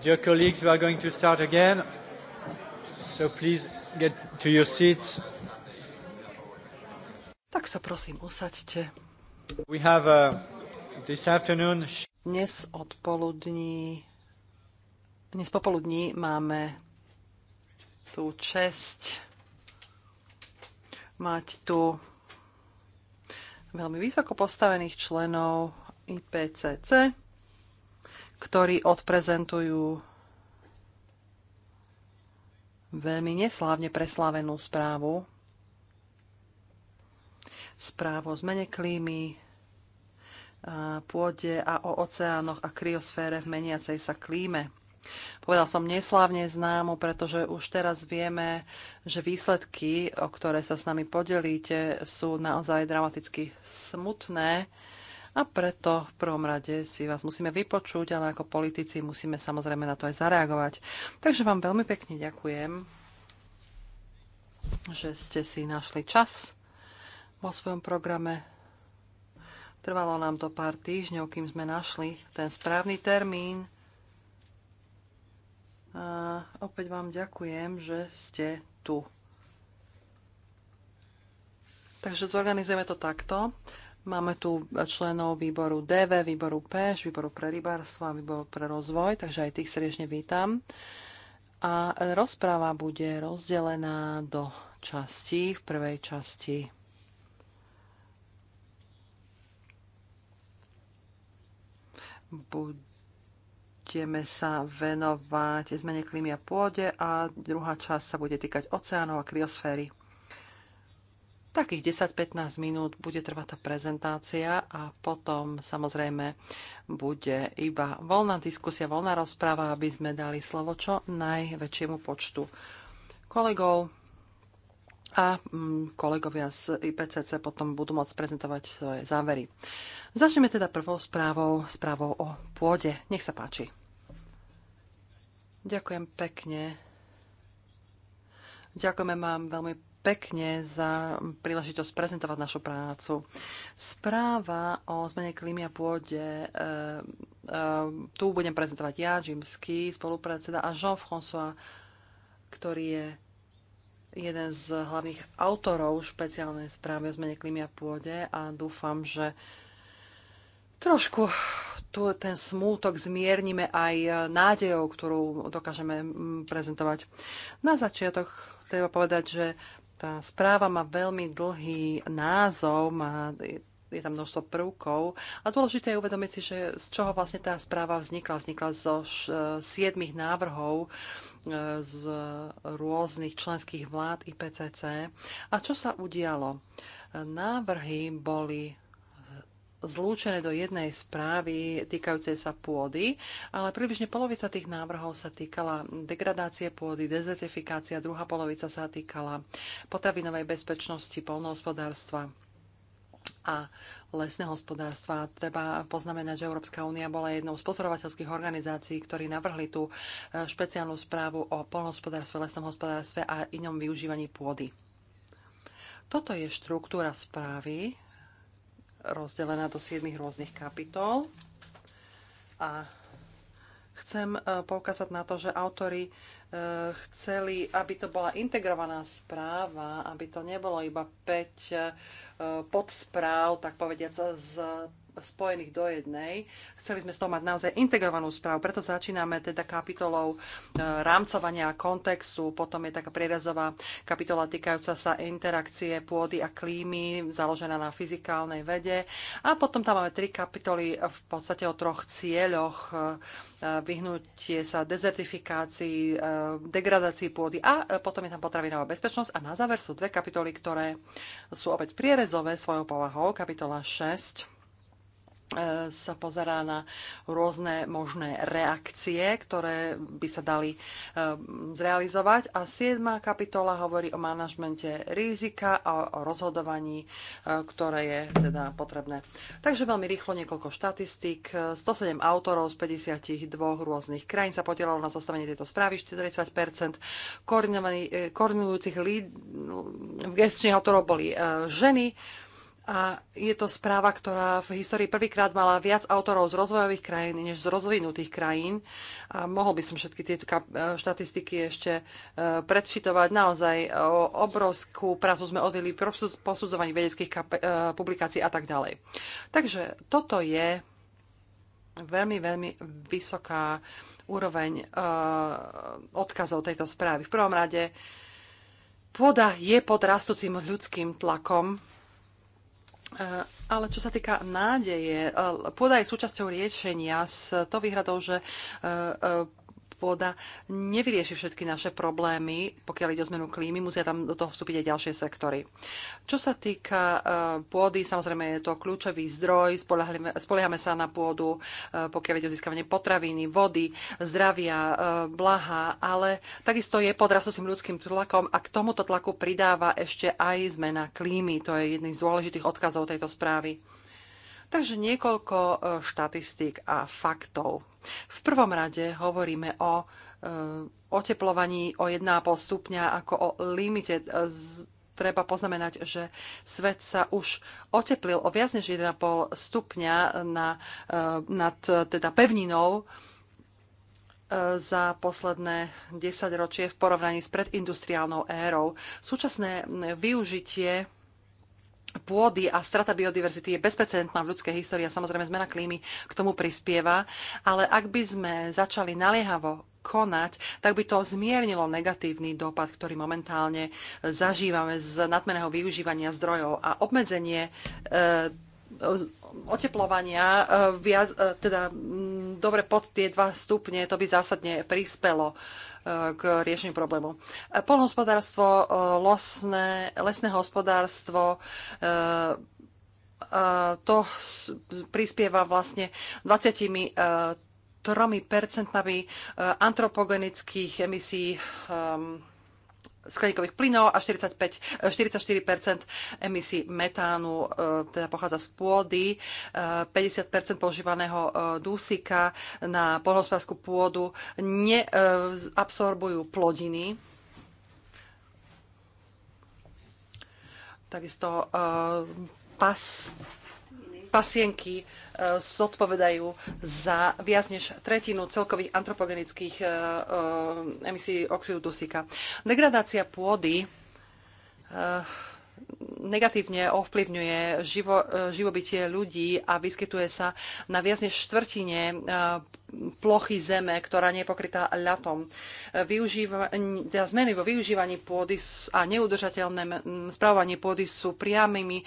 Dear colleagues, we are going to start again. So please get to your seats. Tak sa prosím, usaďte. We have a, uh, this afternoon... Dnes odpoludní... Dnes popoludní máme tú česť mať tu veľmi vysoko postavených členov IPCC, ktorí odprezentujú veľmi neslávne preslávenú správu. Správu o zmene klímy, pôde a o oceánoch a kryosfére v meniacej sa klíme. Povedal som neslávne známu, pretože už teraz vieme, že výsledky, o ktoré sa s nami podelíte, sú naozaj dramaticky smutné a preto v prvom rade si vás musíme vypočuť, ale ako politici musíme samozrejme na to aj zareagovať. Takže vám veľmi pekne ďakujem, že ste si našli čas vo svojom programe. Trvalo nám to pár týždňov, kým sme našli ten správny termín. A opäť vám ďakujem, že ste tu. Takže zorganizujeme to takto. Máme tu členov výboru DV, výboru PŠ, výboru pre rybárstvo a výboru pre rozvoj, takže aj tých srdečne vítam. A rozpráva bude rozdelená do častí. V prvej časti bude budeme sa venovať zmene klímy a pôde a druhá časť sa bude týkať oceánov a kryosféry. Takých 10-15 minút bude trvať tá prezentácia a potom samozrejme bude iba voľná diskusia, voľná rozpráva, aby sme dali slovo čo najväčšiemu počtu kolegov a mm, kolegovia z IPCC potom budú môcť prezentovať svoje závery. Začneme teda prvou správou, správou o pôde. Nech sa páči. Ďakujem pekne. Ďakujeme vám veľmi pekne za príležitosť prezentovať našu prácu. Správa o zmene klímy a pôde, e, e, tu budem prezentovať ja, Jim Ski, spolupredseda a Jean-François, ktorý je jeden z hlavných autorov špeciálnej správy o zmene klímy a pôde a dúfam, že trošku tu ten smútok zmiernime aj e, nádejou, ktorú dokážeme prezentovať. Na začiatok treba povedať, že tá správa má veľmi dlhý názov, má, je tam množstvo prvkov a dôležité je uvedomiť si, že z čoho vlastne tá správa vznikla. Vznikla zo e, siedmých návrhov e, z rôznych členských vlád IPCC. A čo sa udialo? Návrhy boli zlúčené do jednej správy týkajúcej sa pôdy, ale približne polovica tých návrhov sa týkala degradácie pôdy, dezertifikácia, druhá polovica sa týkala potravinovej bezpečnosti, polnohospodárstva a lesného hospodárstva. Treba poznamenať, že Európska únia bola jednou z pozorovateľských organizácií, ktorí navrhli tú e, špeciálnu správu o polnohospodárstve, lesnom hospodárstve a inom využívaní pôdy. Toto je štruktúra správy, rozdelená do 7 rôznych kapitol. A chcem e, poukázať na to, že autory e, chceli, aby to bola integrovaná správa, aby to nebolo iba 5 e, podspráv, tak povediať, z spojených do jednej. Chceli sme z toho mať naozaj integrovanú správu, preto začíname teda kapitolou e, rámcovania a kontextu, potom je taká prierezová kapitola týkajúca sa interakcie pôdy a klímy, založená na fyzikálnej vede a potom tam máme tri kapitoly v podstate o troch cieľoch, e, vyhnutie sa dezertifikácii, e, degradácii pôdy a potom je tam potravinová bezpečnosť a na záver sú dve kapitoly, ktoré sú opäť prierezové svojou povahou, kapitola 6 E, sa pozerá na rôzne možné reakcie, ktoré by sa dali e, zrealizovať. A 7. kapitola hovorí o manažmente rizika a o rozhodovaní, e, ktoré je teda potrebné. Takže veľmi rýchlo niekoľko štatistík. 107 autorov z 52 rôznych krajín sa podielalo na zostavenie tejto správy, 40 koordinujúcich líd... v no, gestčných autorov boli ženy, a je to správa, ktorá v histórii prvýkrát mala viac autorov z rozvojových krajín než z rozvinutých krajín. A mohol by som všetky tieto e, štatistiky ešte e, predšitovať. Naozaj e, obrovskú prácu sme odvili pro posudzovaní vedeckých publikácií a tak ďalej. Takže toto je veľmi, veľmi vysoká úroveň odkazov tejto správy. V prvom rade pôda je pod rastúcim ľudským tlakom Eh, ale čo sa týka nádeje, eh, pôda je súčasťou riešenia s to výhradou, že eh, pôda nevyrieši všetky naše problémy, pokiaľ ide o zmenu klímy, musia tam do toho vstúpiť aj ďalšie sektory. Čo sa týka e, pôdy, samozrejme je to kľúčový zdroj, spoliehame sa na pôdu, e, pokiaľ ide o získavanie potraviny, vody, zdravia, e, blaha, ale takisto je pod rastúcim ľudským tlakom a k tomuto tlaku pridáva ešte aj zmena klímy. To je jedným z dôležitých odkazov tejto správy. Takže niekoľko štatistík a faktov v prvom rade hovoríme o eh, oteplovaní o 1,5 stupňa ako o limite. Treba poznamenať, že svet sa už oteplil o viac než 1,5 stupňa na, eh, nad teda pevninou eh, za posledné 10 ročie v porovnaní s predindustriálnou érou. Súčasné mm, využitie pôdy a strata biodiverzity je bezprecedentná v ľudskej histórii a samozrejme zmena klímy k tomu prispieva, ale ak by sme začali naliehavo konať, tak by to zmiernilo negatívny dopad, ktorý momentálne zažívame z nadmeného využívania zdrojov a obmedzenie e, oteplovania eh, viac, eh, teda mm, dobre pod tie 2 stupne, to by zásadne prispelo k riešeniu problému. Polnohospodárstvo, e, losné, lesné hospodárstvo, e, e, to prispieva vlastne 20 tromi percentami antropogenických emisí um, skleníkových plynov a 45, 44 emisí metánu e, teda pochádza z pôdy, 50 e, používaného e, dusika na polnohospodárskú pôdu neabsorbujú plodiny. Takisto pas, pasienky zodpovedajú za viac než tretinu celkových antropogenických e, e, emisí oxidu dusíka. Degradácia pôdy e, negatívne ovplyvňuje živo, živobytie ľudí a vyskytuje sa na viac než štvrtine plochy zeme, ktorá nie je pokrytá ľatom. Využíva, teda zmeny vo využívaní pôdy a neudržateľné spravovanie pôdy sú priamými uh,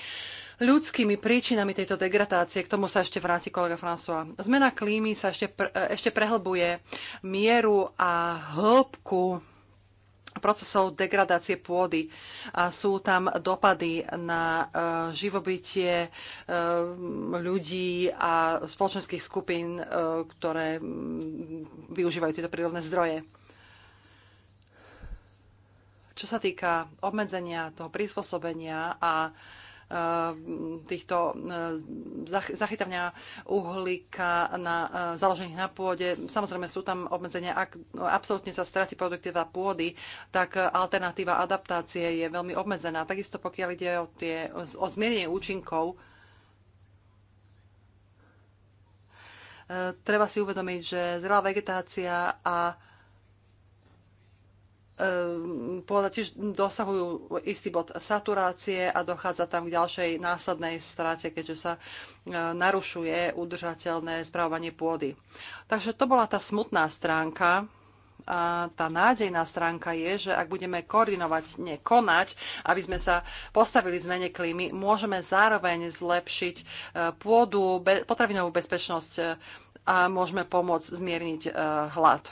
ľudskými príčinami tejto degradácie. K tomu sa ešte vráti kolega François. Zmena klímy sa ešte, pr- e, ešte prehlbuje mieru a hĺbku procesov degradácie pôdy. A sú tam dopady na e, živobytie e, ľudí a spoločenských skupín, ktoré využívajú tieto prírodné zdroje. Čo sa týka obmedzenia toho prispôsobenia a Eh, týchto eh, zachytania uhlíka na eh, založených na pôde. Samozrejme sú tam obmedzenia, ak absolútne sa stratí produktivita pôdy, tak alternatíva adaptácie je veľmi obmedzená. Takisto pokiaľ ide o, tie, o zmierenie účinkov, treba si uvedomiť, že zrelá vegetácia a Ehm, pôda tiež dosahujú istý bod saturácie a dochádza tam k ďalšej následnej strate, keďže sa e, narušuje udržateľné správanie pôdy. Takže to bola tá smutná stránka. A tá nádejná stránka je, že ak budeme koordinovať, nekonať, aby sme sa postavili zmene klímy, môžeme zároveň zlepšiť e, pôdu, potravinovú bezpečnosť e, a môžeme pomôcť zmierniť hlad.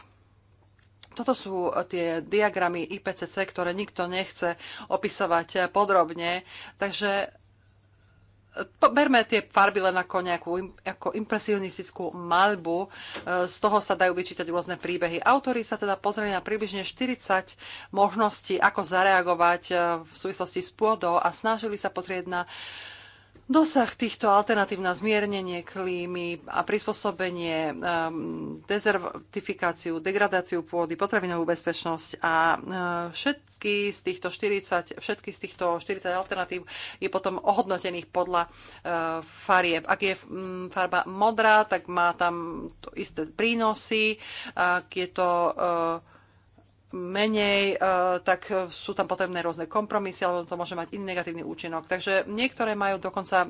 Toto sú e, tie diagramy IPCC, ktoré nikto nechce opisovať e, podrobne, takže e, berme tie farby len ako nejakú ako impresionistickú malbu. Z toho sa dajú vyčítať rôzne príbehy. Autori sa teda pozreli na približne 40 možností, ako zareagovať v súvislosti s pôdou a snažili sa pozrieť na Dosah týchto alternatív na zmiernenie klímy a prispôsobenie, ehm, dezertifikáciu, degradáciu pôdy, potravinovú bezpečnosť a eh, všetky z týchto 40, všetky z týchto 40 alternatív je potom ohodnotených podľa eh, farieb. Ak je mm, farba modrá, tak má tam isté prínosy. Ak je to eh, menej, e, tak sú tam potrebné rôzne kompromisy, alebo to môže mať iný negatívny účinok. Takže niektoré majú dokonca e,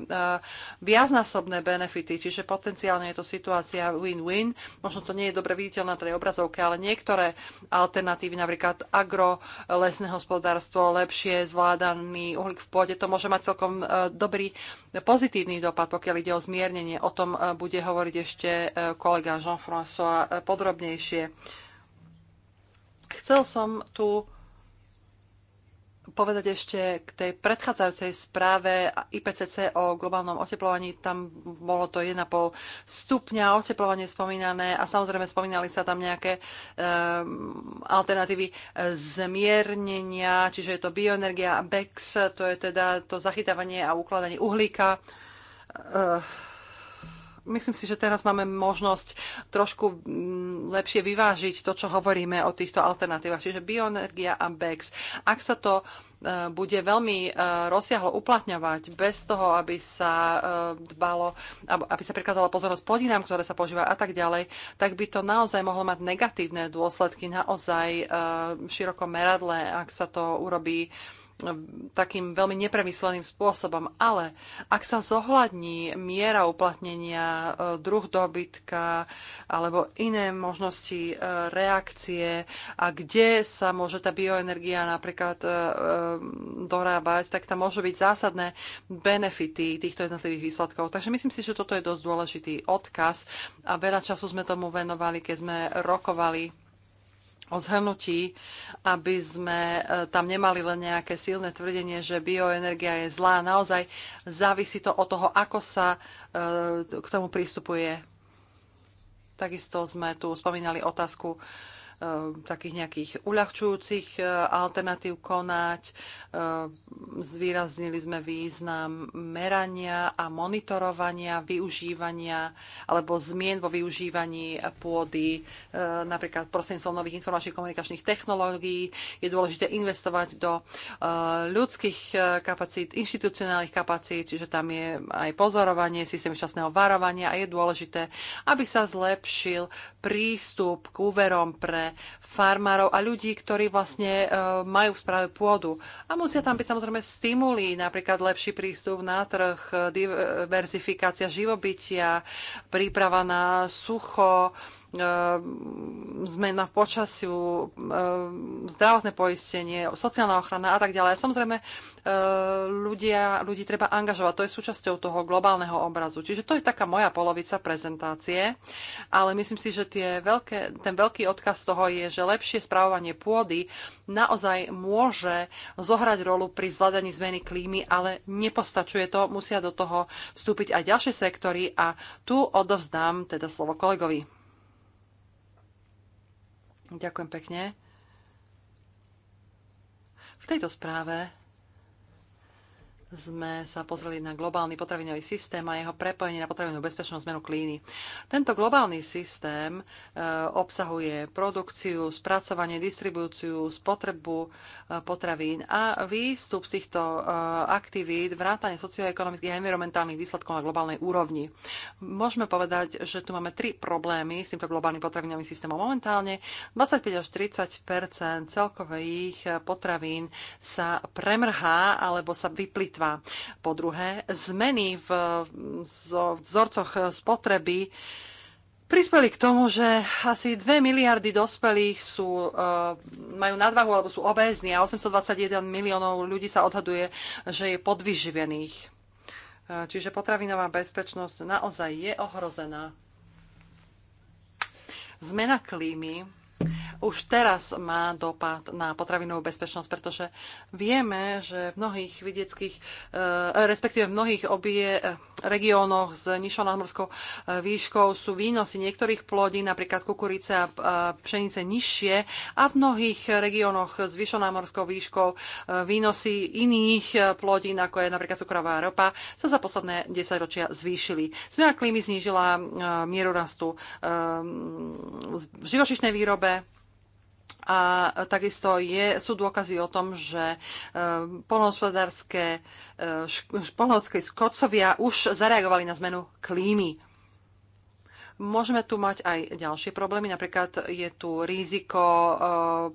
viacnásobné benefity, čiže potenciálne je to situácia win-win. Možno to nie je dobre viditeľné na tej obrazovke, ale niektoré alternatívy, napríklad agro, lesné hospodárstvo, lepšie zvládaný uhlík v pôde, to môže mať celkom e, dobrý pozitívny dopad, pokiaľ ide o zmiernenie. O tom bude hovoriť ešte kolega Jean-François podrobnejšie. Chcel som tu povedať ešte k tej predchádzajúcej správe IPCC o globálnom oteplovaní. Tam bolo to 1,5 stupňa oteplovanie spomínané a samozrejme spomínali sa tam nejaké um, alternatívy zmiernenia, čiže je to bioenergia a BEX, to je teda to zachytávanie a ukladanie uhlíka. Uh, myslím si, že teraz máme možnosť trošku mm, lepšie vyvážiť to, čo hovoríme o týchto alternatívach, čiže bioenergia a BEX. Ak sa to e, bude veľmi e, rozsiahlo uplatňovať bez toho, aby sa e, dbalo, aby sa prikladala pozornosť plodinám, ktoré sa používajú a tak ďalej, tak by to naozaj mohlo mať negatívne dôsledky naozaj širokom meradle, ak sa to urobí takým veľmi nepremysleným spôsobom. Ale ak sa zohľadní miera uplatnenia, e, druh dobytka alebo iné možnosti e, reakcie a kde sa môže tá bioenergia napríklad e, dorábať, tak tam môžu byť zásadné benefity týchto jednotlivých výsledkov. Takže myslím si, že toto je dosť dôležitý odkaz a veľa času sme tomu venovali, keď sme rokovali o zhrnutí, aby sme e, tam nemali len nejaké silné tvrdenie, že bioenergia je zlá. Naozaj závisí to od toho, ako sa e, k tomu prístupuje. Takisto sme tu spomínali otázku Ehm, takých nejakých uľahčujúcich e, alternatív konať. Ehm, zvýraznili sme význam merania a monitorovania, využívania alebo zmien vo využívaní pôdy, e, napríklad prostredníctvom nových informačných komunikačných technológií. Je dôležité investovať do e, ľudských kapacít, inštitucionálnych kapacít, čiže tam je aj pozorovanie, systém včasného varovania a je dôležité, aby sa zlepšil prístup k úverom pre farmárov a ľudí, ktorí vlastne e, majú v správe pôdu. A musia tam byť samozrejme stimuli, napríklad lepší prístup na trh, diverzifikácia živobytia, príprava na sucho, Ehm, zmena počasiu, ehm, zdravotné poistenie, sociálna ochrana a tak ďalej. Samozrejme, ehm, ľudia, ľudí treba angažovať. To je súčasťou toho globálneho obrazu. Čiže to je taká moja polovica prezentácie, ale myslím si, že tie veľké, ten veľký odkaz toho je, že lepšie správovanie pôdy naozaj môže zohrať rolu pri zvládaní zmeny klímy, ale nepostačuje to. Musia do toho vstúpiť aj ďalšie sektory a tu odovzdám teda slovo kolegovi. Ďakujem pekne. V tejto správe sme sa pozreli na globálny potravinový systém a jeho prepojenie na potravinovú bezpečnú zmenu klíny. Tento globálny systém e, obsahuje produkciu, spracovanie, distribúciu, spotrebu e, potravín a výstup z týchto e, aktivít, vrátanie socioekonomických a environmentálnych výsledkov na globálnej úrovni. Môžeme povedať, že tu máme tri problémy s týmto globálnym potravinovým systémom. Momentálne 25 až 30 celkových potravín sa premrhá alebo sa vyplýtva 2022. Po druhé, zmeny v vzorcoch spotreby prispeli k tomu, že asi 2 miliardy dospelých sú, e, majú nadvahu alebo sú obézni a 821 miliónov ľudí sa odhaduje, že je podvyživených. E, čiže potravinová bezpečnosť naozaj je ohrozená. Zmena klímy už teraz má dopad na potravinovú bezpečnosť, pretože vieme, že v mnohých vidieckých, eh, respektíve v mnohých obie eh, regiónoch s nižšou nadmorskou eh, výškou sú výnosy niektorých plodín, napríklad kukurice a pšenice nižšie a v mnohých regiónoch s vyššou nadmorskou výškou výnosy iných plodín, ako je napríklad cukrová ropa, sa za posledné 10 ročia zvýšili. Zmena klímy znížila mieru rastu v živočišnej výrobe, a takisto je, sú dôkazy o tom, že e, polnohospodárske e, polnohospodárske škodcovia už zareagovali na zmenu klímy. Môžeme tu mať aj ďalšie problémy, napríklad je tu riziko e,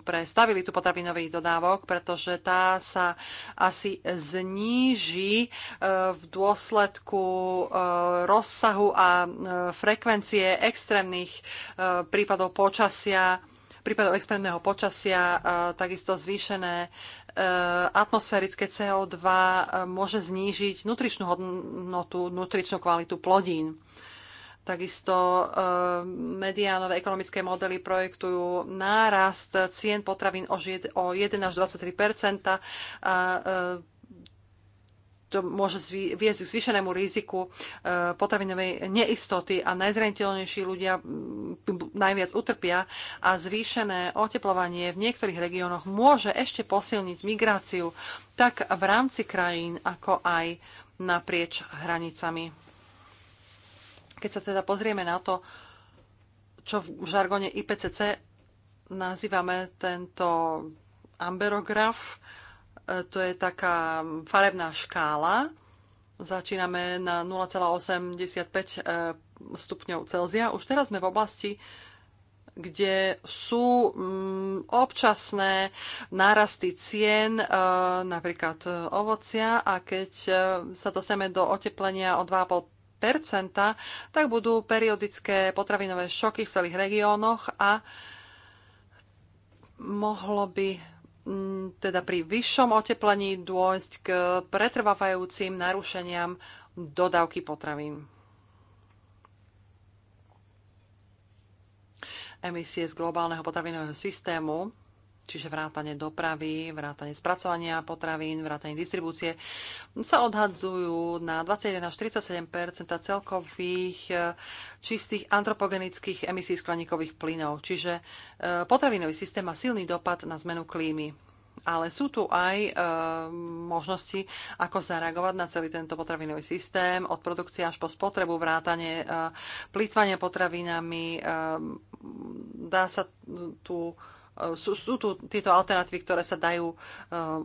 pre stabilitu potravinových dodávok, pretože tá sa asi zníži v dôsledku rozsahu a frekvencie extrémnych prípadov počasia, prípadov extrémneho počasia, e, takisto zvýšené e, atmosférické CO2 e, môže znížiť nutričnú hodnotu, nutričnú kvalitu plodín. Takisto mediánové ekonomické modely projektujú nárast cien potravín o 1 až 23 a to môže viesť k zvýšenému riziku e, potravinovej neistoty a najzraniteľnejší ľudia najviac utrpia a zvýšené oteplovanie v niektorých regiónoch môže ešte posilniť migráciu tak v rámci krajín, ako aj naprieč hranicami. Keď sa teda pozrieme na to, čo v žargone IPCC nazývame tento amberograf, E, to je taká farebná škála. Začíname na 0,85 e, stupňov Celzia. Už teraz sme v oblasti, kde sú mm, občasné nárasty cien, e, napríklad ovocia, a keď sa dostaneme do oteplenia o 2,5 tak budú periodické potravinové šoky v celých regiónoch a mohlo by teda pri vyššom oteplení dôjsť k pretrvávajúcim narušeniam dodávky potravín. Emisie z globálneho potravinového systému čiže vrátanie dopravy, vrátanie spracovania potravín, vrátanie distribúcie, sa odhadzujú na 21 až 37 celkových e, čistých antropogenických emisí skleníkových plynov. Čiže e, potravinový systém má silný dopad na zmenu klímy. Ale sú tu aj e, možnosti, ako zareagovať na celý tento potravinový systém, od produkcie až po spotrebu, vrátanie, e, plýtvanie potravinami. E, dá sa tu e, sú, sú tu tieto alternatívy, ktoré sa dajú eh,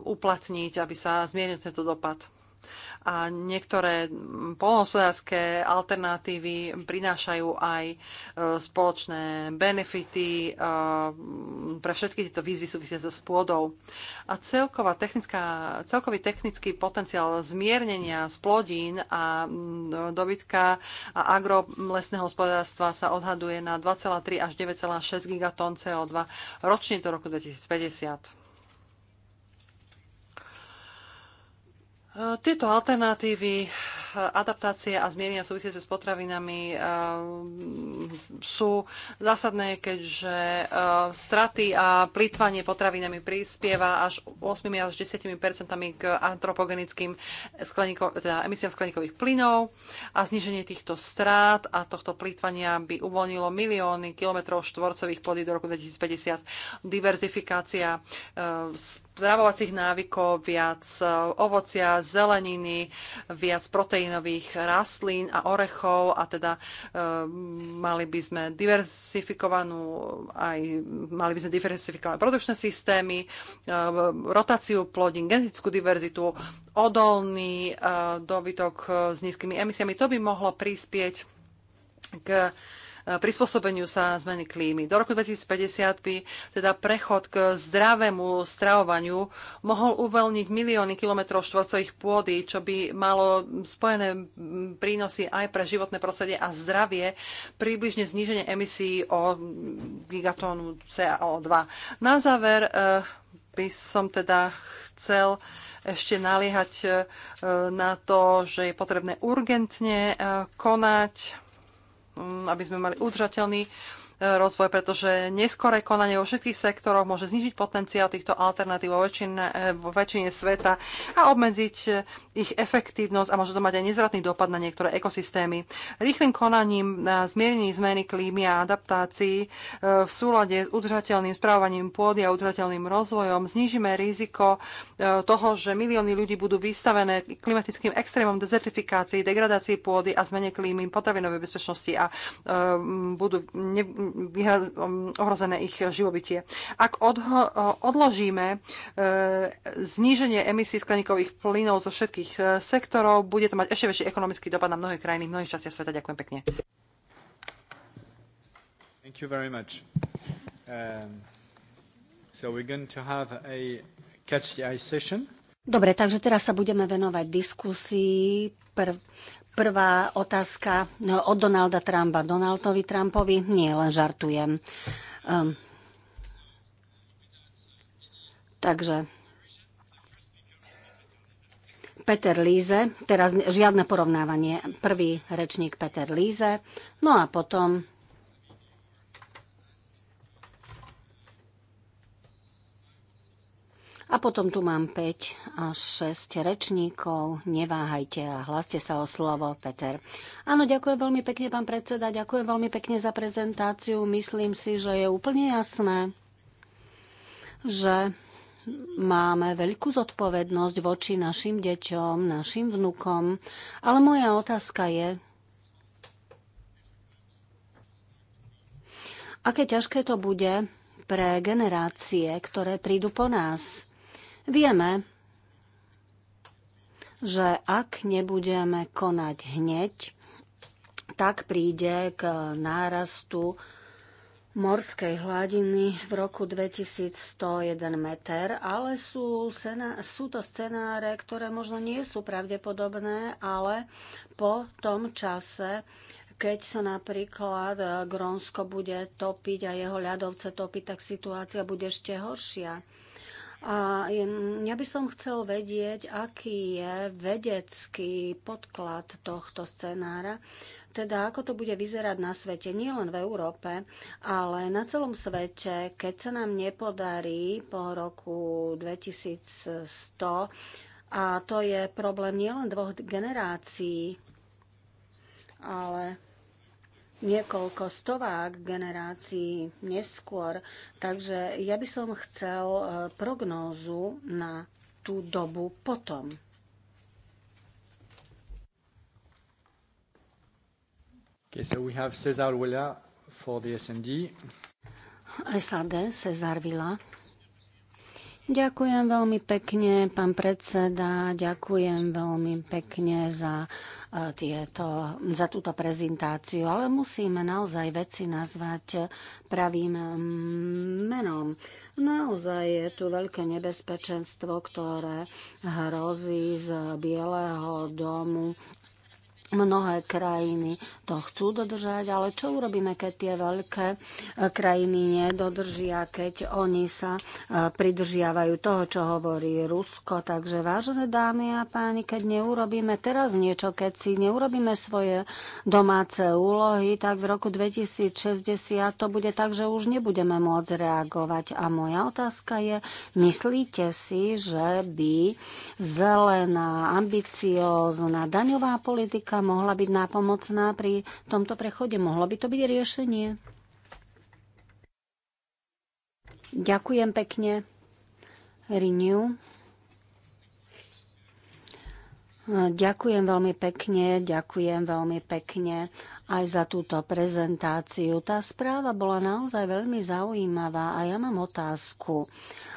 uplatniť, aby sa zmiernil tento dopad. A niektoré polnohospodárske alternatívy prinášajú aj e, spoločné benefity e, pre všetky tieto výzvy súvisiace so spôdou. A celková technická, celkový technický potenciál zmiernenia z plodín a mm, dobytka a agrolesného hospodárstva sa odhaduje na 2,3 až 9,6 gigatón CO2 ročne do roku 2050. Tieto alternatívy eh, adaptácie a zmierenia súvisiace s potravinami eh, sú zásadné, keďže eh, straty a plýtvanie potravinami prispieva až 8 až 10 k antropogenickým skleníko, teda emisiám skleníkových plynov a zniženie týchto strát a tohto plýtvania by uvoľnilo milióny kilometrov štvorcových pôdy do roku 2050. Diverzifikácia stravovacích návykov, viac e, ovocia, zeleniny, viac proteínových rastlín a orechov a teda e, mali by sme diversifikovanú aj mali by sme diversifikované produkčné systémy, e, rotáciu plodín, genetickú diverzitu, odolný e, dobytok e, s nízkymi emisiami. To by mohlo prispieť k E, prispôsobeniu sa zmeny klímy. Do roku 2050 by teda prechod k zdravému stravovaniu mohol uvoľniť milióny kilometrov štvorcových pôdy, čo by malo spojené prínosy aj pre životné prostredie a zdravie, približne zníženie emisí o gigatónu CO2. Na záver e, by som teda chcel ešte naliehať e, na to, že je potrebné urgentne konať aby sme mali udržateľný rozvoj, pretože neskore konanie vo všetkých sektoroch môže znižiť potenciál týchto alternatív vo väčšine, vo väčšine sveta a obmedziť ich efektívnosť a môže to mať aj nezvratný dopad na niektoré ekosystémy. Rýchlym konaním na zmierení zmeny klímy a adaptácií e, v súlade s udržateľným správaním pôdy a udržateľným rozvojom znižíme riziko e, toho, že milióny ľudí budú vystavené klimatickým extrémom dezertifikácii, degradácii pôdy a zmene klímy, potravinovej bezpečnosti a e, budú ne, Um, ohrozené ich živobytie. Ak odložíme e, zníženie emisí skleníkových plynov zo všetkých e, sektorov, bude to mať ešte väčší ekonomický dopad na mnohé krajiny, mnohých častiach sveta. Ďakujem pekne. Thank you very much. Um, so we're going to have a catch the eye session. Dobre, takže teraz sa budeme venovať diskusii. Prv, Prvá otázka no, od Donalda Trumpa. Donaldovi Trumpovi? Nie, len žartujem. Um, takže Peter Líze, teraz žiadne porovnávanie, prvý rečník Peter Líze, no a potom A potom tu mám 5 až 6 rečníkov. Neváhajte a hlaste sa o slovo, Peter. Áno, ďakujem veľmi pekne, pán predseda. Ďakujem veľmi pekne za prezentáciu. Myslím si, že je úplne jasné, že máme veľkú zodpovednosť voči našim deťom, našim vnukom. Ale moja otázka je, aké ťažké to bude pre generácie, ktoré prídu po nás Vieme, že ak nebudeme konať hneď, tak príde k nárastu morskej hladiny v roku 2101 meter, ale sú, sú to scenáre, ktoré možno nie sú pravdepodobné, ale po tom čase, keď sa napríklad eh, Grónsko bude topiť a jeho ľadovce topiť, tak situácia bude ešte horšia. A ja by som chcel vedieť, aký je vedecký podklad tohto scenára, teda ako to bude vyzerať na svete, nielen v Európe, ale na celom svete, keď sa nám nepodarí po roku 2100, a to je problém nielen dvoch generácií, ale niekoľko stovák generácií neskôr. Takže ja by som chcel e, prognózu na tú dobu potom. Okay, so we have César Willa for the SND. SAD, César Villa. Ďakujem veľmi pekne, pán predseda. Ďakujem veľmi pekne za E, tieto, za túto prezentáciu, ale musíme naozaj veci nazvať pravým mm, menom. Naozaj je tu veľké nebezpečenstvo, ktoré hrozí z Bieleho domu Mnohé krajiny to chcú dodržať, ale čo urobíme, keď tie veľké e, krajiny nedodržia, keď oni sa e, pridržiavajú toho, čo hovorí Rusko. Takže vážené dámy a páni, keď neurobíme teraz niečo, keď si neurobíme svoje domáce úlohy, tak v roku 2060 to bude tak, že už nebudeme môcť reagovať. A moja otázka je, myslíte si, že by zelená, ambiciózna daňová politika mohla byť nápomocná pri tomto prechode? Mohlo by to byť riešenie? Ďakujem pekne. Renew. Ďakujem veľmi pekne, ďakujem veľmi pekne aj za túto prezentáciu. Tá správa bola naozaj veľmi zaujímavá a ja mám otázku.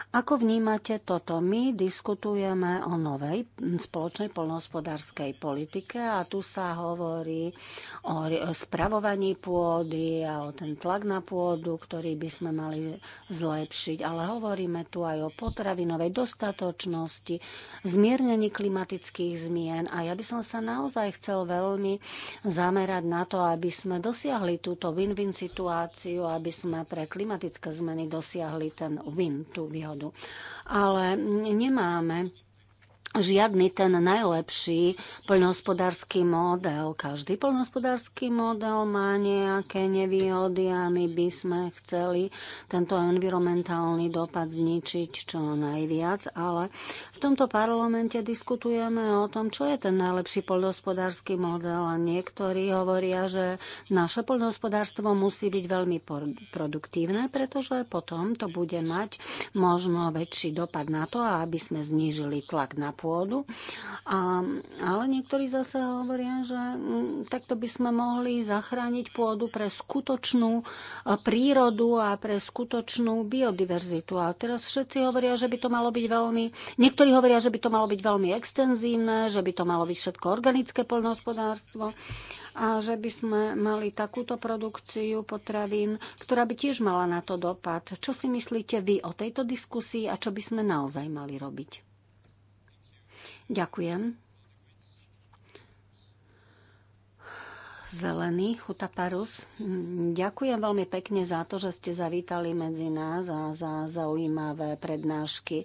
Ako vnímate toto? My diskutujeme o novej spoločnej polnohospodárskej politike a tu sa hovorí o spravovaní pôdy a o ten tlak na pôdu, ktorý by sme mali zlepšiť. Ale hovoríme tu aj o potravinovej dostatočnosti, zmiernení klimatických zmien a ja by som sa naozaj chcel veľmi zamerať na to, aby sme dosiahli túto win-win situáciu, aby sme pre klimatické zmeny dosiahli ten win, tú výhodu slobodu. Ale nemáme žiadny ten najlepší poľnohospodársky model. Každý poľnohospodársky model má nejaké nevýhody a my by sme chceli tento environmentálny dopad zničiť čo najviac, ale v tomto parlamente diskutujeme o tom, čo je ten najlepší poľnohospodársky model a niektorí hovoria, že naše poľnohospodárstvo musí byť veľmi produktívne, pretože potom to bude mať možno väčší dopad na to, aby sme znížili tlak na pôdu. A, ale niektorí zase hovoria, že mm, takto by sme mohli zachrániť pôdu pre skutočnú e, prírodu a pre skutočnú biodiverzitu. A teraz všetci hovoria, že by to malo byť veľmi, niektorí hovoria, že by to malo byť veľmi extenzívne, že by to malo byť všetko organické poľnohospodárstvo a že by sme mali takúto produkciu potravín, ktorá by tiež mala na to dopad. Čo si myslíte vy o tejto diskusii a čo by sme naozaj mali robiť? Ďakujem. Zelený, Chutaparus. Ďakujem veľmi pekne za to, že ste zavítali medzi nás a za zaujímavé prednášky.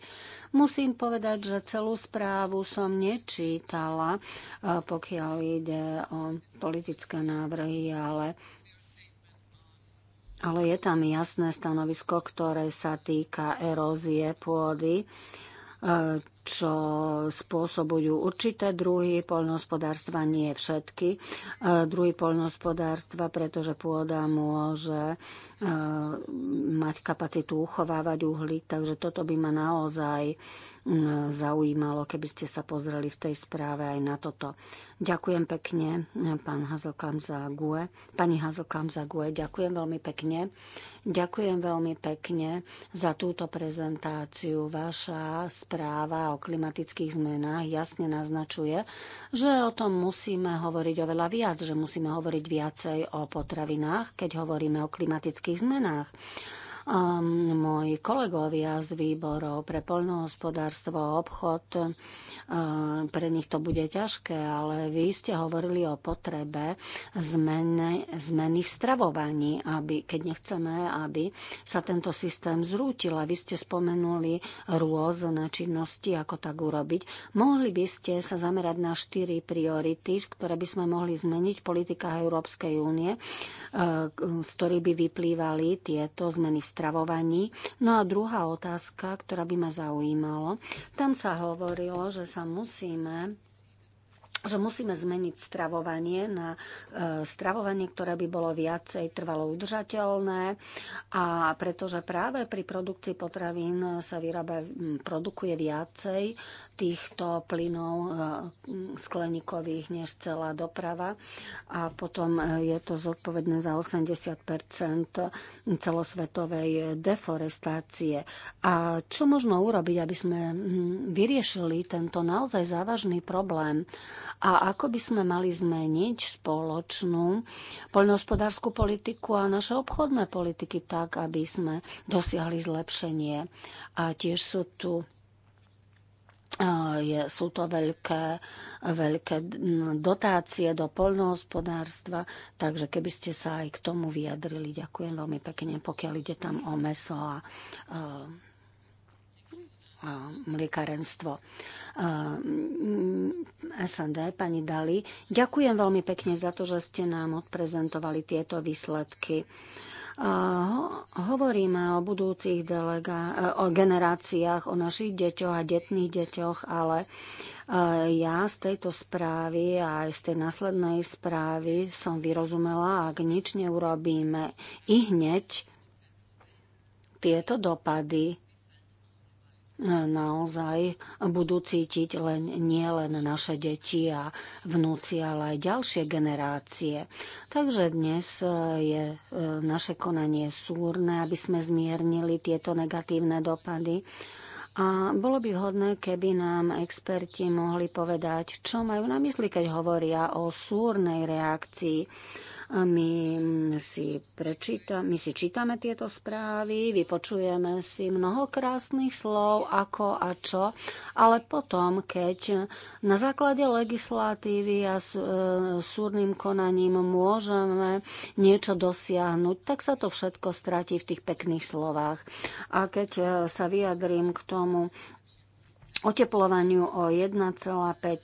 Musím povedať, že celú správu som nečítala, e, pokiaľ ide o politické návrhy, ale ale je tam jasné stanovisko, ktoré sa týka erózie pôdy e, čo spôsobujú určité druhy polnohospodárstva, nie všetky e, druhy polnohospodárstva, pretože pôda môže e, mať kapacitu uchovávať uhlík, takže toto by ma naozaj zaujímalo, keby ste sa pozreli v tej správe aj na toto. Ďakujem pekne, pán Hazokam za GUE. Pani Hazokam za GUE, ďakujem veľmi pekne. Ďakujem veľmi pekne za túto prezentáciu. Vaša správa o klimatických zmenách jasne naznačuje, že o tom musíme hovoriť oveľa viac, že musíme hovoriť viacej o potravinách, keď hovoríme o klimatických zmenách moji kolegovia z výborov pre poľnohospodárstvo, a obchod pre nich to bude ťažké, ale vy ste hovorili o potrebe zmeny, zmeny v stravovaní, aby, keď nechceme, aby sa tento systém zrútil. A vy ste spomenuli rôzne činnosti, ako tak urobiť. Mohli by ste sa zamerať na štyri priority, ktoré by sme mohli zmeniť v politikách Európskej únie, e, z ktorých by vyplývali tieto zmeny v stravovaní. No a druhá otázka, ktorá by ma zaujímalo, tam sa hovorilo, že sa musíme že musíme zmeniť stravovanie na e, stravovanie, ktoré by bolo viacej trvalo udržateľné a pretože práve pri produkcii potravín sa vyrába, produkuje viacej týchto plynov e, skleníkových než celá doprava a potom e, je to zodpovedné za 80 celosvetovej deforestácie. A čo možno urobiť, aby sme vyriešili tento naozaj závažný problém? a ako by sme mali zmeniť spoločnú poľnohospodárskú politiku a naše obchodné politiky tak, aby sme dosiahli zlepšenie. A tiež sú tu je, sú to veľké, veľké dotácie do poľnohospodárstva, takže keby ste sa aj k tomu vyjadrili, ďakujem veľmi pekne, pokiaľ ide tam o meso a, a mliekarenstvo. Mm, SND, pani Dali, ďakujem veľmi pekne za to, že ste nám odprezentovali tieto výsledky. hovoríme o budúcich delega- e, o generáciách, o našich deťoch a detných deťoch, ale e, ja z tejto správy a aj z tej následnej správy som vyrozumela, ak nič neurobíme i hneď, tieto dopady naozaj budú cítiť len, nie len naše deti a vnúci, ale aj ďalšie generácie. Takže dnes e, je e, naše konanie súrne, aby sme zmiernili tieto negatívne dopady. A bolo by hodné, keby nám experti mohli povedať, čo majú na mysli, keď hovoria o súrnej reakcii a my si, prečíta, my si čítame tieto správy, vypočujeme si mnoho krásnych slov, ako a čo, ale potom, keď na základe legislatívy a e, súrnym konaním môžeme niečo dosiahnuť, tak sa to všetko stratí v tých pekných slovách. A keď e, sa vyjadrím k tomu, oteplovaniu o 1,5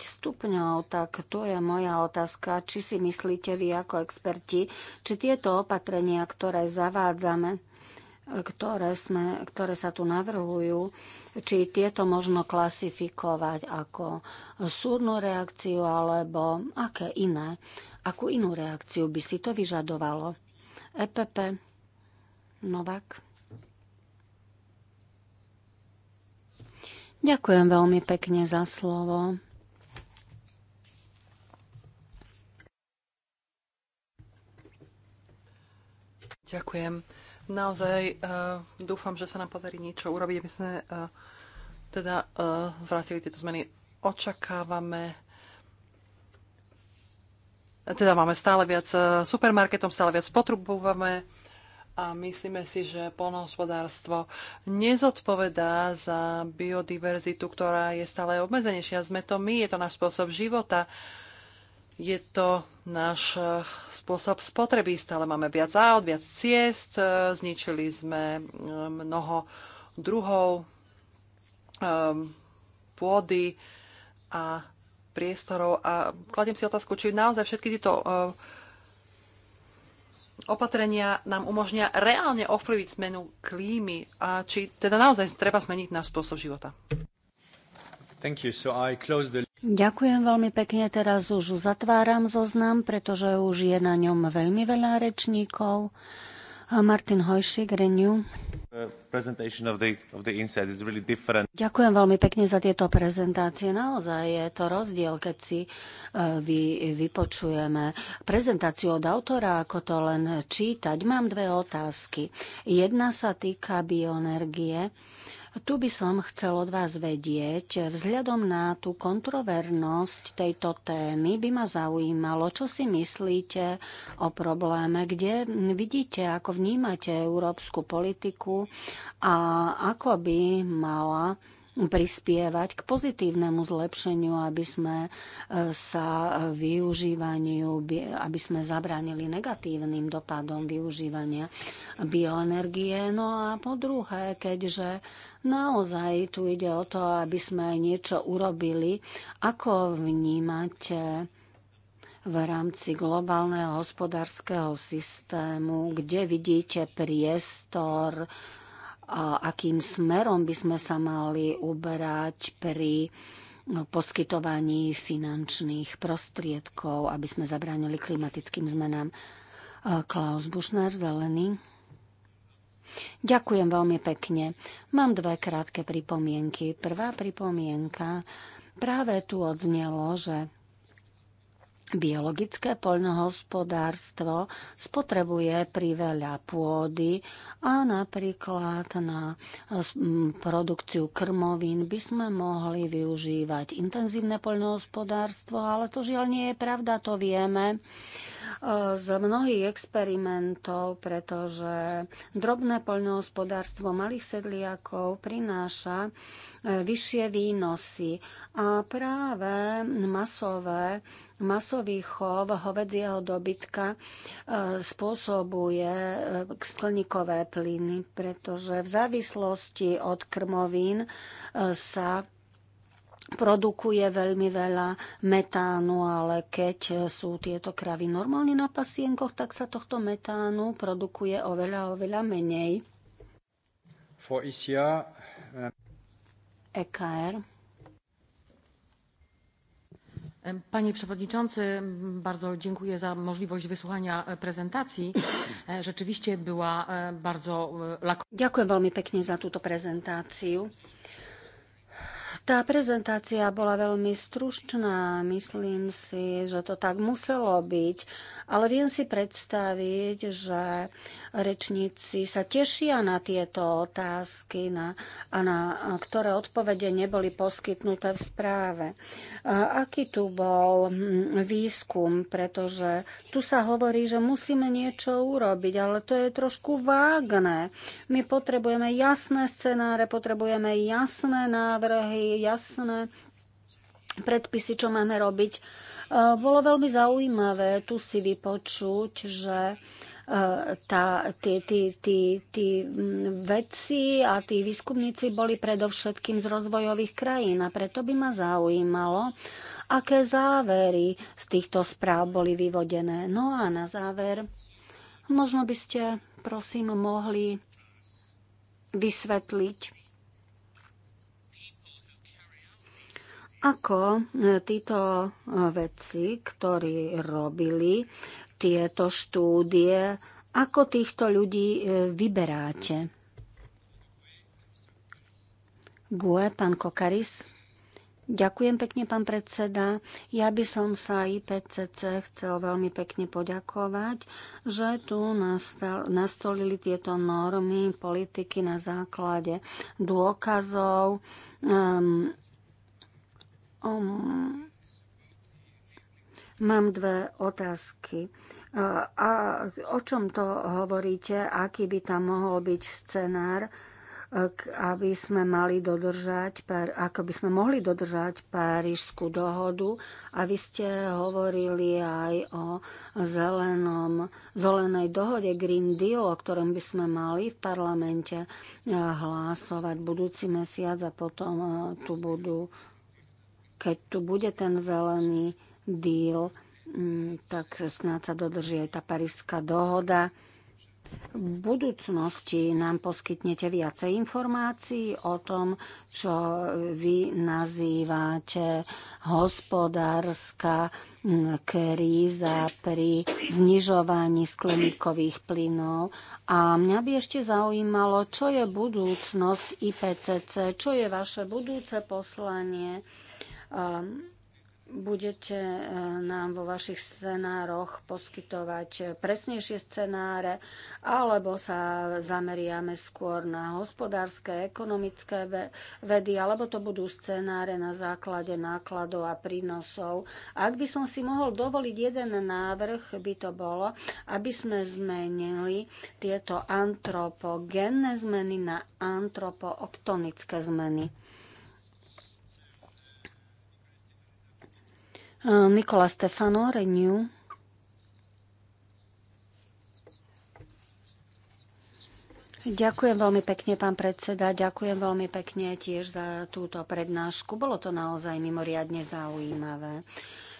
stupňov, tak tu je moja otázka, či si myslíte vy ako experti, či tieto opatrenia, ktoré zavádzame, ktoré, sme, ktoré sa tu navrhujú, či tieto možno klasifikovať ako súdnu reakciu alebo aké iné, akú inú reakciu by si to vyžadovalo. EPP Novak. Ďakujem veľmi pekne za slovo. Ďakujem. Naozaj uh, dúfam, že sa nám podarí niečo urobiť, aby sme uh, teda uh, zvrátili tieto zmeny. Očakávame teda máme stále viac supermarketom, stále viac potrubujeme a myslíme si, že polnohospodárstvo nezodpovedá za biodiverzitu, ktorá je stále obmedzenejšia. Sme to my, je to náš spôsob života, je to náš e, spôsob spotreby. Stále máme viac aut, viac ciest, e, zničili sme e, mnoho druhov pôdy a priestorov a kladiem si otázku, či naozaj všetky tieto uh, opatrenia nám umožnia reálne ovplyviť zmenu klímy a či teda naozaj treba zmeniť náš spôsob života. So the... Ďakujem veľmi pekne. Teraz už zatváram zoznam, pretože už je na ňom veľmi veľa rečníkov. Martin Hojšik, Renew. Uh, Ďakujem veľmi pekne za tieto prezentácie. Naozaj je to rozdiel, keď si uh, vy, vypočujeme prezentáciu od autora, ako to len čítať. Mám dve otázky. Jedna sa týka bioenergie. Tu by som chcel od vás vedieť, vzhľadom na tú kontrovernosť tejto témy by ma zaujímalo, čo si myslíte o probléme, kde vidíte, ako vnímate európsku politiku a ako by mala prispievať k pozitívnemu zlepšeniu, aby sme e, sa využívaniu, aby sme zabránili negatívnym dopadom využívania bioenergie. No a po druhé, keďže naozaj tu ide o to, aby sme niečo urobili, ako vnímate v rámci globálneho hospodárskeho systému, kde vidíte priestor akým smerom by sme sa mali uberať pri no, poskytovaní finančných prostriedkov, aby sme zabránili klimatickým zmenám. Klaus Bušner, zelený. Ďakujem veľmi pekne. Mám dve krátke pripomienky. Prvá pripomienka. Práve tu odznelo, že biologické poľnohospodárstvo spotrebuje priveľa pôdy a napríklad na produkciu krmovín by sme mohli využívať intenzívne poľnohospodárstvo, ale to žiaľ nie je pravda, to vieme z mnohých experimentov, pretože drobné poľnohospodárstvo malých sedliakov prináša e, vyššie výnosy a práve masové masový chov hovedzieho dobytka e, spôsobuje e, skleníkové plyny, pretože v závislosti od krmovín sa produkuje veľmi veľa metánu, ale keď sú tieto kravy normálne na pasienkoch, tak sa tohto metánu produkuje oveľa, oveľa menej. For ICA, EKR. Eh. E Panie Przewodniczący, bardzo dziękuję za możliwość wysłuchania e, prezentacji. E, rzeczywiście była bardzo lakoniczna. Dziękuję bardzo pięknie za tę prezentację. Tá prezentácia bola veľmi stručná. Myslím si, že to tak muselo byť. Ale viem si predstaviť, že rečníci sa tešia na tieto otázky, na, a na ktoré odpovede neboli poskytnuté v správe. A aký tu bol hm, výskum, pretože tu sa hovorí, že musíme niečo urobiť, ale to je trošku vágné. My potrebujeme jasné scenáre, potrebujeme jasné návrhy, jasné predpisy, čo máme robiť. E, bolo veľmi zaujímavé tu si vypočuť, že e, tá, tí, tí, tí, tí vedci a tí výskumníci boli predovšetkým z rozvojových krajín a preto by ma zaujímalo, aké závery z týchto správ boli vyvodené. No a na záver, možno by ste, prosím, mohli vysvetliť, Ako e, títo e, vedci, ktorí robili tieto štúdie, ako týchto ľudí e, vyberáte? Gue, pán Kokaris. Ďakujem pekne, pán predseda. Ja by som sa IPCC chcel veľmi pekne poďakovať, že tu nastolili tieto normy politiky na základe dôkazov, um, Um, mám dve otázky. E, a o čom to hovoríte? Aký by tam mohol byť scenár, e, aby sme mali dodržať, ako by sme mohli dodržať párižskú dohodu? A vy ste hovorili aj o zelenom, zelenej dohode Green Deal, o ktorom by sme mali v parlamente e, hlasovať budúci mesiac a potom tu budú keď tu bude ten zelený díl, mm, tak snáď sa dodrží aj tá parížská dohoda. V budúcnosti nám poskytnete viacej informácií o tom, čo vy nazývate hospodárska mm, kríza pri znižovaní skleníkových plynov. A mňa by ešte zaujímalo, čo je budúcnosť IPCC, čo je vaše budúce poslanie Ehm, budete e, nám vo vašich scenároch poskytovať presnejšie scenáre, alebo sa zameriame skôr na hospodárske, ekonomické vedy, alebo to budú scenáre na základe nákladov a prínosov. Ak by som si mohol dovoliť jeden návrh, by to bolo, aby sme zmenili tieto antropogenné zmeny na antropooktonické zmeny. Ehm, Nikola Stefano, Renew. Ďakujem veľmi pekne, pán predseda. Ďakujem veľmi pekne tiež za túto prednášku. Bolo to naozaj mimoriadne zaujímavé.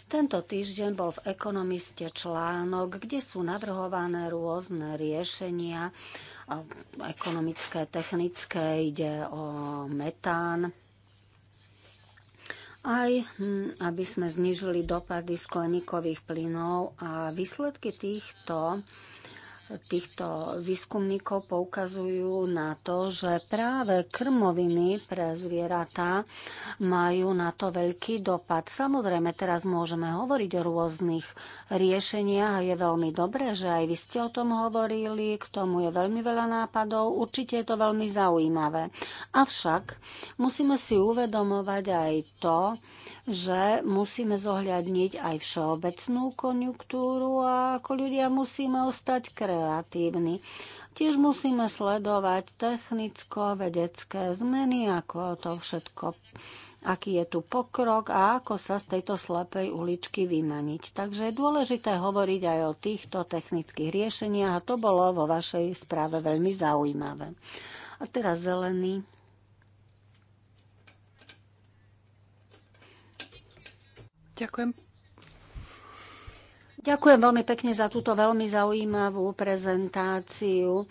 Tento týždeň bol v Ekonomiste článok, kde sú navrhované rôzne riešenia ekonomické, technické, ide o metán aj hm, aby sme znižili dopady skleníkových plynov a výsledky týchto týchto výskumníkov poukazujú na to, že práve krmoviny pre zvieratá majú na to veľký dopad. Samozrejme, teraz môžeme hovoriť o rôznych riešeniach a je veľmi dobré, že aj vy ste o tom hovorili, k tomu je veľmi veľa nápadov, určite je to veľmi zaujímavé. Avšak musíme si uvedomovať aj to, že musíme zohľadniť aj všeobecnú konjunktúru a ako ľudia musíme ostať kreatívni kreatívni. Tiež musíme sledovať technicko-vedecké zmeny, ako to všetko aký je tu pokrok a ako sa z tejto slepej uličky vymaniť. Takže je dôležité hovoriť aj o týchto technických riešeniach a to bolo vo vašej správe veľmi zaujímavé. A teraz zelený. Ďakujem Ďakujem veľmi pekne za túto veľmi zaujímavú prezentáciu.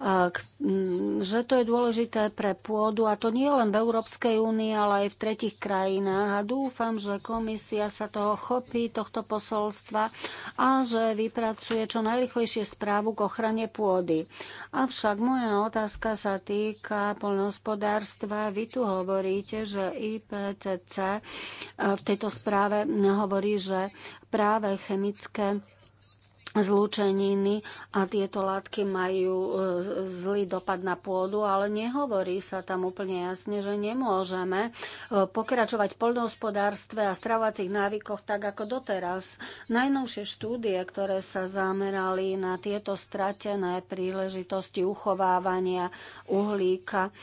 Mm, že to je dôležité pre pôdu a to nie len v Európskej únii, ale aj v tretich krajinách a dúfam, že komisia sa toho chopí, tohto posolstva a že vypracuje čo najrychlejšie správu k ochrane pôdy. Avšak moja otázka sa týka poľnohospodárstva. Vy tu hovoríte, že IPCC e, v tejto správe hovorí, že práve chemické zlúčeniny a tieto látky majú e, zlý dopad na pôdu, ale nehovorí sa tam úplne jasne, že nemôžeme e, pokračovať v poľnohospodárstve a stravovacích návykoch tak ako doteraz. Najnovšie štúdie, ktoré sa zamerali na tieto stratené príležitosti uchovávania uhlíka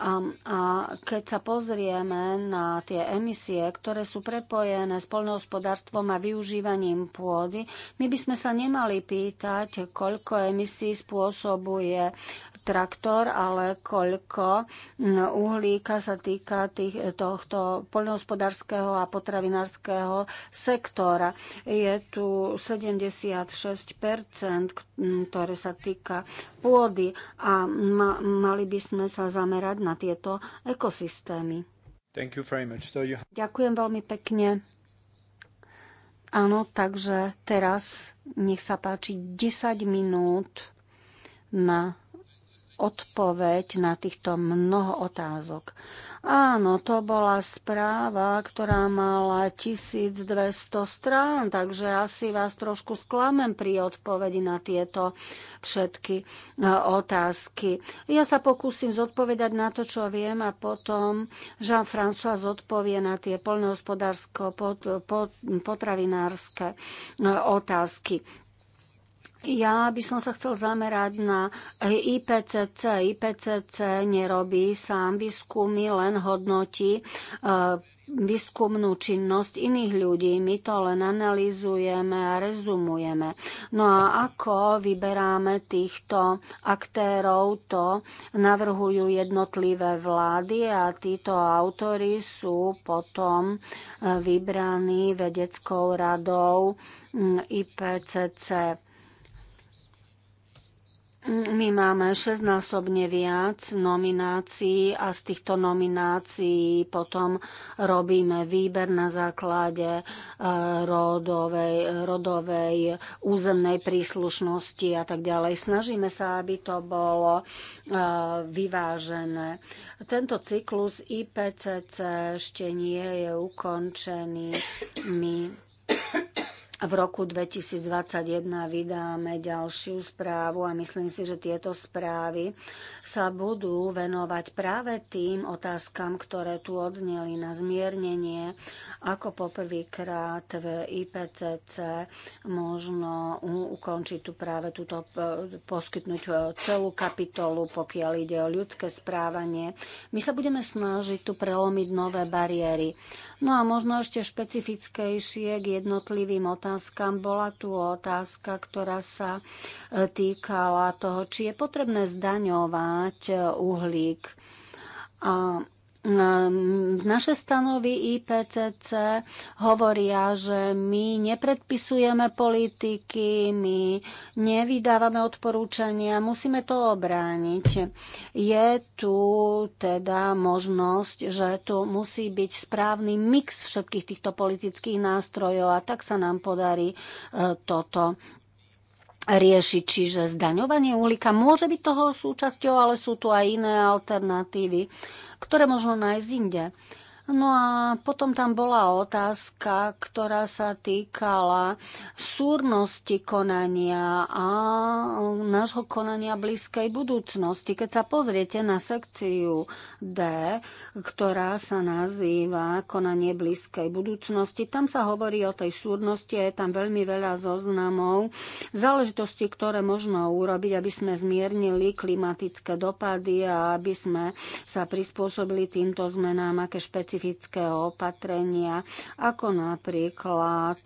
a, a keď sa pozrieme na tie emisie, ktoré sú prepojené s poľnohospodárstvom a využívaním pôdy, my by sme sa nemohli nemali pýtať, koľko emisí spôsobuje traktor, ale koľko uhlíka sa týka tých, tohto poľnohospodárskeho a potravinárskeho sektora. Je tu 76 ktoré sa týka pôdy a ma, mali by sme sa zamerať na tieto ekosystémy. So you... Ďakujem veľmi pekne. Áno, takže teraz nech sa páči 10 minút na odpoveď na týchto mnoho otázok. Áno, to bola správa, ktorá mala 1200 strán, takže asi vás trošku sklamem pri odpovedi na tieto všetky e, otázky. Ja sa pokúsim zodpovedať na to, čo viem a potom Jean-François odpovie na tie poľnohospodársko-potravinárske e, otázky. Ja by som sa chcel zamerať na e, IPCC. IPCC nerobí sám výskumy, len hodnotí e, výskumnú činnosť iných ľudí. My to len analýzujeme a rezumujeme. No a ako vyberáme týchto aktérov, to navrhujú jednotlivé vlády a títo autory sú potom e, vybraní vedeckou radou IPCC. My máme šestnásobne viac nominácií a z týchto nominácií potom robíme výber na základe e, rodovej, rodovej územnej príslušnosti a tak ďalej. Snažíme sa, aby to bolo e, vyvážené. Tento cyklus IPCC ešte nie je ukončený. My v roku 2021 vydáme ďalšiu správu a myslím si, že tieto správy sa budú venovať práve tým otázkam, ktoré tu odzneli na zmiernenie, ako poprvýkrát v IPCC možno ukončiť tu práve túto, e, poskytnúť e, celú kapitolu, pokiaľ ide o ľudské správanie. My sa budeme snažiť tu prelomiť nové bariéry. No a možno ešte špecifickejšie k jednotlivým otázkam. Bola tu otázka, ktorá sa e, týkala toho, či je potrebné zdaňovať uhlík. A Ehm, naše stanovy IPCC hovoria, že my nepredpisujeme politiky, my nevydávame odporúčania, musíme to obrániť. Je tu teda možnosť, že tu musí byť správny mix všetkých týchto politických nástrojov a tak sa nám podarí e, toto riešiť. Čiže zdaňovanie uhlíka môže byť toho súčasťou, ale sú tu aj iné alternatívy, ktoré možno nájsť inde. No a potom tam bola otázka, ktorá sa týkala súrnosti konania a nášho konania blízkej budúcnosti. Keď sa pozriete na sekciu D, ktorá sa nazýva konanie blízkej budúcnosti, tam sa hovorí o tej súrnosti a je tam veľmi veľa zoznamov, záležitosti, ktoré možno urobiť, aby sme zmiernili klimatické dopady a aby sme sa prispôsobili týmto zmenám, aké špecifické špecifické opatrenia, ako napríklad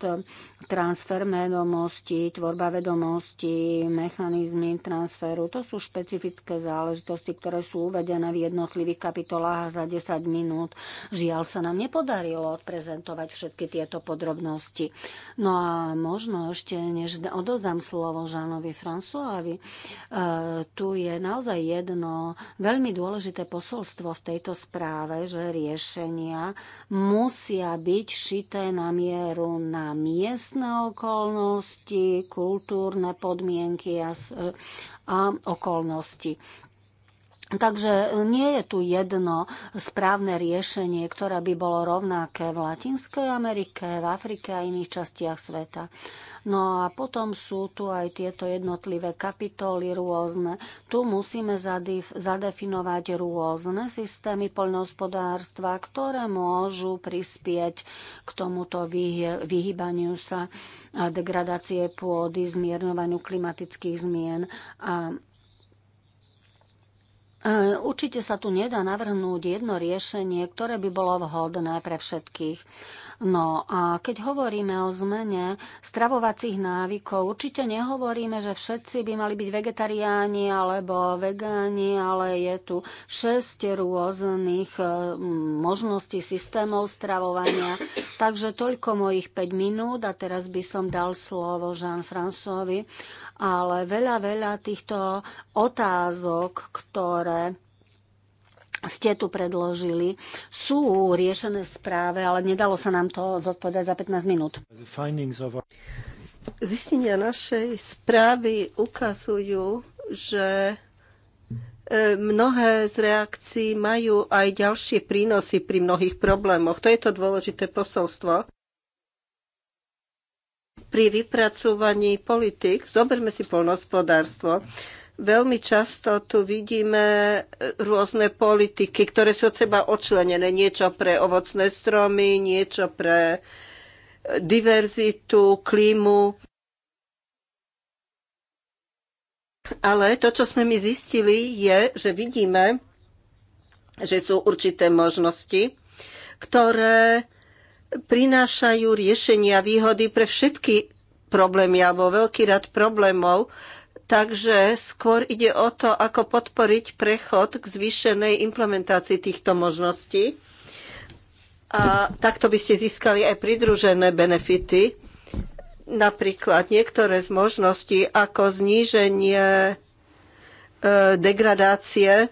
transfer vedomostí, tvorba vedomostí, mechanizmy transferu. To sú špecifické záležitosti, ktoré sú uvedené v jednotlivých kapitolách za 10 minút. Žiaľ sa nám nepodarilo odprezentovať všetky tieto podrobnosti. No a možno ešte, než odozám slovo Žánovi Francovi, e, tu je naozaj jedno veľmi dôležité posolstvo v tejto správe, že riešenie opatrenia musia byť šité na mieru na miestne okolnosti, kultúrne podmienky a, a okolnosti. Takže e, nie je tu jedno správne riešenie, ktoré by bolo rovnaké v Latinskej Amerike, v Afrike a iných častiach sveta. No a potom sú tu aj tieto jednotlivé kapitoly rôzne. Tu musíme zadefinovať rôzne systémy poľnohospodárstva, ktoré môžu prispieť k tomuto vyhybaniu sa degradácie pôdy, zmierňovaniu klimatických zmien a E, určite sa tu nedá navrhnúť jedno riešenie, ktoré by bolo vhodné pre všetkých. No a keď hovoríme o zmene stravovacích návykov, určite nehovoríme, že všetci by mali byť vegetariáni alebo vegáni, ale je tu 6 rôznych e, možností systémov stravovania. Takže toľko mojich 5 minút a teraz by som dal slovo Jean-Françovi. Ale veľa, veľa týchto otázok, ktoré ste tu predložili, sú riešené v správe, ale nedalo sa nám to zodpovedať za 15 minút. Zistenia našej správy ukazujú, že e, mnohé z reakcií majú aj ďalšie prínosy pri mnohých problémoch. To je to dôležité posolstvo. Pri vypracovaní politik, zoberme si polnospodárstvo, Veľmi často tu vidíme e, rôzne politiky, ktoré sú od seba odčlenené. Niečo pre ovocné stromy, niečo pre e, diverzitu, klímu. Ale to, čo sme my zistili, je, že vidíme, že sú určité možnosti, ktoré prinášajú riešenia výhody pre všetky problémy alebo veľký rad problémov, Takže skôr ide o to, ako podporiť prechod k zvýšenej implementácii týchto možností. A takto by ste získali aj pridružené benefity. Napríklad niektoré z možností, ako zníženie e, degradácie,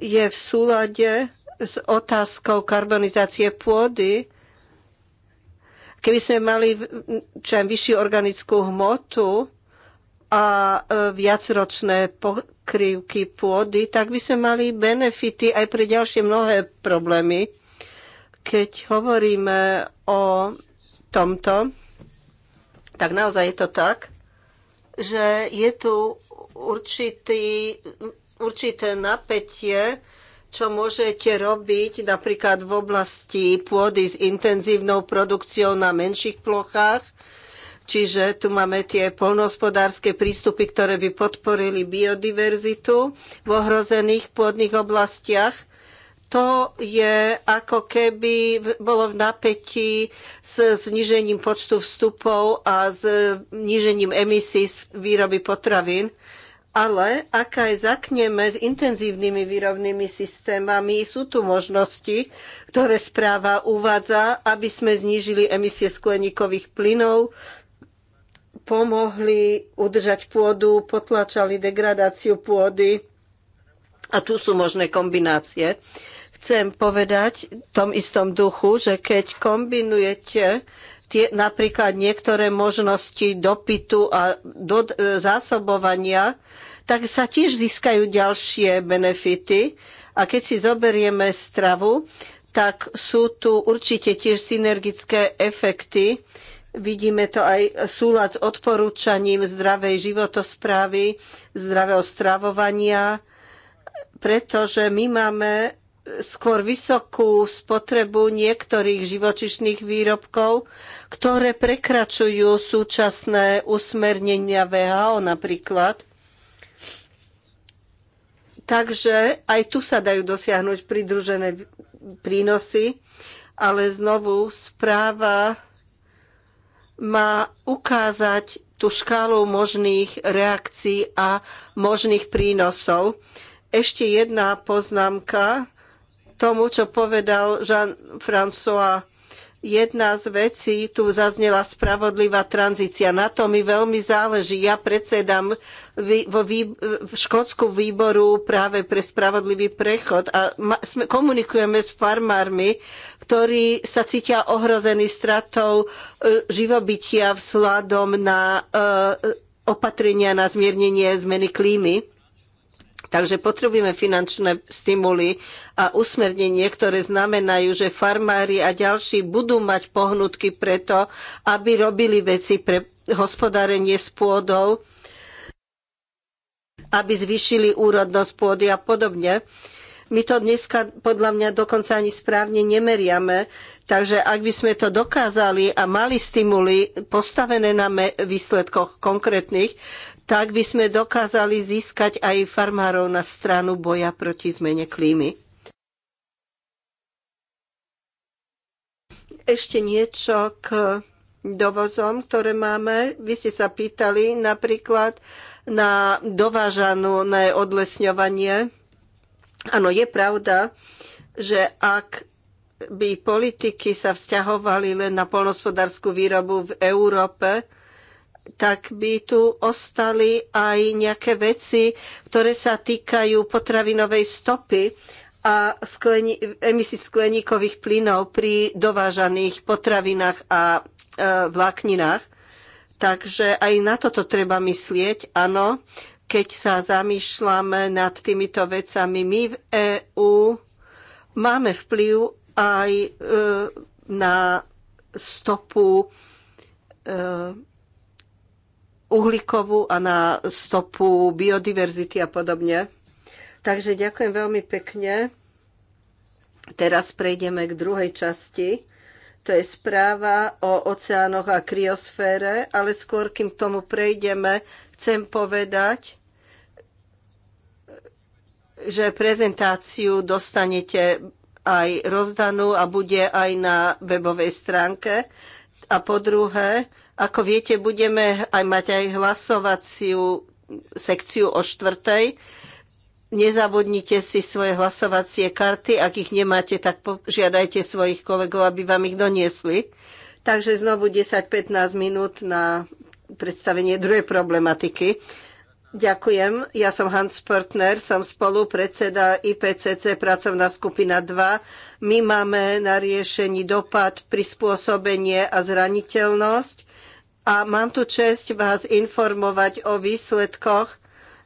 je v súlade s otázkou karbonizácie pôdy. Keby sme mali čo aj vyššiu organickú hmotu, a e, viacročné pokrývky pôdy, tak by sme mali benefity aj pre ďalšie mnohé problémy. Keď hovoríme o tomto, tak naozaj je to tak, že je tu určitý, určité napätie, čo môžete robiť napríklad v oblasti pôdy s intenzívnou produkciou na menších plochách Čiže tu máme tie polnohospodárske prístupy, ktoré by podporili biodiverzitu v ohrozených pôdnych oblastiach to je ako keby bolo v napätí s znižením počtu vstupov a s znižením emisí z výroby potravín. Ale ak aj zakneme s intenzívnymi výrobnými systémami, sú tu možnosti, ktoré správa uvádza, aby sme znížili emisie skleníkových plynov, pomohli udržať pôdu, potlačali degradáciu pôdy. A tu sú možné kombinácie. Chcem povedať v tom istom duchu, že keď kombinujete tie, napríklad niektoré možnosti dopytu a do, e, zásobovania, tak sa tiež získajú ďalšie benefity. A keď si zoberieme stravu, tak sú tu určite tiež synergické efekty, Vidíme to aj súlad s odporúčaním zdravej životosprávy, zdravého stravovania, pretože my máme skôr vysokú spotrebu niektorých živočišných výrobkov, ktoré prekračujú súčasné usmernenia VHO napríklad. Takže aj tu sa dajú dosiahnuť pridružené prínosy, ale znovu správa má ukázať tú škálu možných reakcií a možných prínosov. Ešte jedna poznámka tomu, čo povedal Jean-François Jedna z vecí, tu zaznela spravodlivá tranzícia. Na to mi veľmi záleží. Ja predsedám vo vý, v Škótsku výboru práve pre spravodlivý prechod a komunikujeme s farmármi, ktorí sa cítia ohrození stratou e, živobytia vzhľadom na e, opatrenia na zmiernenie zmeny klímy. Takže potrebujeme finančné stimuly a usmernenie, ktoré znamenajú, že farmári a ďalší budú mať pohnutky preto, aby robili veci pre hospodárenie s pôdou, aby zvýšili úrodnosť pôdy a podobne. My to dneska podľa mňa dokonca ani správne nemeriame, takže ak by sme to dokázali a mali stimuly postavené na výsledkoch konkrétnych, tak by sme dokázali získať aj farmárov na stranu boja proti zmene klímy. Ešte niečo k dovozom, ktoré máme. Vy ste sa pýtali napríklad na dovážané odlesňovanie. Áno, je pravda, že ak by politiky sa vzťahovali len na polnospodárskú výrobu v Európe, tak by tu ostali aj nejaké veci, ktoré sa týkajú potravinovej stopy a skleni, emisí skleníkových plynov pri dovážaných potravinách a e, vlákninách. Takže aj na toto treba myslieť, áno, keď sa zamýšľame nad týmito vecami. My v EÚ máme vplyv aj e, na stopu e, uhlíkovú a na stopu biodiverzity a podobne. Takže ďakujem veľmi pekne. Teraz prejdeme k druhej časti. To je správa o oceánoch a kryosfére, ale skôr, kým k tomu prejdeme, chcem povedať, že prezentáciu dostanete aj rozdanú a bude aj na webovej stránke. A po druhé, ako viete, budeme aj mať aj hlasovaciu sekciu o štvrtej. Nezabudnite si svoje hlasovacie karty. Ak ich nemáte, tak požiadajte svojich kolegov, aby vám ich doniesli. Takže znovu 10-15 minút na predstavenie druhej problematiky. Ďakujem. Ja som Hans Partner, som spolupredseda IPCC pracovná skupina 2. My máme na riešení dopad, prispôsobenie a zraniteľnosť a mám tu čest vás informovať o výsledkoch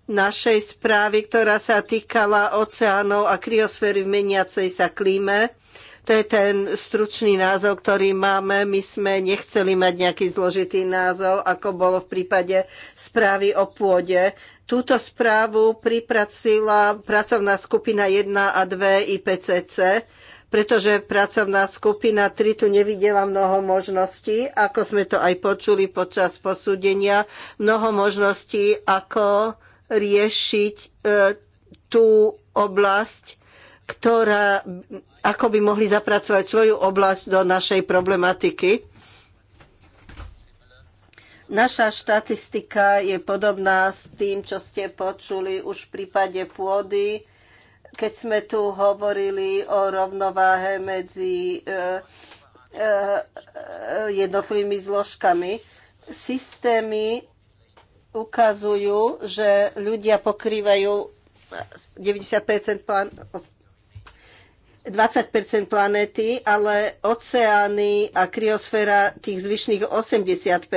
našej správy, ktorá sa týkala oceánov a kryosféry v meniacej sa klíme. To je ten stručný názov, ktorý máme. My sme nechceli mať nejaký zložitý názov, ako bolo v prípade správy o pôde. Túto správu pripracila pracovná skupina 1 a 2 IPCC pretože pracovná skupina 3 tu nevidela mnoho možností, ako sme to aj počuli počas posúdenia, mnoho možností, ako riešiť e, tú oblasť, ktorá, ako by mohli zapracovať svoju oblasť do našej problematiky. Naša štatistika je podobná s tým, čo ste počuli už v prípade pôdy, keď sme tu hovorili o rovnováhe medzi e, e, e, jednotlivými zložkami, systémy ukazujú, že ľudia pokrývajú 90 plán, 20 planéty, ale oceány a kryosféra tých zvyšných 80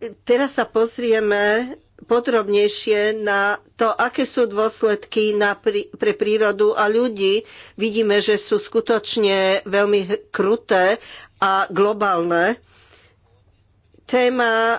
Teraz sa pozrieme podrobnejšie na to, aké sú dôsledky na, pre prírodu a ľudí. Vidíme, že sú skutočne veľmi kruté a globálne. Téma e,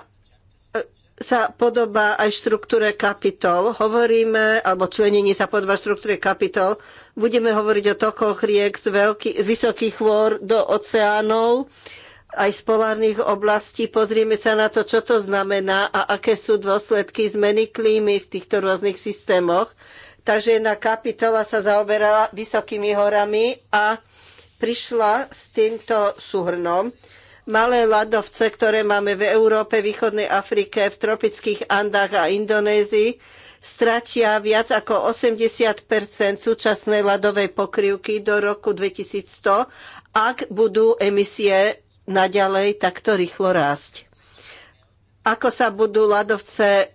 sa podobá aj štruktúre kapitol. Hovoríme, alebo členenie sa podobá štruktúre kapitol. Budeme hovoriť o tokoch riek z, veľký, z vysokých chôr do oceánov. Uh, aj z polárnych oblastí. Pozrieme sa na to, čo to znamená a aké sú dôsledky zmeny klímy v týchto rôznych systémoch. Takže jedna kapitola sa zaoberala vysokými horami a prišla s týmto súhrnom. Malé ľadovce, ktoré máme v Európe, východnej Afrike, v tropických Andách a Indonézii, stratia viac ako 80 súčasnej ľadovej pokrývky do roku 2100 ak budú emisie naďalej takto rýchlo rásť. Ako sa budú ľadovce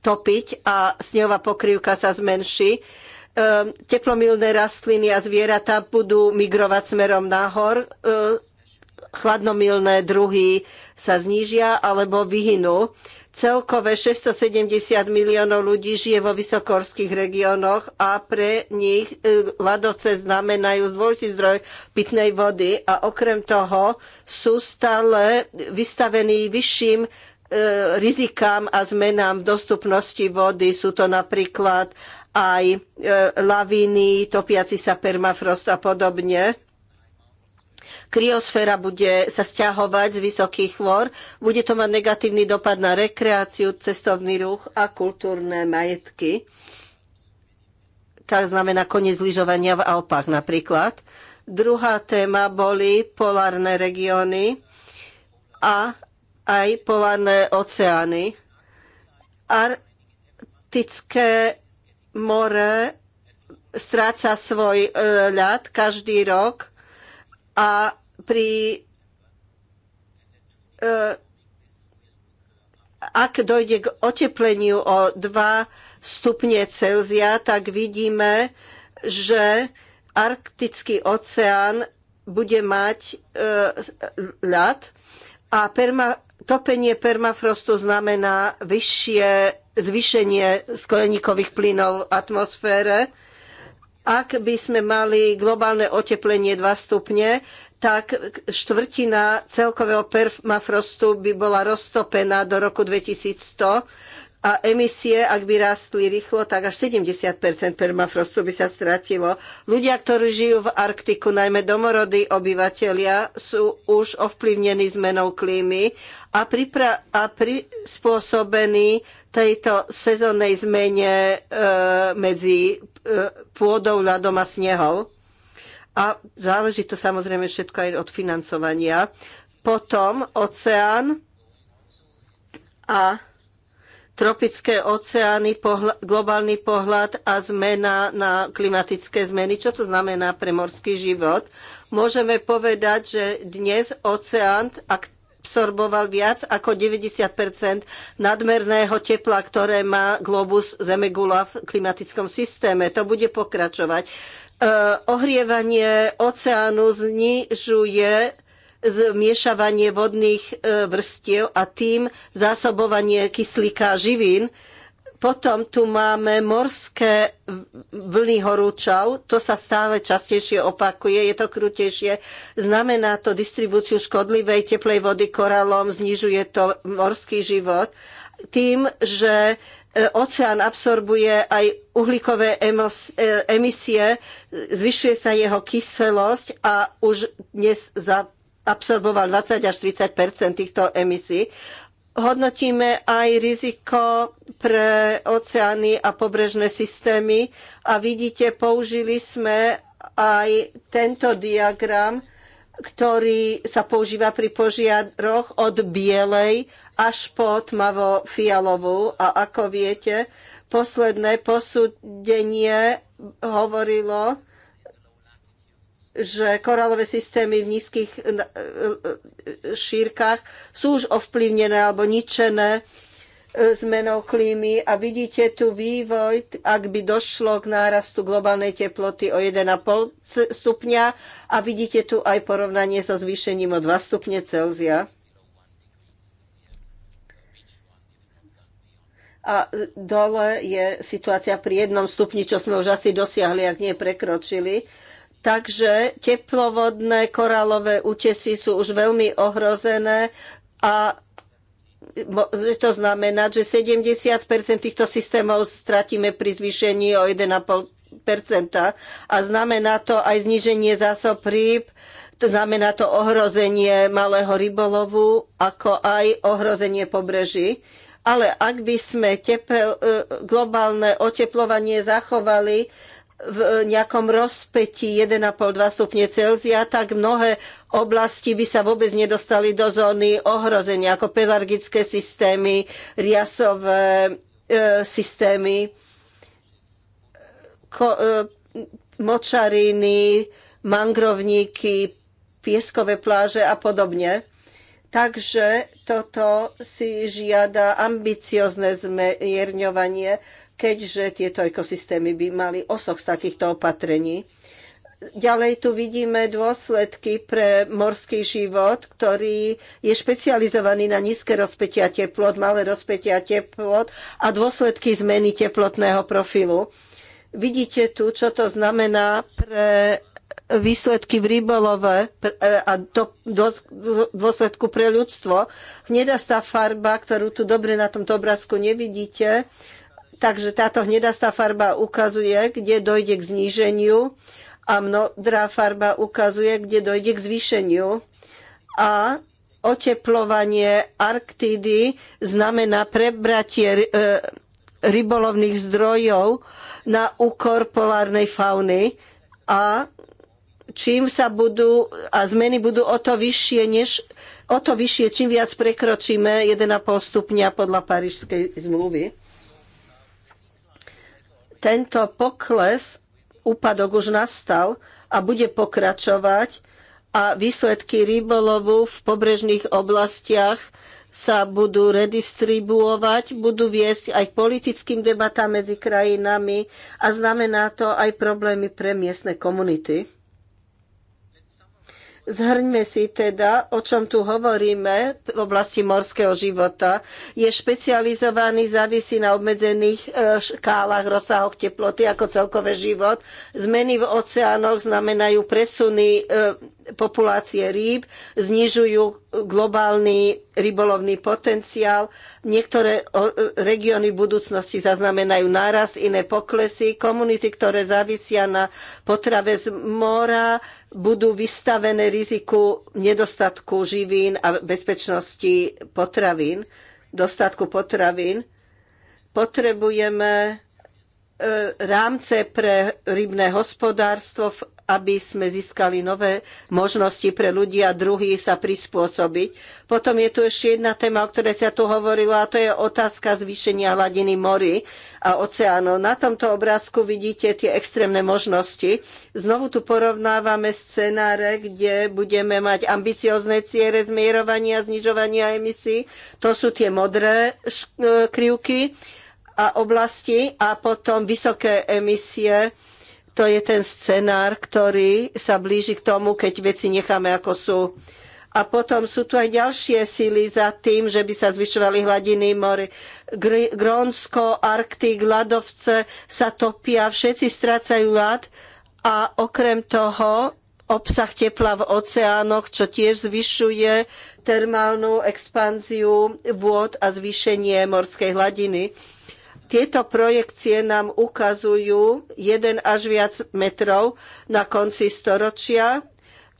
topiť a snehová pokrývka sa zmenší, ehm, teplomilné rastliny a zvieratá budú migrovať smerom nahor, e, chladnomilné druhy sa znížia alebo vyhynú. Celkové 670 miliónov ľudí žije vo vysokorských regiónoch a pre nich e, ľadovce znamenajú dôležitý zdroj pitnej vody a okrem toho sú stále vystavení vyšším e, rizikám a zmenám v dostupnosti vody. Sú to napríklad aj e, lavíny, topiaci sa permafrost a podobne kriosféra bude sa stiahovať z vysokých chôr, bude to mať negatívny dopad na rekreáciu, cestovný ruch a kultúrne majetky. Tak znamená koniec lyžovania v Alpách napríklad. Druhá téma boli polárne regióny a aj polárne oceány. Arktické more stráca svoj e, ľad každý rok a pri e, ak dojde k otepleniu o 2 stupne Celzia, tak vidíme, že arktický oceán bude mať e, ľad a perma, topenie permafrostu znamená vyššie zvýšenie skleníkových plynov v atmosfére. Ak by sme mali globálne oteplenie 2 stupne, tak štvrtina celkového permafrostu by bola roztopená do roku 2100 a emisie, ak by rástli rýchlo, tak až 70 permafrostu by sa stratilo. Ľudia, ktorí žijú v Arktiku, najmä domorodí obyvatelia, sú už ovplyvnení zmenou klímy a, pripra- a prispôsobení tejto sezónnej zmene e, medzi e, pôdou, ľadom a snehom a záleží to samozrejme všetko aj od financovania. Potom oceán a tropické oceány, pohľa, globálny pohľad a zmena na klimatické zmeny. Čo to znamená pre morský život? Môžeme povedať, že dnes oceán, absorboval viac ako 90 nadmerného tepla, ktoré má globus Zemegula v klimatickom systéme. To bude pokračovať. E, ohrievanie oceánu znižuje zmiešavanie vodných e, vrstiev a tým zásobovanie kyslíka živín. Potom tu máme morské vlny horúčav, to sa stále častejšie opakuje, je to krutejšie. Znamená to distribúciu škodlivej teplej vody koralom, znižuje to morský život tým, že E, oceán absorbuje aj uhlíkové e, emisie, zvyšuje sa jeho kyselosť a už dnes absorboval 20 až 30 týchto emisí. Hodnotíme aj riziko pre oceány a pobrežné systémy a vidíte, použili sme aj tento diagram, ktorý sa používa pri požiaroch od bielej až po tmavo-fialovú. A ako viete, posledné posúdenie hovorilo, že koralové systémy v nízkych eh, eh, eh, šírkach sú už ovplyvnené alebo ničené zmenou klímy a vidíte tu vývoj, ak by došlo k nárastu globálnej teploty o 1,5 stupňa a vidíte tu aj porovnanie so zvýšením o 2 stupne Celzia. A dole je situácia pri jednom stupni, čo sme už asi dosiahli, ak nie prekročili. Takže teplovodné koralové útesy sú už veľmi ohrozené a Môže to znamená, že 70 týchto systémov stratíme pri zvýšení o 1,5 a znamená to aj zníženie zásob rýb, to znamená to ohrozenie malého rybolovu, ako aj ohrozenie pobreží. Ale ak by sme tepe, e, globálne oteplovanie zachovali, v e, nejakom rozpetí 1,5-2 stupne Celzia, tak mnohé oblasti by sa vôbec nedostali do zóny ohrozenia, ako pelargické systémy, riasové e, systémy, ko, e, močariny, mangrovníky, pieskové pláže a podobne. Takže toto si žiada ambiciozne zmierňovanie keďže tieto ekosystémy by mali osoch z takýchto opatrení. Ďalej tu vidíme dôsledky pre morský život, ktorý je špecializovaný na nízke rozpetia teplot, malé rozpetia teplot a dôsledky zmeny teplotného profilu. Vidíte tu, čo to znamená pre výsledky v rybolove e, a dôsledku pre ľudstvo. Hnedá tá farba, ktorú tu dobre na tomto obrázku nevidíte, Takže táto hnedastá farba ukazuje, kde dojde k zníženiu a modrá farba ukazuje, kde dojde k zvýšeniu. A oteplovanie Arktídy znamená prebratie e, rybolovných zdrojov na úkor polárnej fauny a čím sa budú a zmeny budú o to vyššie, než, o to vyššie čím viac prekročíme 1,5 stupňa podľa Parížskej zmluvy. Tento pokles, úpadok už nastal a bude pokračovať a výsledky rybolovu v pobrežných oblastiach sa budú redistribuovať, budú viesť aj politickým debatám medzi krajinami a znamená to aj problémy pre miestne komunity. Zhrňme si teda, o čom tu hovoríme v oblasti morského života. Je špecializovaný, závisí na obmedzených e, škálach, rozsahoch teploty ako celkové život. Zmeny v oceánoch znamenajú presuny e, populácie rýb, znižujú globálny rybolovný potenciál. Niektoré regióny v budúcnosti zaznamenajú nárast, iné poklesy. Komunity, ktoré závisia na potrave z mora, budú vystavené riziku nedostatku živín a bezpečnosti potravín, dostatku potravín. Potrebujeme e, rámce pre rybné hospodárstvo v aby sme získali nové možnosti pre ľudí a druhých sa prispôsobiť. Potom je tu ešte jedna téma, o ktorej sa tu hovorilo, a to je otázka zvýšenia hladiny mori a oceánov. Na tomto obrázku vidíte tie extrémne možnosti. Znovu tu porovnávame scenáre, kde budeme mať ambiciozne ciele zmierovania, znižovania emisí. To sú tie modré e, krivky a oblasti a potom vysoké emisie to je ten scenár, ktorý sa blíži k tomu, keď veci necháme ako sú. A potom sú tu aj ďalšie síly za tým, že by sa zvyšovali hladiny mori. Gr- Grónsko, Arktik, ľadovce sa topia, všetci strácajú ľad a okrem toho obsah tepla v oceánoch, čo tiež zvyšuje termálnu expanziu vôd a zvýšenie morskej hladiny. Tieto projekcie nám ukazujú 1 až viac metrov na konci storočia,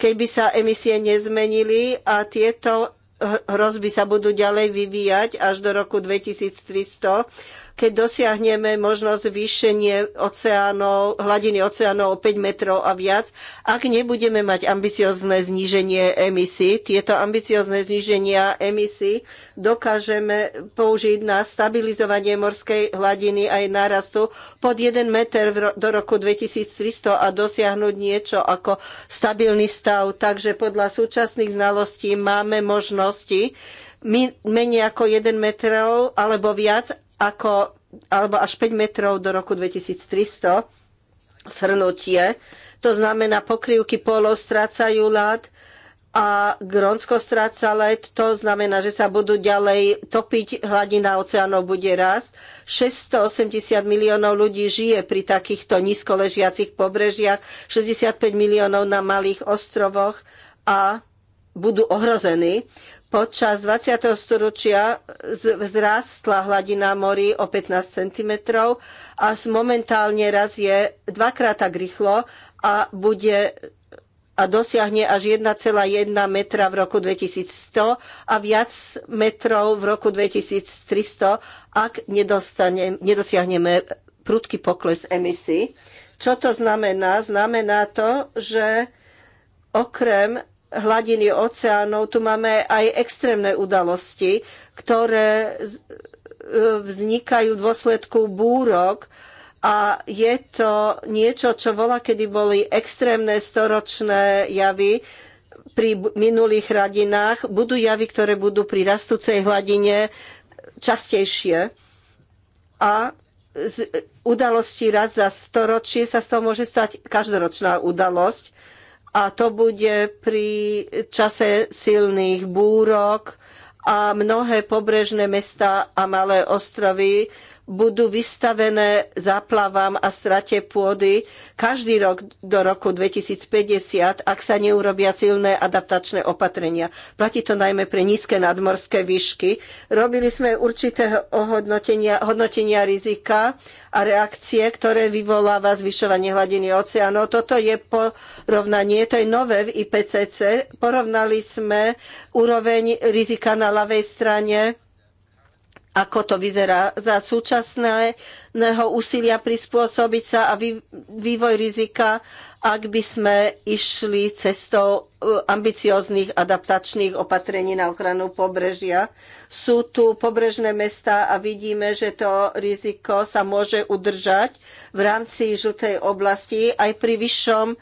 keby sa emisie nezmenili a tieto hrozby sa budú ďalej vyvíjať až do roku 2300 keď dosiahneme možnosť zvýšenie oceánov, hladiny oceánov o 5 metrov a viac, ak nebudeme mať ambiciozne zníženie emisí. Tieto ambiciozne zníženia emisí dokážeme použiť na stabilizovanie morskej hladiny aj nárastu pod 1 meter do roku 2300 a dosiahnuť niečo ako stabilný stav. Takže podľa súčasných znalostí máme možnosti menej ako 1 metrov alebo viac, ako, alebo až 5 metrov do roku 2300 shrnutie. To znamená, pokrývky polo strácajú ľad a Grónsko stráca let. To znamená, že sa budú ďalej topiť, hladina oceánov bude rast. 680 miliónov ľudí žije pri takýchto nízkoležiacich pobrežiach, 65 miliónov na malých ostrovoch a budú ohrození. Počas 20. storočia vzrástla hladina morí o 15 cm a momentálne raz je dvakrát tak rýchlo a bude a dosiahne až 1,1 metra v roku 2100 a viac metrov v roku 2300, ak nedosiahneme prudký pokles emisí. Čo to znamená? Znamená to, že okrem hladiny oceánov, tu máme aj extrémne udalosti, ktoré e, vznikajú v dôsledku búrok a je to niečo, čo volá, kedy boli extrémne storočné javy pri minulých hladinách, budú javy, ktoré budú pri rastúcej hladine častejšie. A z e, udalosti raz za storočie sa z toho môže stať každoročná udalosť a to bude pri čase silných búrok a mnohé pobrežné mesta a malé ostrovy budú vystavené záplavám a strate pôdy každý rok do roku 2050, ak sa neurobia silné adaptačné opatrenia. Platí to najmä pre nízke nadmorské výšky. Robili sme určité hodnotenia, hodnotenia rizika a reakcie, ktoré vyvoláva zvyšovanie hladiny oceánov. Toto je porovnanie, to je nové v IPCC. Porovnali sme úroveň rizika na ľavej strane ako to vyzerá za súčasného úsilia prispôsobiť sa a vývoj rizika, ak by sme išli cestou e, ambicióznych adaptačných opatrení na ochranu pobrežia. Sú tu pobrežné mestá a vidíme, že to riziko sa môže udržať v rámci žltej oblasti aj pri vyššom e,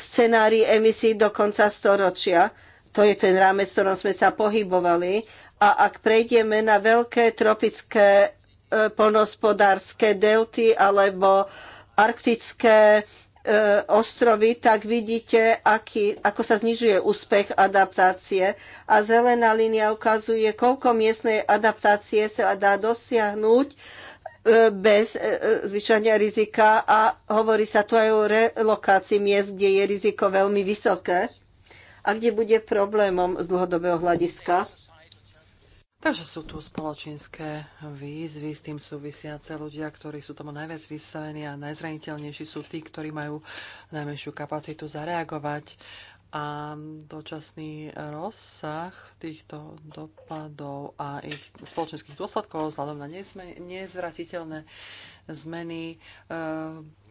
scenári emisí do konca storočia. To je ten rámec, v ktorom sme sa pohybovali a ak prejdeme na veľké tropické e, polnospodárske delty alebo arktické e, ostrovy, tak vidíte, aký, ako sa znižuje úspech adaptácie. A zelená línia ukazuje, koľko miestnej adaptácie sa dá dosiahnuť e, bez zvyšania rizika a hovorí sa tu aj o relokácii miest, kde je riziko veľmi vysoké a kde bude problémom z dlhodobého hľadiska. Takže sú tu spoločenské výzvy, s tým súvisiace ľudia, ktorí sú tomu najviac vystavení a najzraniteľnejší sú tí, ktorí majú najmenšiu kapacitu zareagovať a dočasný rozsah týchto dopadov a ich spoločenských dôsledkov vzhľadom na nezvratiteľné zmeny. Eh,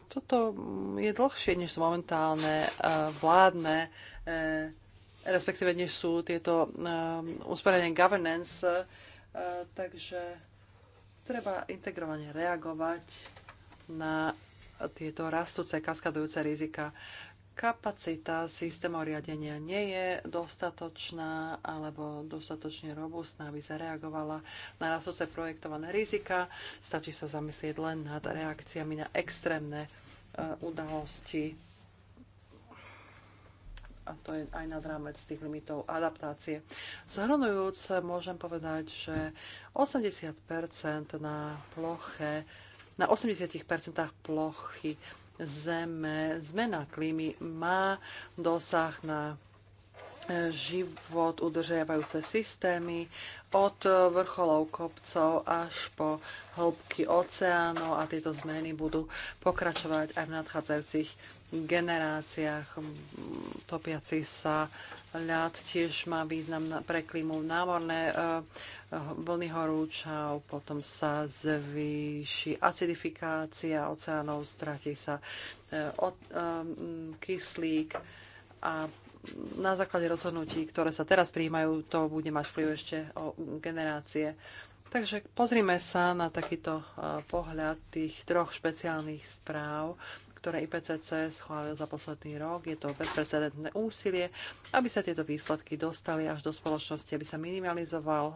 toto je dlhšie než sú momentálne eh, vládne eh, respektíve než sú tieto um, usporiadanie governance, uh, takže treba integrovane reagovať na tieto rastúce, kaskadujúce rizika. Kapacita systémov riadenia nie je dostatočná alebo dostatočne robustná, aby zareagovala na rastúce projektované rizika. Stačí sa zamyslieť len nad reakciami na extrémne uh, udalosti a to je aj nad rámec tých limitov adaptácie. Zhrnujúc, môžem povedať, že 80% na ploche, na 80% plochy Zeme, zmena klímy má dosah na e, život udržiavajúce systémy od vrcholov kopcov až po hĺbky oceánov a tieto zmeny budú pokračovať aj v nadchádzajúcich generáciách topiaci sa ľad tiež má význam pre klímu námorné e, vlny horúčav, potom sa zvýši acidifikácia oceánov, stratí sa e, e, kyslík a na základe rozhodnutí, ktoré sa teraz prijímajú, to bude mať vplyv ešte o generácie. Takže pozrime sa na takýto pohľad tých troch špeciálnych správ ktoré IPCC schválil za posledný rok. Je to bezprecedentné úsilie, aby sa tieto výsledky dostali až do spoločnosti, aby sa minimalizoval,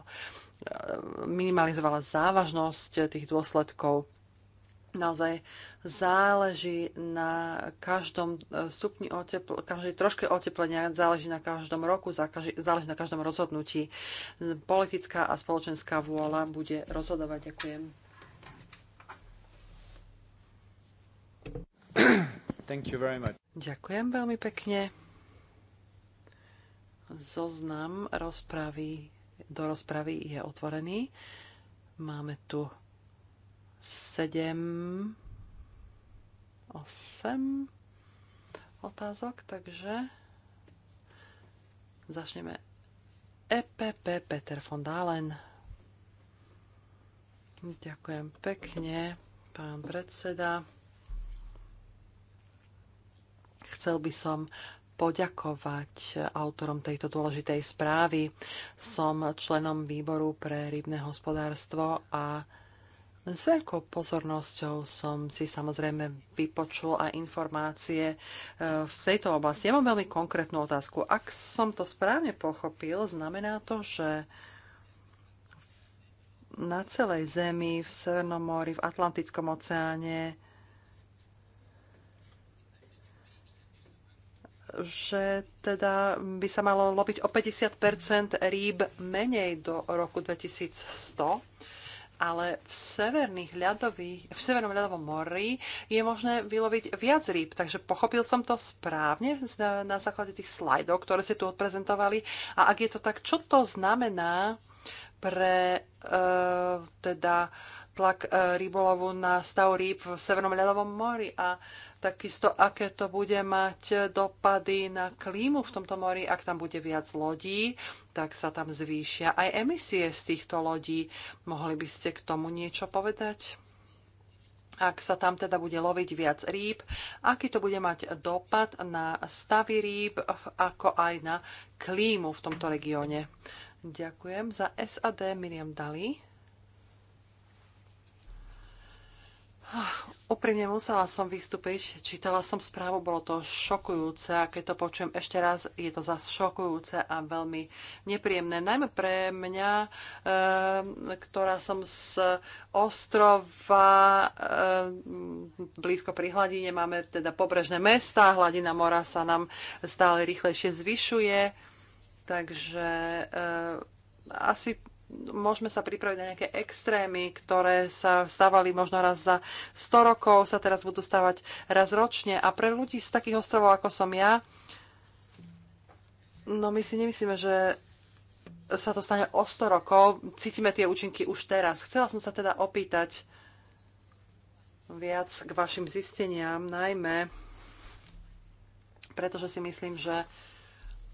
minimalizovala závažnosť tých dôsledkov naozaj záleží na každom stupni otepl- každej troške oteplenia, záleží na každom roku, záleží na každom rozhodnutí. Politická a spoločenská vôľa bude rozhodovať. Ďakujem. Ďakujem veľmi pekne. Zoznam rozpravy do rozpravy je otvorený. Máme tu 7, 8 otázok, takže začneme EPP Peter von Dahlen. Ďakujem pekne, pán predseda. Chcel by som poďakovať autorom tejto dôležitej správy. Som členom výboru pre rybné hospodárstvo a s veľkou pozornosťou som si samozrejme vypočul aj informácie e, v tejto oblasti. Ja mám veľmi konkrétnu otázku. Ak som to správne pochopil, znamená to, že na celej Zemi, v Severnom mori, v Atlantickom oceáne že teda by sa malo lobiť o 50 rýb menej do roku 2100, ale v, severných ľadových, v severnom ľadovom mori je možné vyloviť viac rýb. Takže pochopil som to správne na základe tých slajdov, ktoré ste tu odprezentovali. A ak je to tak, čo to znamená pre e, teda tlak e, rybolovu na stav rýb v Severnom ľadovom mori a e, takisto aké to bude mať dopady na klímu v tomto mori. Ak tam bude viac lodí, tak sa tam zvýšia aj emisie z týchto lodí. Mohli by ste k tomu niečo povedať? Ak sa tam teda bude loviť viac rýb, aký to bude mať dopad na stavy rýb, ako aj na klímu v tomto regióne. Ďakujem za SAD Miriam Dali. Ah, úprimne musela som vystúpiť. Čítala som správu, bolo to šokujúce a keď to počujem ešte raz, je to zase šokujúce a veľmi nepríjemné. Najmä pre mňa, e, ktorá som z ostrova e, blízko pri hladine, máme teda pobrežné mesta, hladina mora sa nám stále rýchlejšie zvyšuje, takže e, asi môžeme sa pripraviť na nejaké extrémy, ktoré sa stávali možno raz za 100 rokov, sa teraz budú stávať raz ročne. A pre ľudí z takých ostrovov, ako som ja, no my si nemyslíme, že sa to stane o 100 rokov. Cítime tie účinky už teraz. Chcela som sa teda opýtať viac k vašim zisteniam, najmä pretože si myslím, že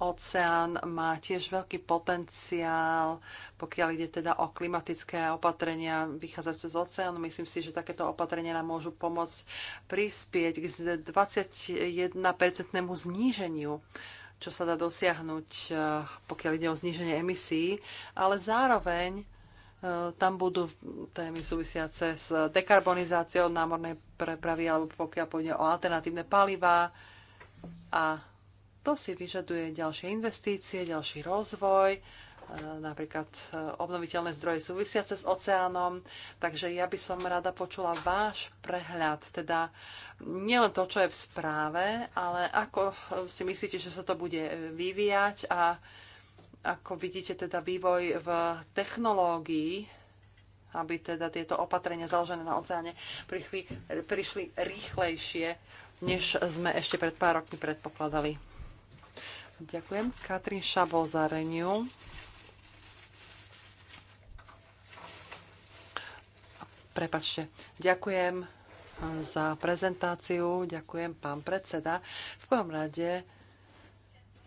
oceán má tiež veľký potenciál, pokiaľ ide teda o klimatické opatrenia vychádzajúce z oceánu. Myslím si, že takéto opatrenia nám môžu pomôcť prispieť k 21-percentnému zníženiu čo sa dá dosiahnuť, eh, pokiaľ ide o zníženie emisí, ale zároveň eh, tam budú témy súvisiace s dekarbonizáciou námornej prepravy alebo pokiaľ pôjde o alternatívne paliva. a to si vyžaduje ďalšie investície, ďalší rozvoj, e, napríklad e, obnoviteľné zdroje súvisiace s oceánom. Takže ja by som rada počula váš prehľad, teda nielen to, čo je v správe, ale ako e, si myslíte, že sa to bude vyvíjať a ako vidíte teda vývoj v technológii, aby teda tieto opatrenia založené na oceáne prišli, prišli rýchlejšie, než sme ešte pred pár rokmi predpokladali. Ďakujem. Katrin Šabo za Reniu. Prepačte. Ďakujem eh, za prezentáciu. Ďakujem, pán predseda. V prvom rade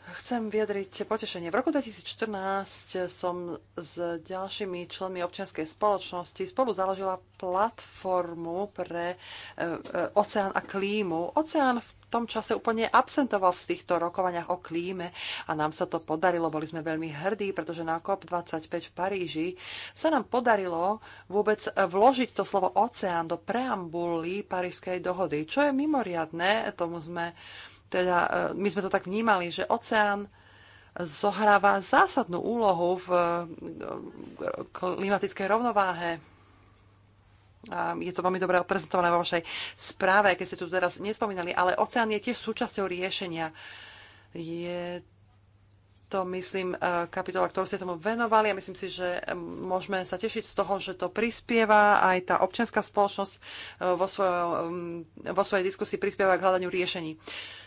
Chcem vyjadriť potešenie. V roku 2014 som s ďalšími členmi občianskej spoločnosti spolu založila platformu pre e, e, oceán a klímu. Oceán v tom čase úplne absentoval v týchto rokovaniach o klíme a nám sa to podarilo. Boli sme veľmi hrdí, pretože na COP25 v Paríži sa nám podarilo vôbec vložiť to slovo oceán do preambuly Parížskej dohody, čo je mimoriadné, tomu sme teda e, my sme to tak vnímali, že oceán zohráva zásadnú úlohu v e, klimatickej rovnováhe. A je to veľmi dobre odprezentované vo vašej správe, keď ste tu teraz nespomínali, ale oceán je tiež súčasťou riešenia. Je to, myslím, e, kapitola, ktorú ste tomu venovali a myslím si, že môžeme sa tešiť z toho, že to prispieva aj tá občianská spoločnosť vo, svojo, vo svojej diskusii prispieva k hľadaniu riešení. Uh,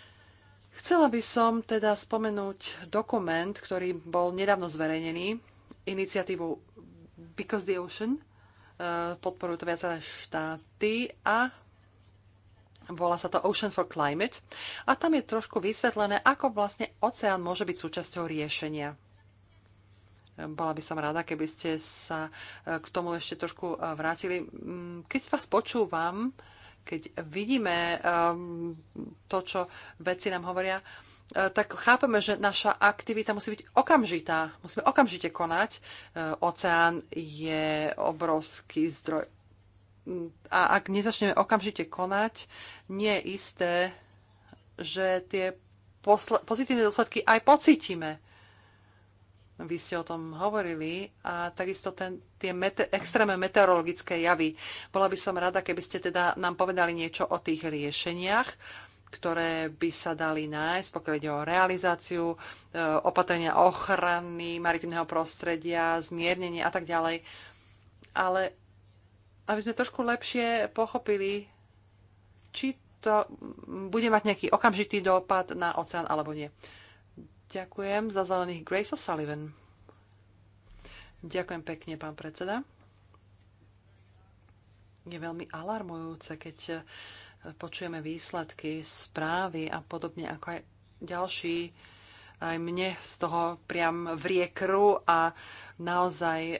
Chcela by som teda spomenúť dokument, ktorý bol nedávno zverejnený, iniciatívu Because the Ocean, e, podporujú to viaceré štáty a volá sa to Ocean for Climate a tam je trošku vysvetlené, ako vlastne oceán môže byť súčasťou riešenia. E, bola by som rada, keby ste sa e, k tomu ešte trošku vrátili. Mm, keď vás počúvam, keď vidíme ehm, to, čo vedci nám hovoria, eh, tak chápeme, že naša aktivita musí byť okamžitá. Musíme okamžite konať. Eh, oceán je obrovský zdroj. A ak nezačneme okamžite konať, nie je isté, že tie pozitívne dôsledky aj pocítime. Vy ste o tom hovorili a takisto ten, tie mete, extrémne meteorologické javy. Bola by som rada, keby ste teda nám povedali niečo o tých riešeniach, ktoré by sa dali nájsť, pokiaľ ide o realizáciu, e, opatrenia ochrany maritimného prostredia, zmiernenie a tak ďalej. Ale aby sme trošku lepšie pochopili, či to bude mať nejaký okamžitý dopad na oceán alebo nie. Ďakujem za zelených Grace O'Sullivan. Ďakujem pekne, pán predseda. Je veľmi alarmujúce, keď eh, počujeme výsledky, správy a podobne ako aj ďalší. Aj mne z toho priam vrie krv a naozaj e,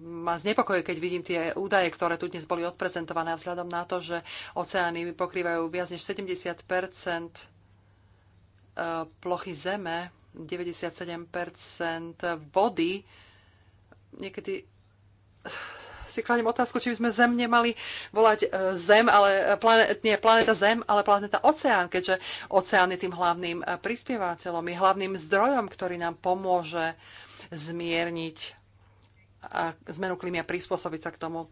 ma znepokojí, keď vidím tie údaje, ktoré tu dnes boli odprezentované vzhľadom na to, že oceány pokrývajú viac než 70 plochy zeme, 97% vody. Niekedy si kladiem otázku, či by sme Zem nemali volať e, Zem, ale e, planet, nie planeta Zem, ale planeta Oceán, keďže oceán je tým hlavným e, prispievateľom, je hlavným zdrojom, ktorý nám pomôže zmierniť zmenu klímy a prispôsobiť sa k tomu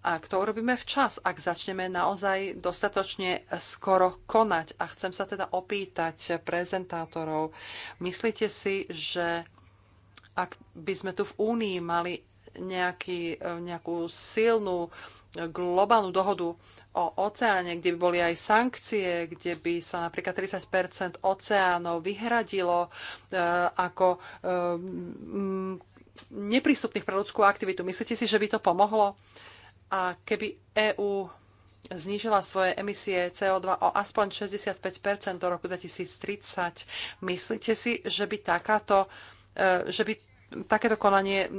ak to urobíme včas, ak začneme naozaj dostatočne skoro konať. A chcem sa teda opýtať prezentátorov, myslíte si, že ak by sme tu v Únii mali nejaký, e, nejakú silnú e, globálnu dohodu o oceáne, kde by boli aj sankcie, kde by sa napríklad 30 oceánov vyhradilo e, ako e, m, neprístupných pre ľudskú aktivitu. Myslíte si, že by to pomohlo? E, a keby EÚ znížila svoje emisie CO2 o aspoň 65 do roku 2030. Myslíte si, že by, takáto, e, že by takéto konanie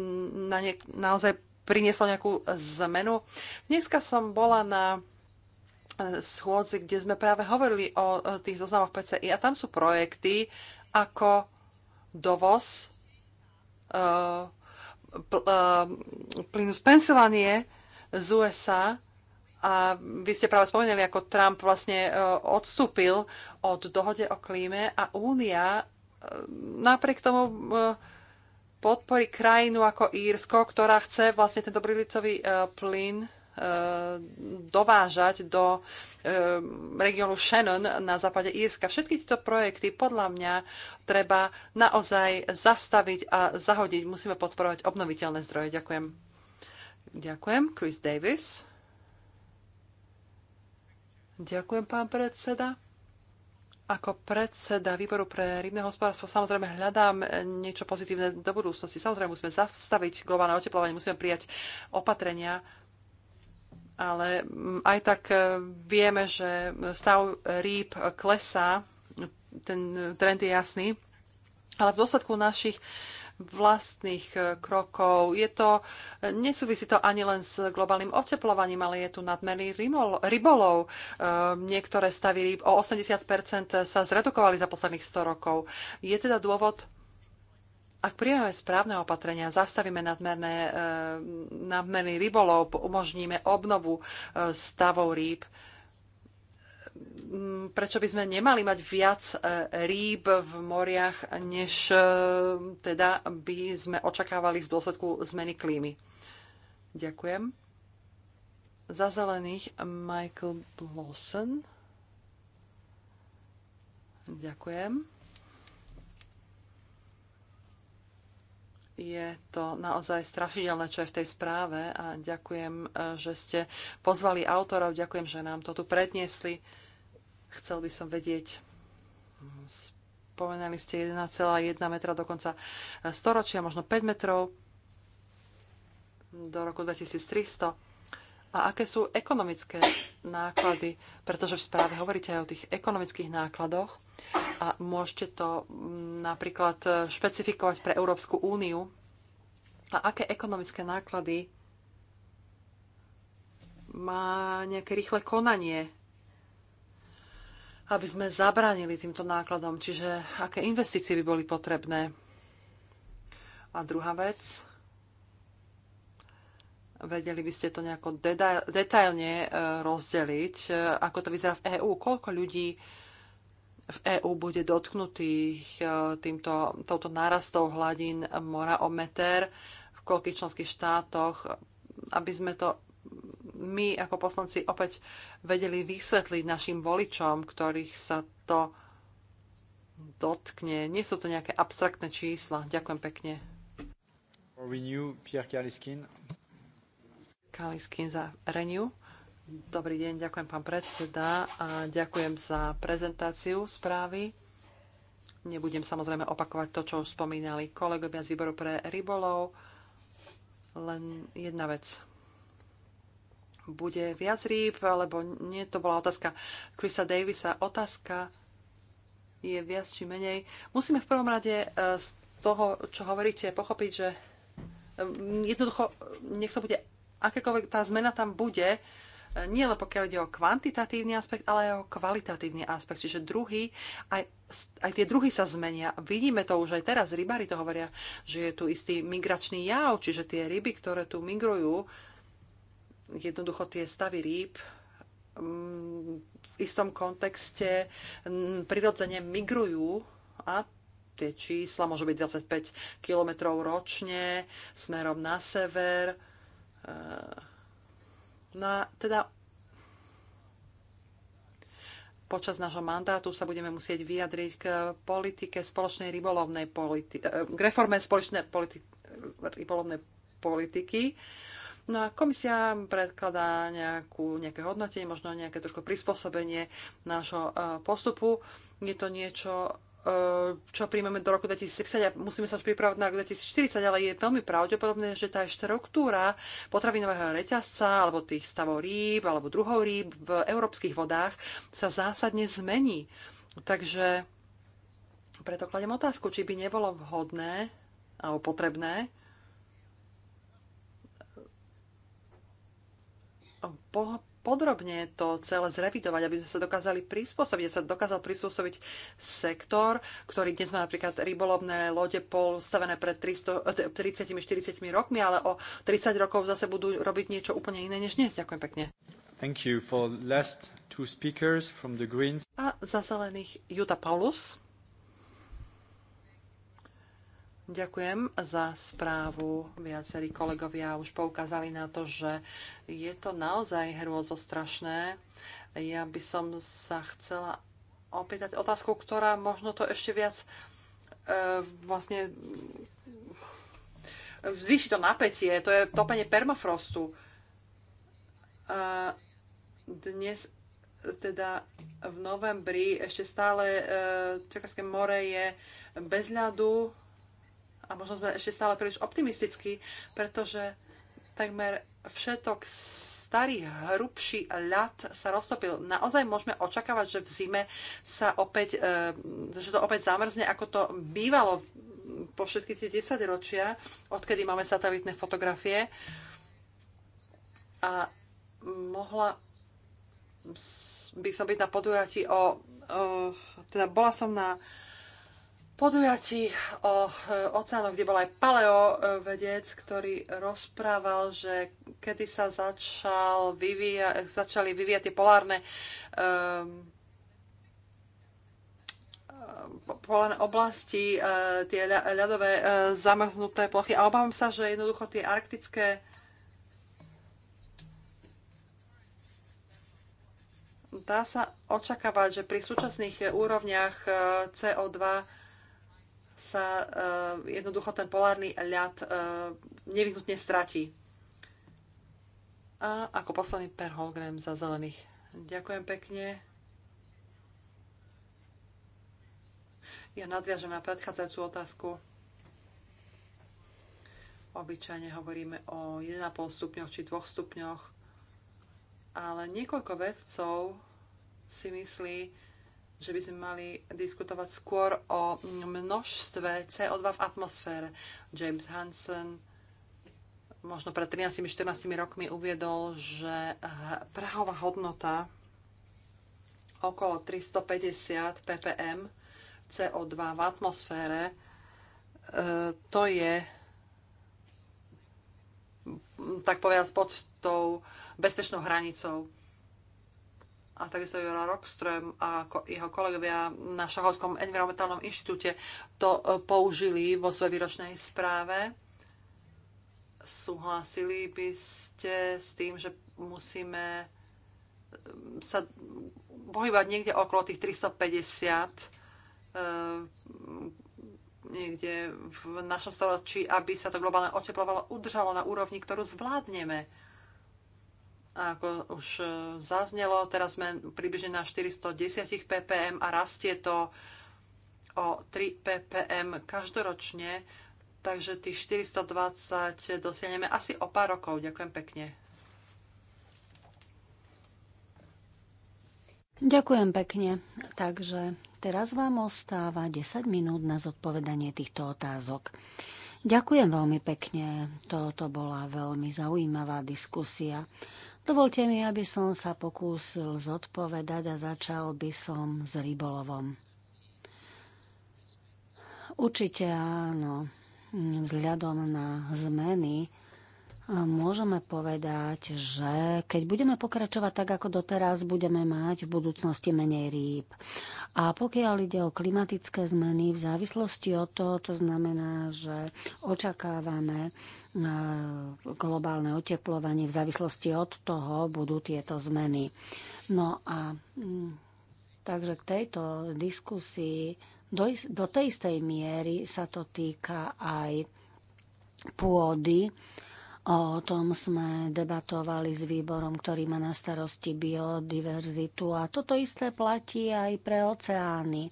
na ne, naozaj prinieslo nejakú zmenu? Dneska som bola na e, schôdzi, kde sme práve hovorili o tých zoznamoch PCI a tam sú projekty ako dovoz e, plynu z Pensylvánie, z USA a vy ste práve spomenuli, ako Trump vlastne e, odstúpil od dohode o klíme a Únia e, napriek tomu e, podporí krajinu ako Írsko, ktorá chce vlastne ten brilicový plyn dovážať do regiónu Shannon na západe Írska. Všetky tieto projekty podľa mňa treba naozaj zastaviť a zahodiť. Musíme podporovať obnoviteľné zdroje. Ďakujem. Ďakujem. Chris Davis. Ďakujem, pán predseda. Ako predseda výboru pre rybné hospodárstvo samozrejme hľadám niečo pozitívne do budúcnosti. Samozrejme musíme zastaviť globálne oteplovanie, musíme prijať opatrenia, ale mm, aj tak e, vieme, že stav rýb klesá, ten trend je jasný, ale v dôsledku našich vlastných e, krokov. Je to, e, nesúvisí to ani len s globálnym oteplovaním, ale je tu nadmerný rybolov. E, niektoré stavy rýb o 80% sa zredukovali za posledných 100 rokov. Je teda dôvod ak príjmeme správne opatrenia, zastavíme nadmerné, nadmerný rybolov, umožníme obnovu stavov rýb, prečo by sme nemali mať viac e, rýb v moriach, než e, teda by sme očakávali v dôsledku zmeny klímy. Ďakujem. Za zelených Michael Blossom. Ďakujem. Je to naozaj strašidelné, čo je v tej správe a ďakujem, e, že ste pozvali autorov, ďakujem, že nám to tu predniesli. Chcel by som vedieť, spomenali ste 1,1 metra dokonca storočia, možno 5 metrov do roku 2300. A aké sú ekonomické náklady? Pretože v správe hovoríte aj o tých ekonomických nákladoch a môžete to mm, napríklad e, špecifikovať pre Európsku úniu. A aké ekonomické náklady má nejaké rýchle konanie aby sme zabránili týmto nákladom, čiže aké investície by boli potrebné. A druhá vec, vedeli by ste to nejako detailne e, rozdeliť, e, ako to vyzerá v EÚ, koľko ľudí v EÚ bude dotknutých e, týmto, touto nárastou hladín mora o meter, v koľkých členských štátoch, aby sme to my ako poslanci opäť vedeli vysvetliť našim voličom, ktorých sa to dotkne. Nie sú to nejaké abstraktné čísla. Ďakujem pekne. Renew, Pierre Kaliskin. Kaliskin za Renew. Dobrý deň, ďakujem pán predseda a ďakujem za prezentáciu správy. Nebudem samozrejme opakovať to, čo už spomínali kolegovia z výboru pre rybolov. Len jedna vec bude viac rýb, alebo nie, to bola otázka Chrisa Davisa. Otázka je viac či menej. Musíme v prvom rade e, z toho, čo hovoríte, pochopiť, že e, jednoducho, nech to bude, akékoľvek tá zmena tam bude, e, nie len pokiaľ ide o kvantitatívny aspekt, ale aj o kvalitatívny aspekt. Čiže druhý, aj, aj tie druhy sa zmenia. Vidíme to už aj teraz, rybári to hovoria, že je tu istý migračný jav, čiže tie ryby, ktoré tu migrujú, uh, jednoducho tie stavy rýb mm, v istom kontexte mm, prirodzene migrujú a tie čísla môžu byť 25 km ročne smerom na sever. E, a teda počas nášho mandátu sa budeme musieť vyjadriť k politike spoločnej rybolovnej politiky, e, k reforme spoločnej politi- e, rybolovnej politiky No a komisia predkladá nejakú, nejaké hodnotenie, možno nejaké trošku prispôsobenie nášho e, postupu. Je to niečo, e, čo príjmeme do roku 2030 a musíme sa už pripravať na rok 2040, ale je veľmi pravdepodobné, že tá štruktúra potravinového reťazca alebo tých stavov rýb alebo druhov rýb v európskych vodách sa zásadne zmení. Takže preto kladem otázku, či by nebolo vhodné alebo potrebné podrobne to celé zrevidovať, aby sme sa dokázali prispôsobiť. sa dokázal prispôsobiť sektor, ktorý dnes má napríklad rybolovné lode stavené pred 30-40 eh, rokmi, ale o 30 rokov zase budú robiť niečo úplne iné než dnes. Ďakujem pekne. Thank you for last two speakers from the Greens. A za zelených Juta Paulus. Ďakujem za správu. Viacerí kolegovia už poukázali na to, že je to naozaj hrôzostrašné. Ja by som sa chcela opýtať otázku, ktorá možno to ešte viac e, vlastne zvýši to napätie. To je topenie permafrostu. E, dnes teda v novembri ešte stále e, Čakarské more je bez ľadu a možno sme ešte stále príliš optimistickí, pretože takmer všetok starý hrubší ľad sa roztopil. Naozaj môžeme očakávať, že v zime sa opäť, e, že to opäť zamrzne, ako to bývalo po všetky tie 10 ročia, odkedy máme satelitné fotografie. A mohla by som byť na podujati o, o teda bola som na podujatí o e, oceánoch, kde bol aj paleovedec, e, ktorý rozprával, že kedy sa začal vyvíja, začali vyvíjať tie polárne um, polárne oblasti, uh, tie ľadové uh, zamrznuté plochy. A obávam sa, že jednoducho tie arktické dá sa očakávať, že pri súčasných úrovniach CO2 sa eh, jednoducho ten polárny ľad eh, nevyhnutne stratí. A ako posledný Per Holgren za zelených. Ďakujem pekne. Ja nadviažem na predchádzajúcu otázku. Obyčajne hovoríme o 1,5 stupňoch či 2 stupňoch, ale niekoľko vedcov si myslí, že by sme mali diskutovať skôr o množstve CO2 v atmosfére. James Hansen možno pred 13-14 rokmi uviedol, že prahová hodnota okolo 350 ppm CO2 v atmosfére e, to je tak povedať pod tou bezpečnou hranicou a takisto Jura Rockström a jeho kolegovia na Šachovskom environmentálnom inštitúte to e, použili vo svojej výročnej správe. Súhlasili by ste s tým, že musíme e, sa pohybať niekde okolo tých 350 e, niekde v našom storočí, aby sa to globálne oteplovalo udržalo na úrovni, ktorú zvládneme ako už e, zaznelo, teraz sme približne na 410 ppm a rastie to o 3 ppm každoročne, takže tých 420 dosiahneme asi o pár rokov. Ďakujem pekne. Ďakujem pekne. Takže teraz vám ostáva 10 minút na zodpovedanie týchto otázok. Ďakujem veľmi pekne. Toto bola veľmi zaujímavá diskusia. Dovolte mi, aby som sa pokúsil zodpovedať a začal by som s rybolovom. Určite áno, vzhľadom na zmeny, môžeme povedať, že keď budeme pokračovať tak, ako doteraz, budeme mať v budúcnosti menej rýb. A pokiaľ ide o klimatické zmeny, v závislosti od toho, to znamená, že očakávame e, globálne oteplovanie, v závislosti od toho budú tieto zmeny. No a mm, takže k tejto diskusii do, do tej istej miery sa to týka aj pôdy, O tom sme debatovali s výborom, ktorý má na starosti biodiverzitu a toto isté platí aj pre oceány.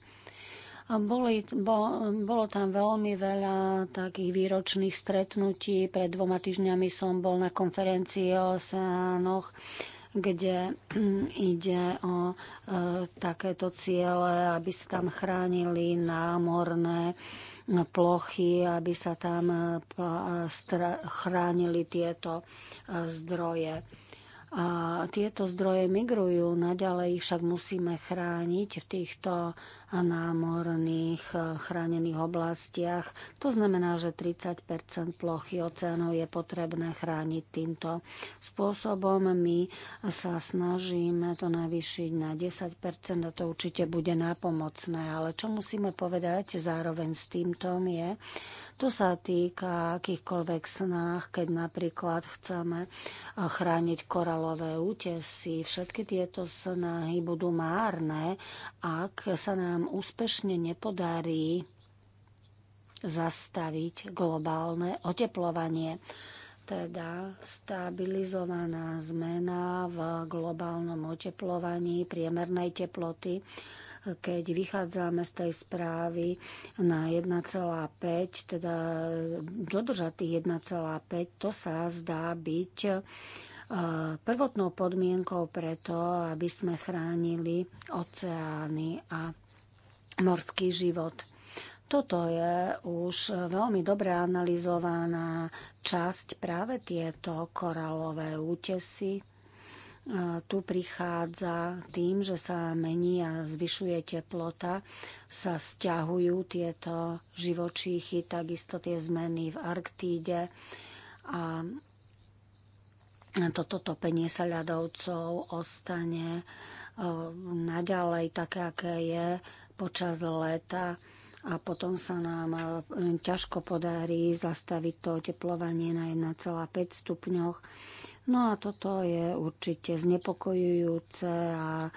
Boli, bo, bolo tam veľmi veľa takých výročných stretnutí. Pred dvoma týždňami som bol na konferencii o oceánoch kde ide o e, takéto ciele, aby sa tam chránili námorné plochy, aby sa tam eh, chránili tieto eh, zdroje. A tieto zdroje migrujú, naďalej však musíme chrániť v týchto námorných e, chránených oblastiach. To znamená, že 30 plochy oceánov je potrebné chrániť týmto spôsobom. My sa snažíme to navýšiť na 10 a to určite bude nápomocné. Ale čo musíme povedať zároveň s týmto je, to sa týka akýchkoľvek snách, keď napríklad chceme e, chrániť koralové útesy. Všetky tieto snahy budú márne, ak sa nám nám úspešne nepodarí zastaviť globálne oteplovanie, teda stabilizovaná zmena v globálnom oteplovaní priemernej teploty keď vychádzame z tej správy na 1,5, teda dodržať tých 1,5, to sa zdá byť e, prvotnou podmienkou preto, aby sme chránili oceány a morský život. Toto je už veľmi dobre analyzovaná časť práve tieto koralové útesy. E, tu prichádza tým, že sa mení a zvyšuje teplota, sa stiahujú tieto živočíchy, takisto tie zmeny v Arktíde a toto topenie sa ľadovcov ostane e, naďalej také, aké je počas leta a potom sa nám e, ťažko podarí zastaviť to oteplovanie na 1,5 stupňoch. No a toto je určite znepokojujúce a e,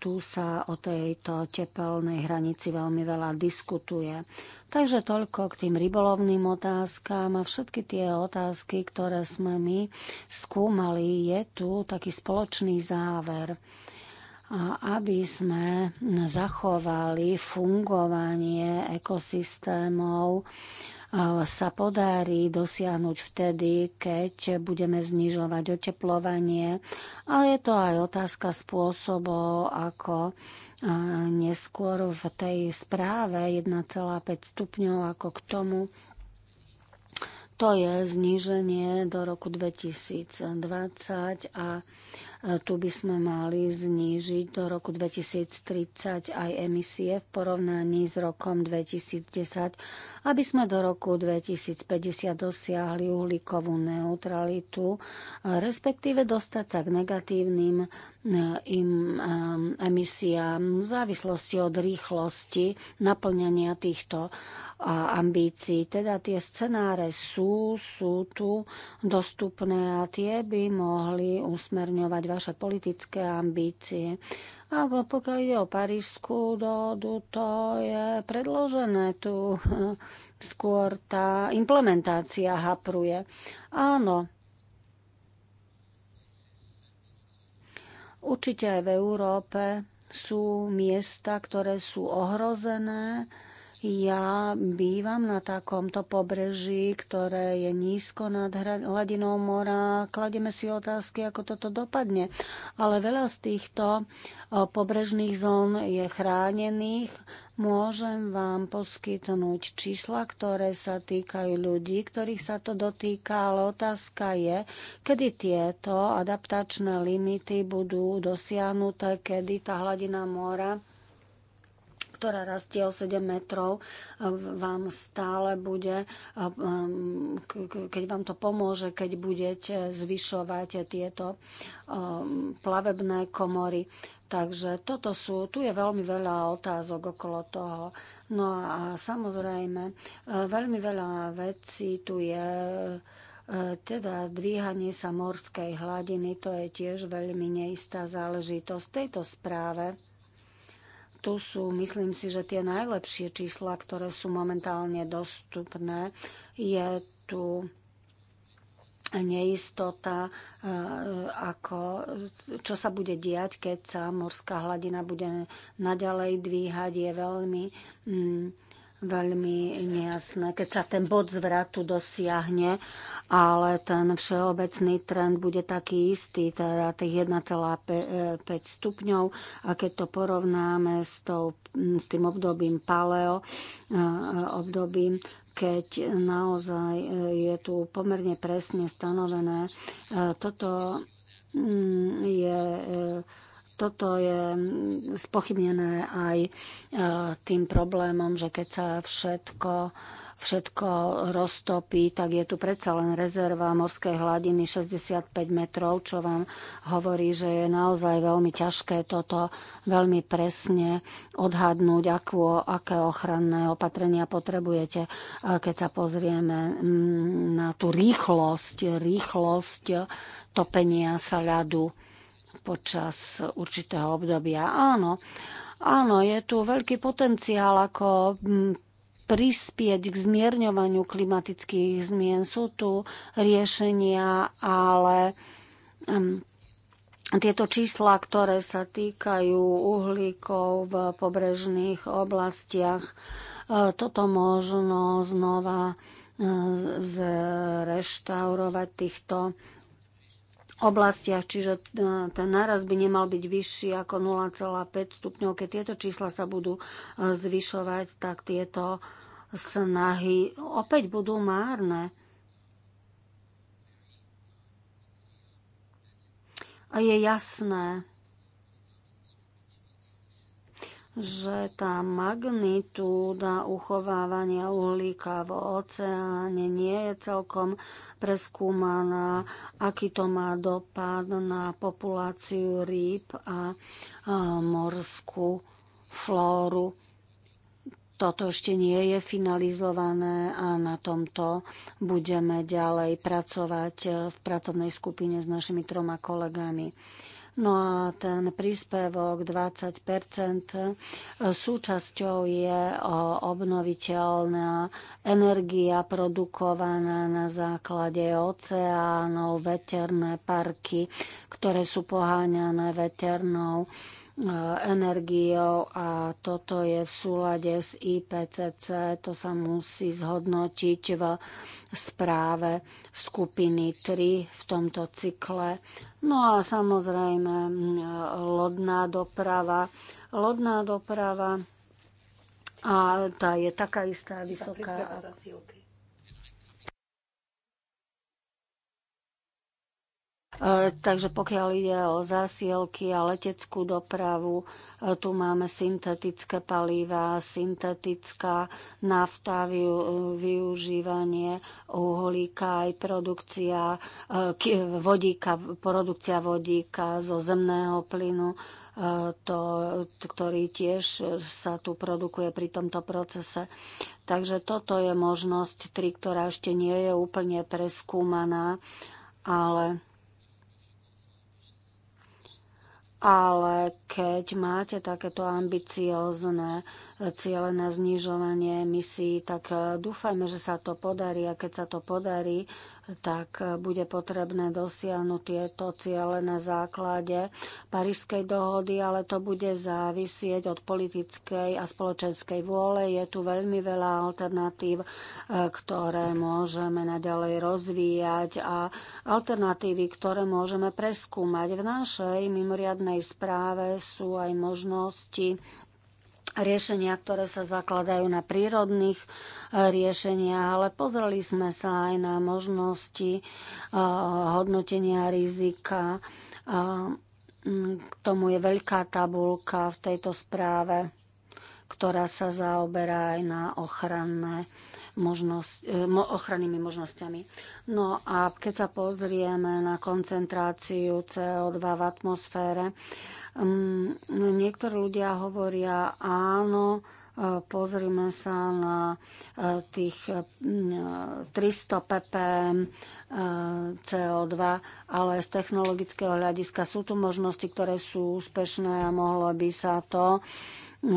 tu sa o tejto tepelnej hranici veľmi veľa diskutuje. Takže toľko k tým rybolovným otázkám a všetky tie otázky, ktoré sme my skúmali, je tu taký spoločný záver aby sme zachovali fungovanie ekosystémov, e, sa podarí dosiahnuť vtedy, keď budeme znižovať oteplovanie, ale je to aj otázka spôsobov, ako e, neskôr v tej správe 1,5 stupňov, ako k tomu to je zníženie do roku 2020 a E, tu by sme mali znížiť do roku 2030 aj emisie v porovnaní s rokom 2010, aby sme do roku 2050 dosiahli uhlíkovú neutralitu, e, respektíve dostať sa k negatívnym e, im emisiám v závislosti od rýchlosti naplňania týchto ambícií. Teda tie scenáre sú, sú tu dostupné a tie by mohli usmerňovať vaše politické ambície. A pokiaľ ide o parížskú dohodu, to je predložené tu skôr tá implementácia hapruje. Áno, určite aj v Európe sú miesta, ktoré sú ohrozené ja bývam na takomto pobreží, ktoré je nízko nad hladinou mora. Kladieme si otázky, ako toto dopadne. Ale veľa z týchto pobrežných zón je chránených. Môžem vám poskytnúť čísla, ktoré sa týkajú ľudí, ktorých sa to dotýka, ale otázka je, kedy tieto adaptačné limity budú dosiahnuté, kedy tá hladina mora ktorá rastie o 7 metrov, vám stále bude, um, keď vám to pomôže, keď budete zvyšovať tieto um, plavebné komory. Takže toto sú, tu je veľmi veľa otázok okolo toho. No a samozrejme, e, veľmi veľa vecí tu je, e, teda dvíhanie sa morskej hladiny, to je tiež veľmi neistá záležitosť. V tejto správe tu sú, myslím si, že tie najlepšie čísla, ktoré sú momentálne dostupné, je tu neistota, e, ako, čo sa bude diať, keď sa morská hladina bude naďalej dvíhať, je veľmi mm, veľmi nejasné, keď sa ten bod zvratu dosiahne, ale ten všeobecný trend bude taký istý, teda tých 1,5 stupňov. A keď to porovnáme s, tou, s tým obdobím paleo, e, obdobím, keď naozaj e, je tu pomerne presne stanovené, e, toto mm, je toto je spochybnené aj e, tým problémom, že keď sa všetko všetko roztopí, tak je tu predsa len rezerva morskej hladiny 65 metrov, čo vám hovorí, že je naozaj veľmi ťažké toto veľmi presne odhadnúť, akú, aké ochranné opatrenia potrebujete. Keď sa pozrieme mm, na tú rýchlosť, rýchlosť topenia sa ľadu počas určitého obdobia. Áno, áno, je tu veľký potenciál, ako mm, prispieť k zmierňovaniu klimatických zmien. Sú tu riešenia, ale mm, tieto čísla, ktoré sa týkajú uhlíkov v pobrežných oblastiach, e, toto možno znova e, zreštaurovať týchto oblastiach, čiže e, ten náraz by nemal byť vyšší ako 0,5 stupňov. Keď tieto čísla sa budú e, zvyšovať, tak tieto snahy opäť budú márne. A je jasné, že tá magnitúda uchovávania uhlíka v oceáne nie je celkom preskúmaná, aký to má dopad na populáciu rýb a morskú flóru. Toto ešte nie je finalizované a na tomto budeme ďalej pracovať v pracovnej skupine s našimi troma kolegami. No a ten príspevok 20 e, súčasťou je e, obnoviteľná energia produkovaná na základe oceánov, veterné parky, ktoré sú poháňané veternou energiou a toto je v súlade s IPCC. To sa musí zhodnotiť v správe skupiny 3 v tomto cykle. No a samozrejme lodná doprava. Lodná doprava a tá je taká istá vysoká. Zásielky. E, takže pokiaľ ide o zásielky a leteckú dopravu, e, tu máme syntetické palíva, syntetická nafta, využívanie uholíka aj produkcia e, vodíka, produkcia vodíka zo zemného plynu, to, ktorý tiež sa tu produkuje pri tomto procese. Takže toto je možnosť 3, ktorá ešte nie je úplne preskúmaná, ale Ale keď máte takéto ambiciózne ciele na znižovanie emisí, tak eh, dúfajme, že sa to podarí a keď sa to podarí, tak eh, bude potrebné dosiahnuť tieto ciele na základe Parískej dohody, ale to bude závisieť od politickej a spoločenskej vôle. Je tu veľmi veľa alternatív, eh, ktoré môžeme naďalej rozvíjať a alternatívy, ktoré môžeme preskúmať. V našej mimoriadnej správe sú aj možnosti riešenia, ktoré sa zakladajú na prírodných eh, riešeniach, ale pozreli sme sa aj na možnosti eh, hodnotenia rizika. Mm, k tomu je veľká tabulka v tejto správe, ktorá sa zaoberá aj na ochranné možnosť, eh, ochrannými možnosťami. No a keď sa pozrieme na koncentráciu CO2 v atmosfére, Hm, niektorí ľudia hovoria, áno, e, pozrime sa na e, tých 300 hm, e, ppm CO2, ale z technologického hľadiska sú tu možnosti, ktoré sú úspešné a mohlo by sa to Eh,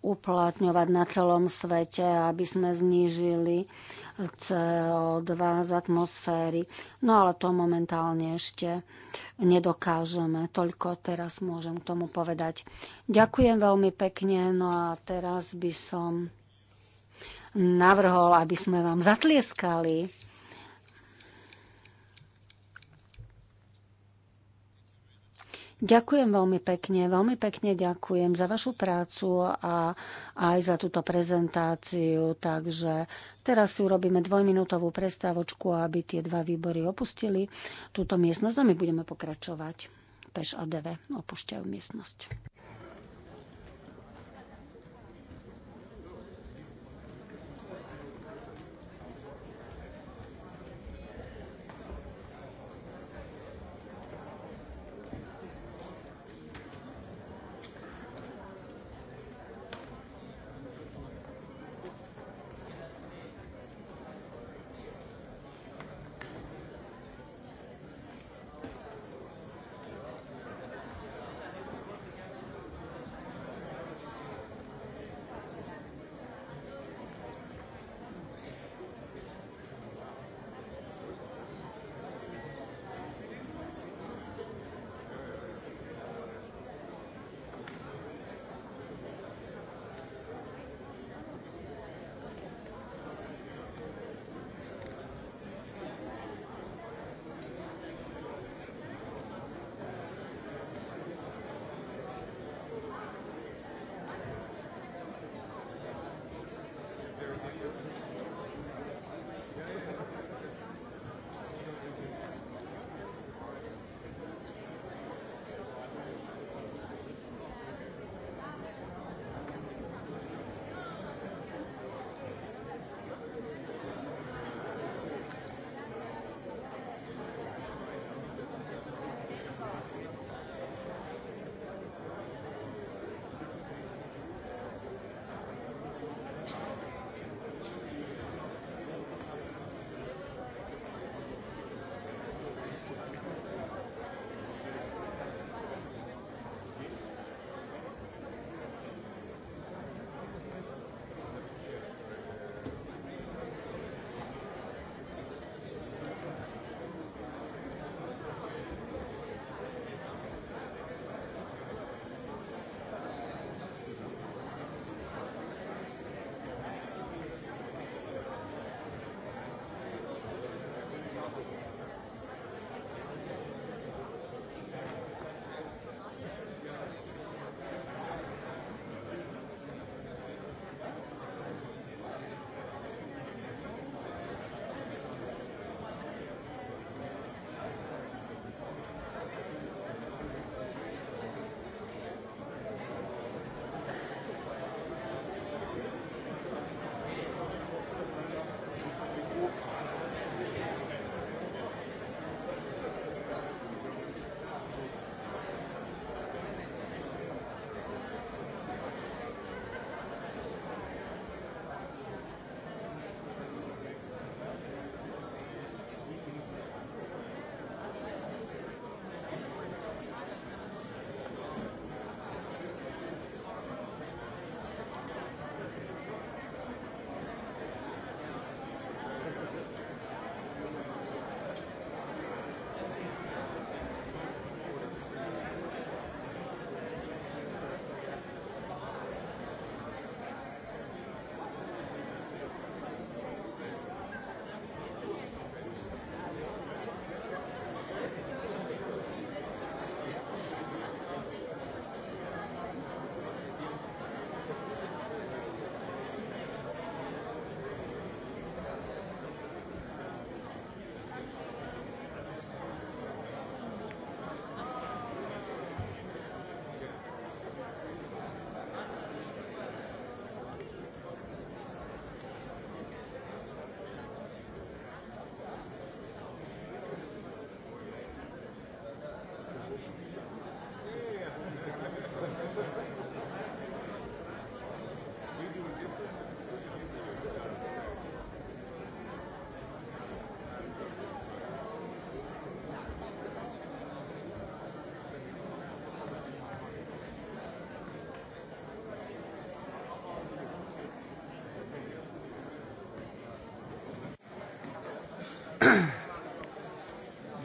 uplatňovať na celom svete, aby sme znížili CO2 z atmosféry. No ale to momentálne ešte nedokážeme. Toľko teraz môžem k tomu povedať. Ďakujem veľmi pekne. No a teraz by som navrhol, aby sme vám zatlieskali. Ďakujem veľmi pekne, veľmi pekne ďakujem za vašu prácu a aj za túto prezentáciu. Takže teraz si urobíme dvojminútovú prestávočku, aby tie dva výbory opustili túto miestnosť a my budeme pokračovať. Peš a DV opúšťajú miestnosť.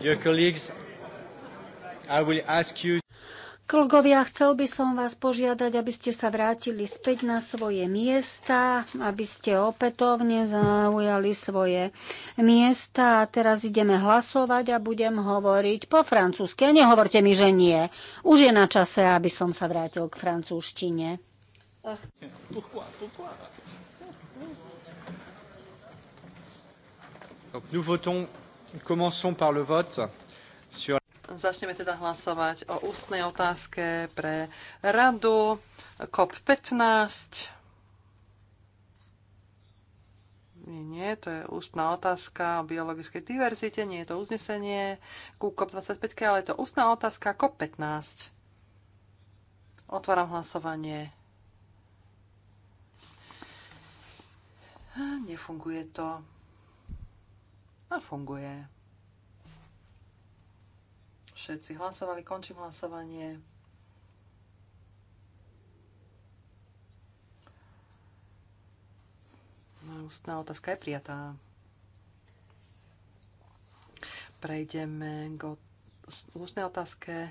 Dear colleagues, I will ask you... Kolegovia, chcel by som vás požiadať, aby ste sa vrátili späť na svoje miesta, aby ste opätovne zaujali svoje miesta. A teraz ideme hlasovať a budem hovoriť po francúzsky. A nehovorte mi, že nie. Už je na čase, aby som sa vrátil k francúzštine. Ach. Donc nous votons Commençons par le vote sur začneme teda hlasovať o ústnej otázke pre radu COP15. Nie, nie, to je ústna otázka o biologickej diverzite, nie je to uznesenie ku COP25, ale je to ústna otázka COP15. Otváram hlasovanie. Nefunguje to a funguje. Všetci hlasovali, končím hlasovanie. Ústná otázka je prijatá. Prejdeme k ústnej otázke.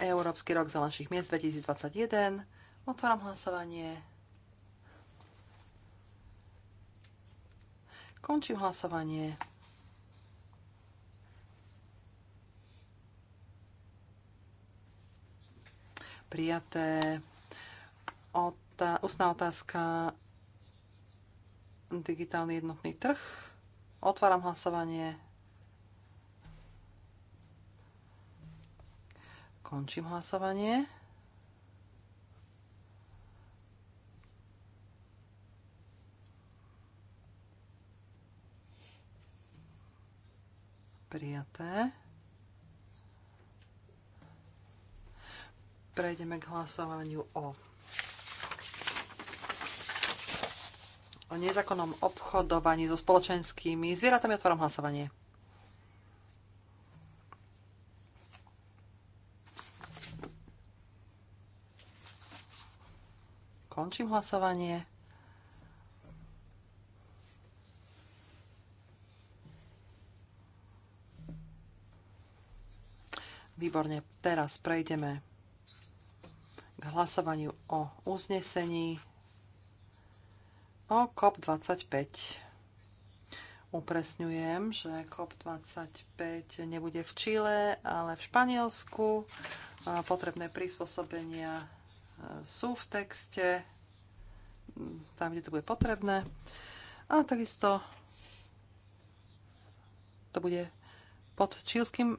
Európsky rok našich miest 2021. Otváram hlasovanie. Končím hlasovanie. Prijaté. ústna otázka. Digitálny jednotný trh. Otváram hlasovanie. Končím hlasovanie. prijaté. Prejdeme k hlasovaniu o o nezákonnom obchodovaní so spoločenskými zvieratami. Otváram hlasovanie. Končím hlasovanie. Výborne, teraz prejdeme k hlasovaniu o uznesení o COP25. Upresňujem, že COP25 nebude v Čile, ale v Španielsku. Potrebné prispôsobenia e, sú v texte, tam, kde to bude potrebné. A takisto to bude pod čílským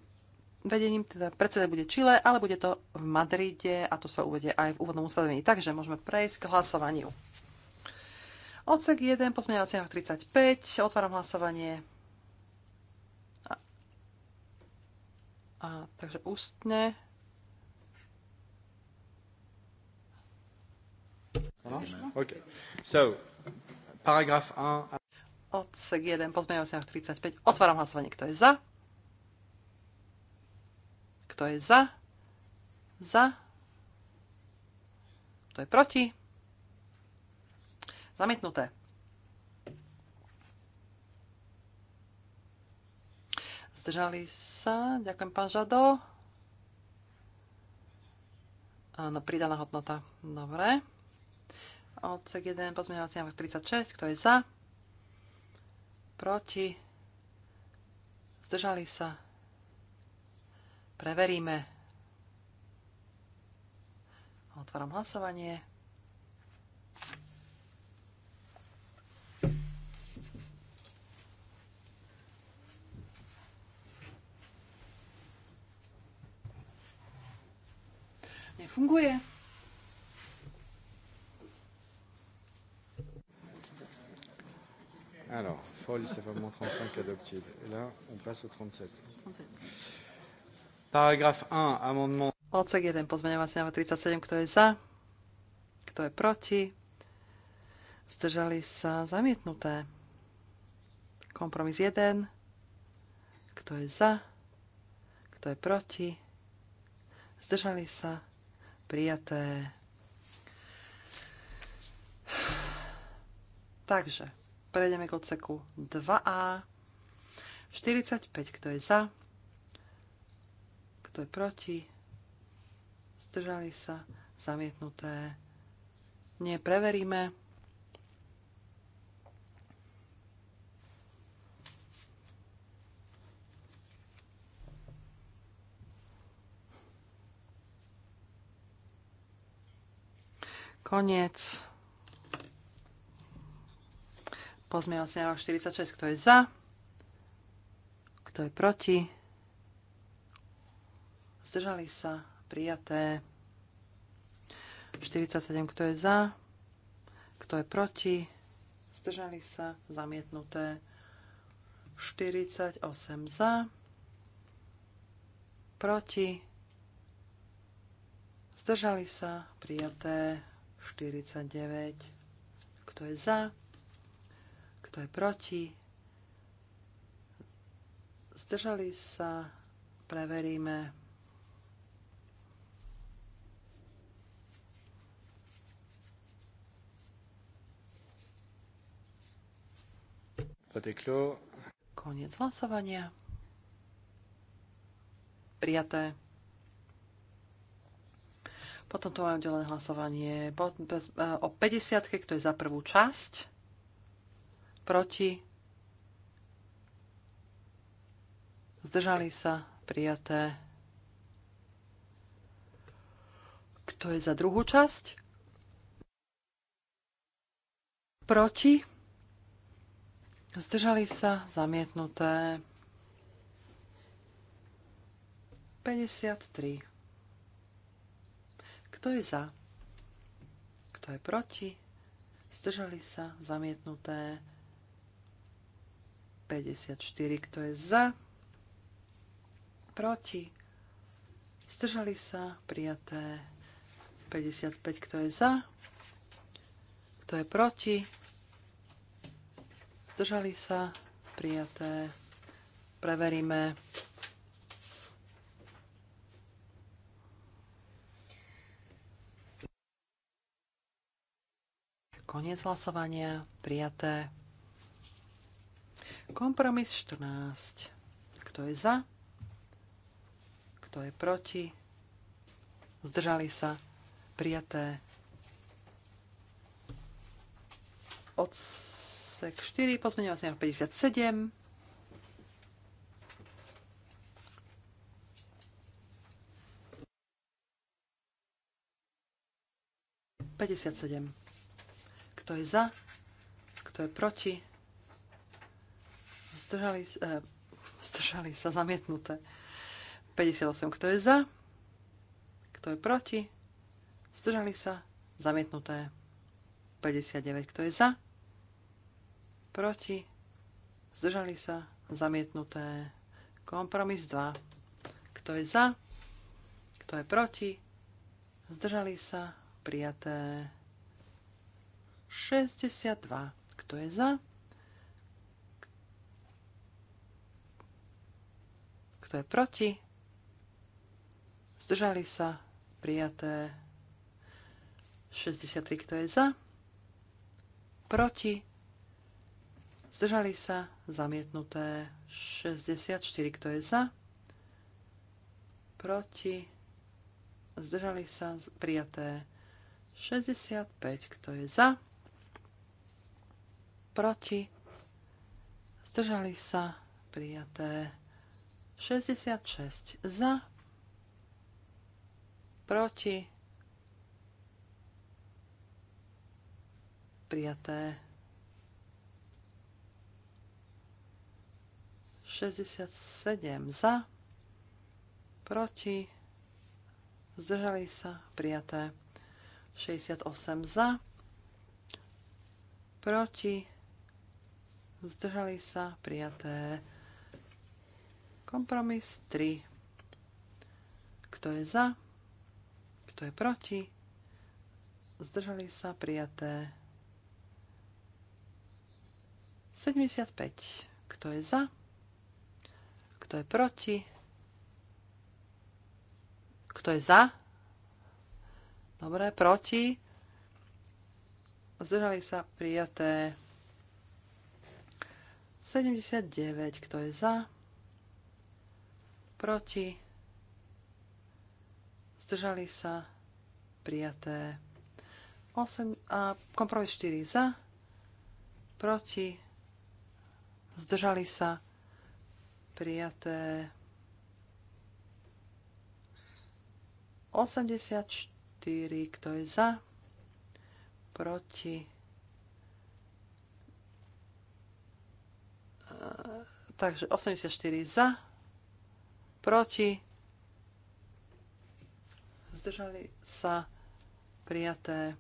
vedením, teda predseda bude Chile, ale bude to v Madride a to sa uvedie aj v úvodnom ustanovení. Takže môžeme prejsť k hlasovaniu. Odsek 1, pozmeňovací návrh 35, otváram hlasovanie. A, a, takže ústne. So, paragraf 1. Odsek 1, pozmeňovací návrh 35, otváram hlasovanie. Kto je za? Kto je za? Za. Kto je proti? Zamietnuté. Zdržali sa. Ďakujem, pán Žado. Áno, pridaná hodnota. Dobre. Odsek 1, pozmeňovací návrh 36. Kto je za? Proti? Zdržali sa. Preveríme. Otváram hlasovanie. Nefunguje. Alors, Folie, c'est vraiment 35 adopté. Et là, on passe au 37. 37. Paragraf 1, amendement. Odsek 1, pozmeňovací návrh 37, kto je za? Kto je proti? Zdržali sa zamietnuté. Kompromis 1. Kto je za? Kto je proti? Zdržali sa prijaté. Takže prejdeme k odseku 2a. 45, kto je za? Kto je proti? Zdržali sa? Zamietnuté. Nie, preveríme. Koniec. Pozmievací návrh 46. Kto je za? Kto je proti? zdržali sa, prijaté. 47, kto je za, kto je proti, zdržali sa, zamietnuté. 48 za, proti, zdržali sa, prijaté. 49, kto je za, kto je proti, zdržali sa, preveríme Koniec hlasovania. Prijaté. Potom tu máme oddelené hlasovanie e, o 50, kto je za prvú časť. Proti. Zdržali sa. Prijaté. Kto je za druhú časť? Proti. Zdržali sa zamietnuté 53. Kto je za? Kto je proti? Zdržali sa zamietnuté 54. Kto je za? Proti? Zdržali sa prijaté 55. Kto je za? Kto je proti? Zdržali sa? Prijaté. Preveríme. Koniec hlasovania. Prijaté. Kompromis 14. Kto je za? Kto je proti? Zdržali sa? Prijaté. Ods odsek 4, pozmeňovací návrh 57. Kto je za? Kto je proti? Zdržali, eh, zdržali sa zamietnuté. 58. Kto je za? Kto je proti? Zdržali sa zamietnuté. 59. Kto je za? proti, zdržali sa, zamietnuté. Kompromis 2. Kto je za, kto je proti, zdržali sa, prijaté. 62. Kto je za? Kto je proti? Zdržali sa, prijaté. 63. Kto je za? Proti? Zdržali sa zamietnuté 64, kto je za. Proti. Zdržali sa prijaté 65, kto je za. Proti. Zdržali sa prijaté 66 za. Proti. Prijaté 67 za, proti, zdržali sa, prijaté. 68 za, proti, zdržali sa, prijaté. Kompromis 3. Kto je za, kto je proti, zdržali sa, prijaté. 75. Kto je za? Kto je proti? Kto je za? Dobre, proti? Zdržali sa prijaté 79. Kto je za? Proti? Zdržali sa prijaté 8 a kompromis 4 za, proti, zdržali sa prijaté 84, kto je za, proti. E, takže 84 za, proti, zdržali sa prijaté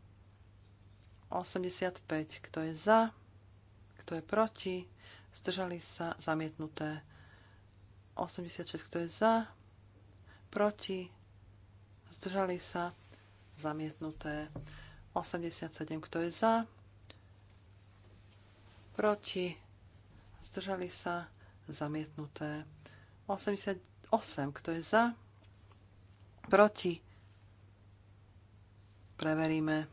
85, kto je za, kto je proti, zdržali sa zamietnuté 86, kto je za, proti, zdržali sa, zamietnuté. 87, kto je za, proti, zdržali sa, zamietnuté. 88, kto je za, proti, preveríme.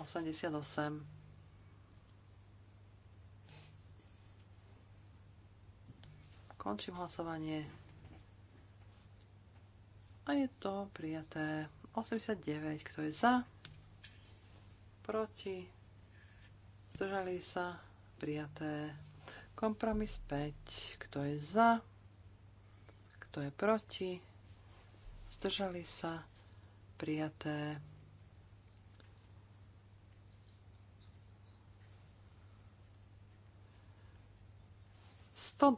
88. Končím hlasovanie. A je to prijaté 89. Kto je za? Proti? Zdržali sa? Prijaté. Kompromis 5. Kto je za? Kto je proti? Zdržali sa? Prijaté. Sto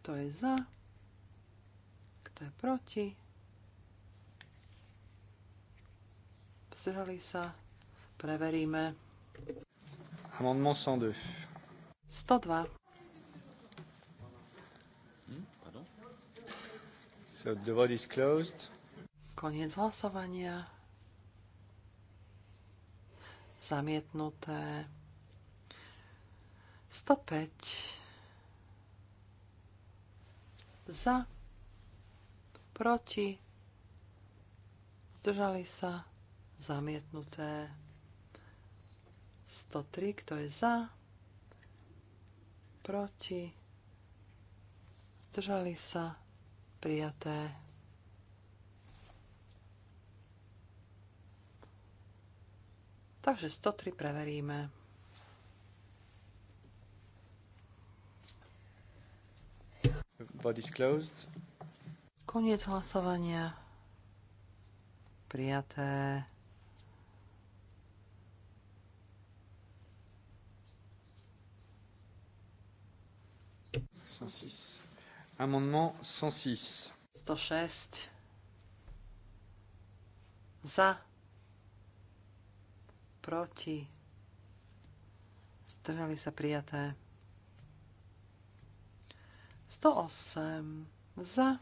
kto je za? Kto je proti? Zdrhali sa. Preveríme. Amendement 102. 102. Hm? so the vote is closed. Koniec hlasovania. Zamietnuté. 105 za, proti, zdržali sa, zamietnuté. 103, kto je za, proti, zdržali sa, prijaté. Takže 103 preveríme. Vote is closed. Koniec hlasovania. Prijaté. Amendement 106. 106. Za. Proti. Zdržali sa prijaté. 108 za,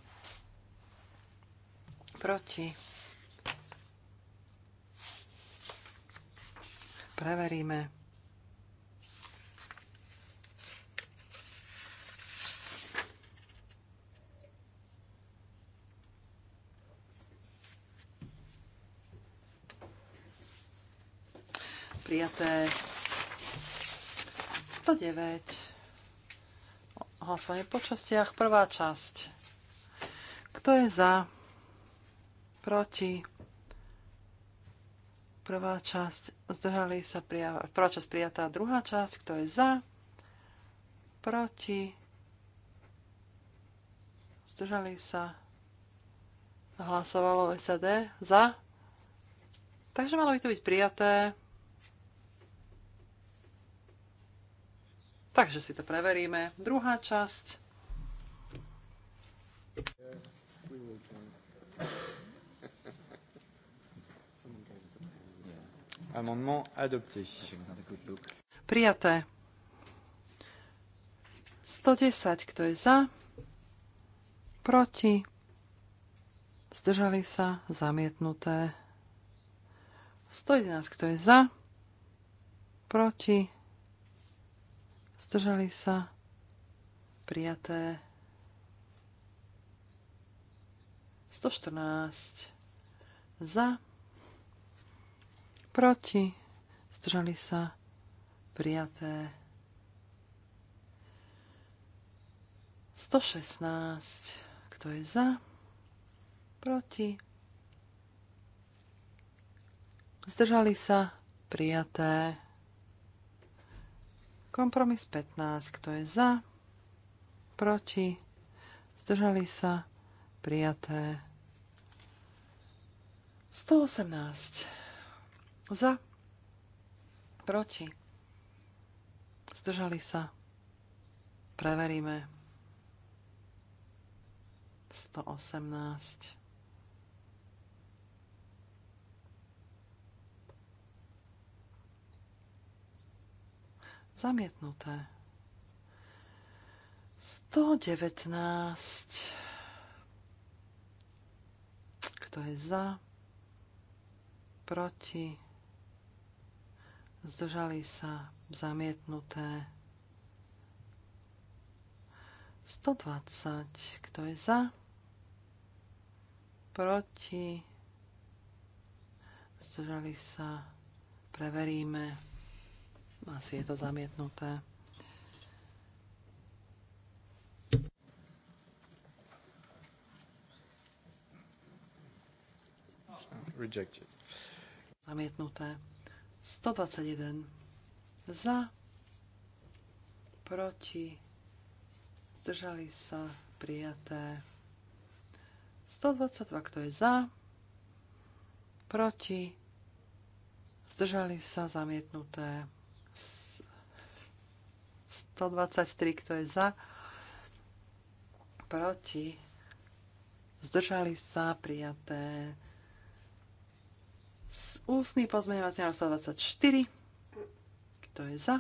proti. Preveríme. Prijaté 109 hlasovanie po častiach. Prvá časť. Kto je za? Proti? Prvá časť. Zdržali sa prijava. Prvá časť prijatá. Druhá časť. Kto je za? Proti? Zdržali sa. Hlasovalo SAD. Za? Takže malo by to byť prijaté. Takže si to preveríme. Druhá časť. Amendement adopté. Prijaté. 110, kto je za? Proti? Zdržali sa? Zamietnuté. 111, kto je za? Proti? Zdržali sa. Prijaté. 114 za, proti, zdržali sa, prijaté. 116, kto je za, proti, zdržali sa, prijaté. Kompromis 15. Kto je za? Proti? Zdržali sa? Prijaté. 118. Za? Proti? Zdržali sa? Preveríme. 118. Zamietnuté. 119. Kto je za? Proti? Zdržali sa zamietnuté. 120. Kto je za? Proti? Zdržali sa. Preveríme. Asi je to zamietnuté. Rejected. Zamietnuté. 121. Za. Proti. Zdržali sa. Prijaté. 122. Kto je za? Proti. Zdržali sa. Zamietnuté. 123, kto je za, proti, zdržali sa, prijaté. Ústny pozmeňovací návrh 124, kto je za?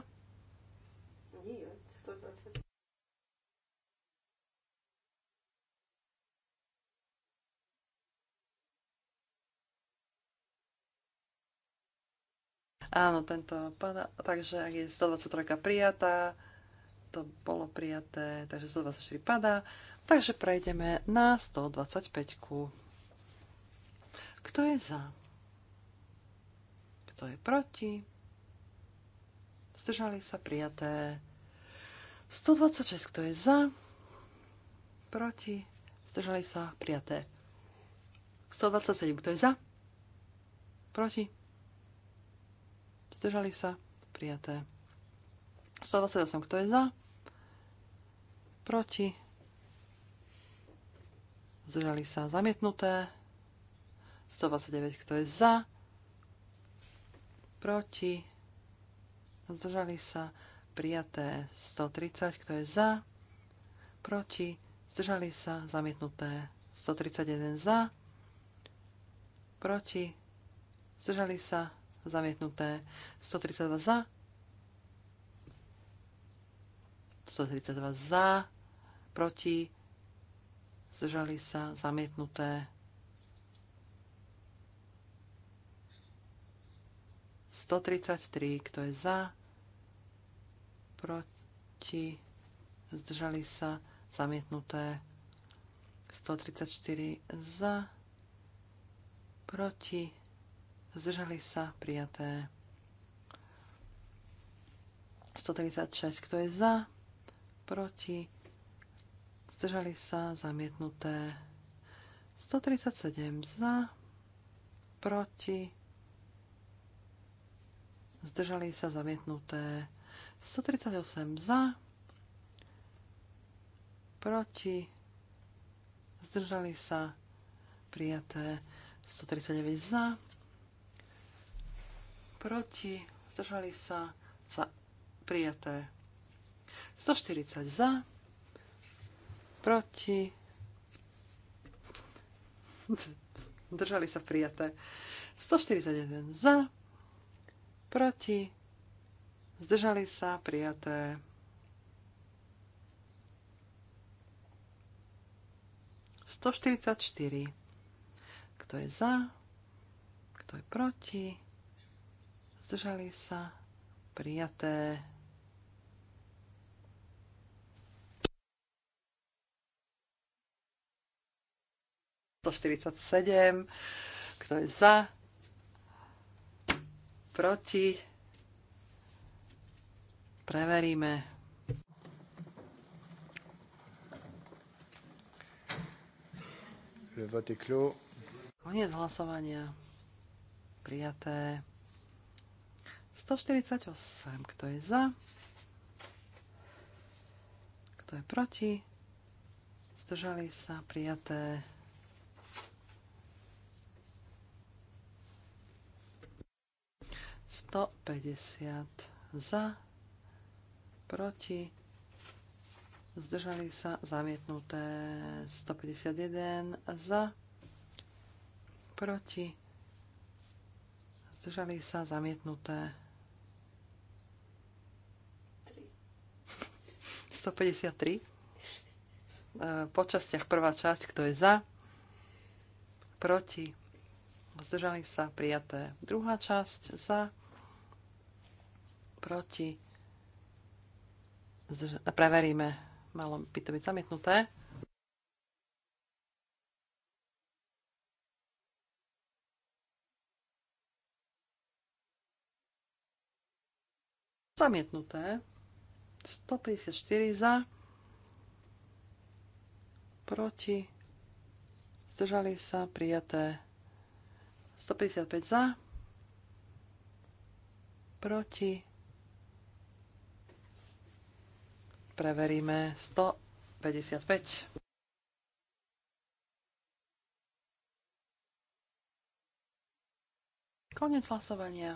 Áno, tento pada. Takže ak je 123 prijatá, to bolo prijaté, takže 124 padá. Takže prejdeme na 125. Kto je za? Kto je proti? Zdržali sa prijaté. 126. Kto je za? Proti? Zdržali sa prijaté. 127. Kto je za? Proti? Zdržali sa? Prijaté. 128. Kto je za? Proti? Zdržali sa? Zamietnuté. 129. Kto je za? Proti? Zdržali sa? Prijaté. 130. Kto je za? Proti? Zdržali sa? Zamietnuté. 131 za? Proti? Zdržali sa? zamietnuté 132 za, 132 za, proti, zdržali sa, zamietnuté 133, kto je za, proti, zdržali sa, zamietnuté 134 za, proti, zdržali sa, prijaté. 136, kto je za, proti, zdržali sa, zamietnuté. 137 za, proti, zdržali sa, zamietnuté. 138 za, proti, zdržali sa, prijaté 139 za, proti, zdržali sa, za, prijaté. 140 za, proti, zdržali sa, prijaté. 141 za, proti, zdržali sa, prijaté. 144. Kto je za? Kto je proti? zdržali sa, prijaté. To kto je za, proti, preveríme. Le vote est clos. Koniec hlasovania. Prijaté. 148. Kto je za? Kto je proti? Zdržali sa prijaté. Sto päťdesiat za, proti, zdržali sa zamietnuté 151 za, proti, zdržali sa zamietnuté 153. E, po častiach prvá časť, kto je za, proti, zdržali sa, prijaté. Druhá časť, za, proti, zdrž- preveríme, malo by to byť zamietnuté. Zamietnuté. 154 za, proti, zdržali sa, prijaté. 155 za, proti, preveríme 155. Konec hlasovania.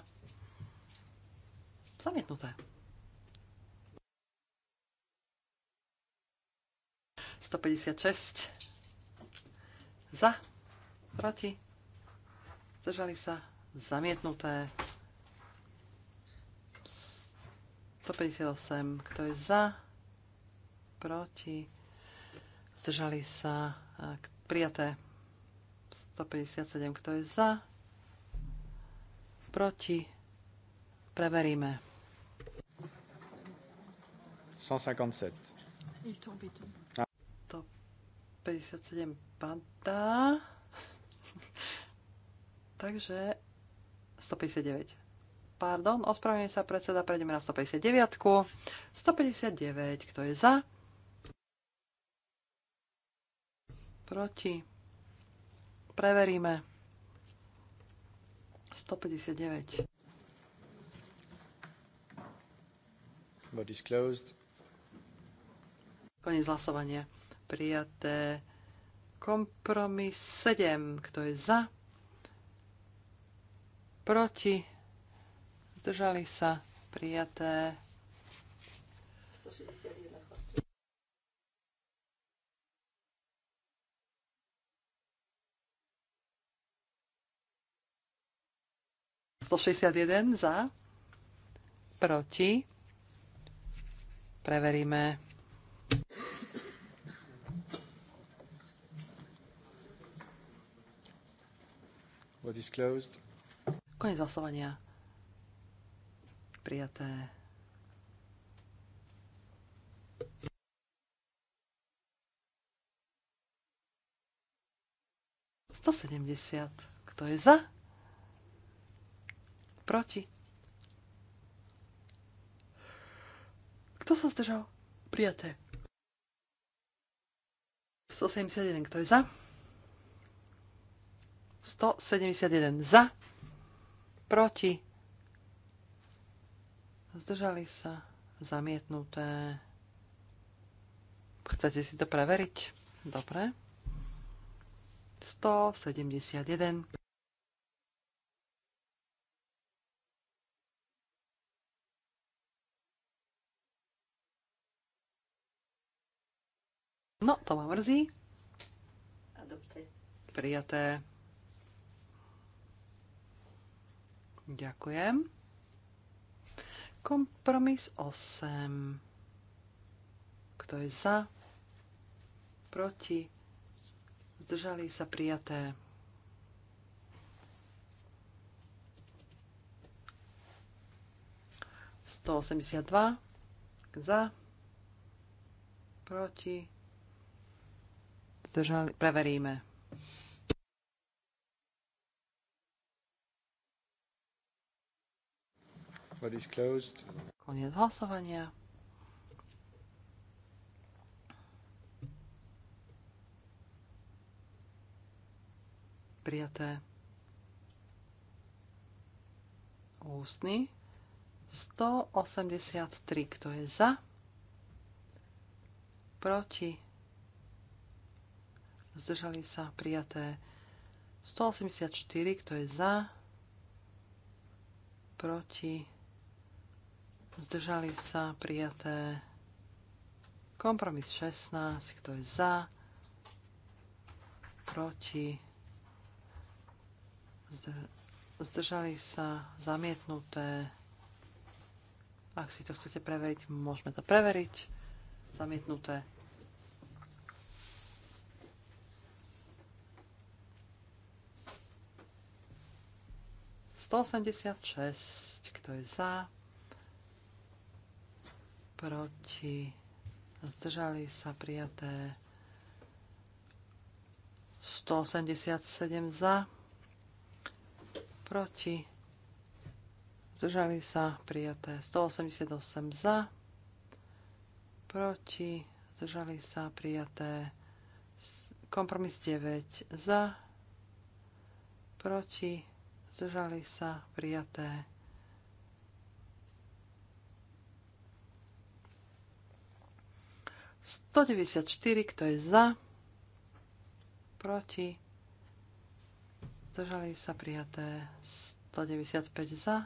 Zamietnuté. 156 za, proti, zdržali sa, zamietnuté. 158, kto je za, proti, zdržali sa, prijaté. 157, kto je za, proti, preveríme. 157. Il tombe, il tombe. 57 padá. Takže 159. Pardon, ospravedlňujem sa predseda, prejdeme na 159. 159, kto je za? Proti. Preveríme. 159. Body's closed. Koniec hlasovania prijaté. Kompromis 7, kto je za, proti, zdržali sa, prijaté. 161. Sto jeden za, proti, preveríme. What is closed? Konec hlasovania. Prijaté. Sto sedemdesiat. Kto je za? Proti. Kto sa zdržal? Prijaté. 171, kto je za? 171 za, proti, zdržali sa, zamietnuté. Chcete si to preveriť? Dobre. 171. No, to ma mrzí. Adopte. Prijaté. Ďakujem. Kompromis 8. Kto je za? Proti? Zdržali sa prijaté. Sto osemdesiat dva. Za. Proti. Zdržali. Preveríme. Koniec hlasovania. Prijaté. Ústny. 183, kto je za? Proti? Zdržali sa prijaté. 184, kto je za? Proti? zdržali sa, prijaté. Kompromis 16, kto je za, proti, zdržali sa, zamietnuté. Ak si to chcete preveriť, môžeme to preveriť. Zamietnuté. Sto osemdesiat šesť, kto je za? proti, zdržali sa prijaté 187 za, proti, zdržali sa prijaté 188 za, proti, zdržali sa prijaté kompromis 9 za, proti, zdržali sa prijaté 194, kto je za, proti, zdržali sa prijaté 195 za,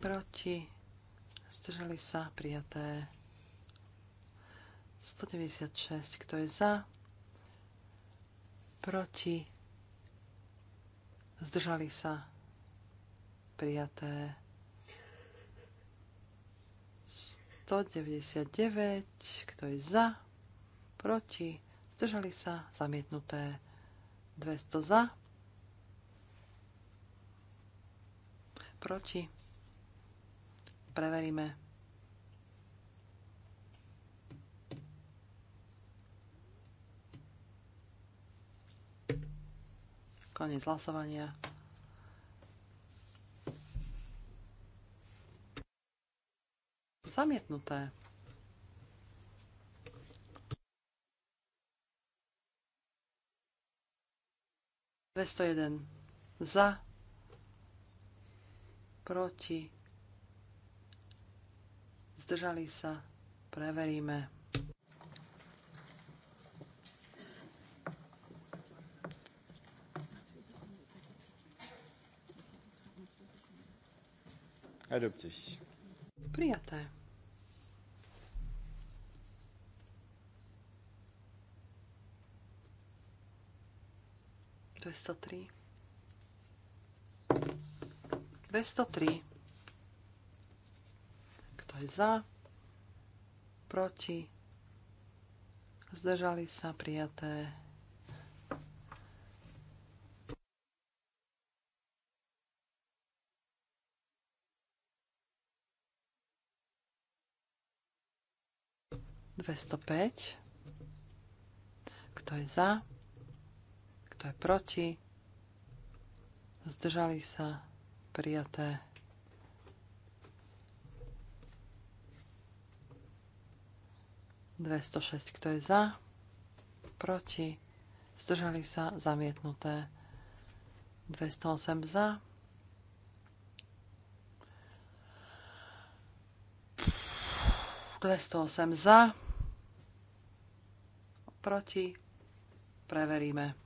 proti, zdržali sa prijaté 196, kto je za, proti, zdržali sa prijaté 199, kto je za, proti, zdržali sa, zamietnuté 200 za, proti, preveríme. Koniec hlasovania. Zamietnuté. Vesto jeden. Za. Proti. Zdržali sa. Preveríme. Adopté. Prijaté. 203. 203. Kto je za? Proti? Zdržali sa prijaté. Dvesto päť. Kto je za? Kto proti? Zdržali sa? Prijaté. 206, Kto je za? Proti? Zdržali sa? Zamietnuté. 208 za. 208 za. Proti. Preveríme.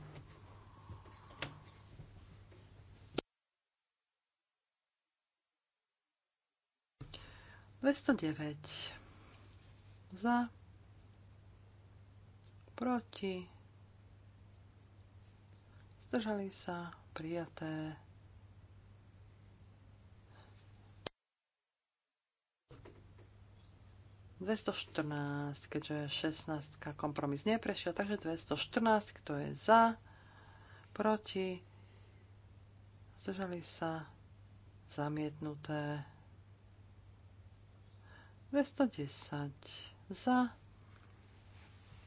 209 za, proti, zdržali sa, prijaté. ...214, keďže 16 kompromis neprešiel, takže 214, kto je za, proti, zdržali sa, zamietnuté. 210 za,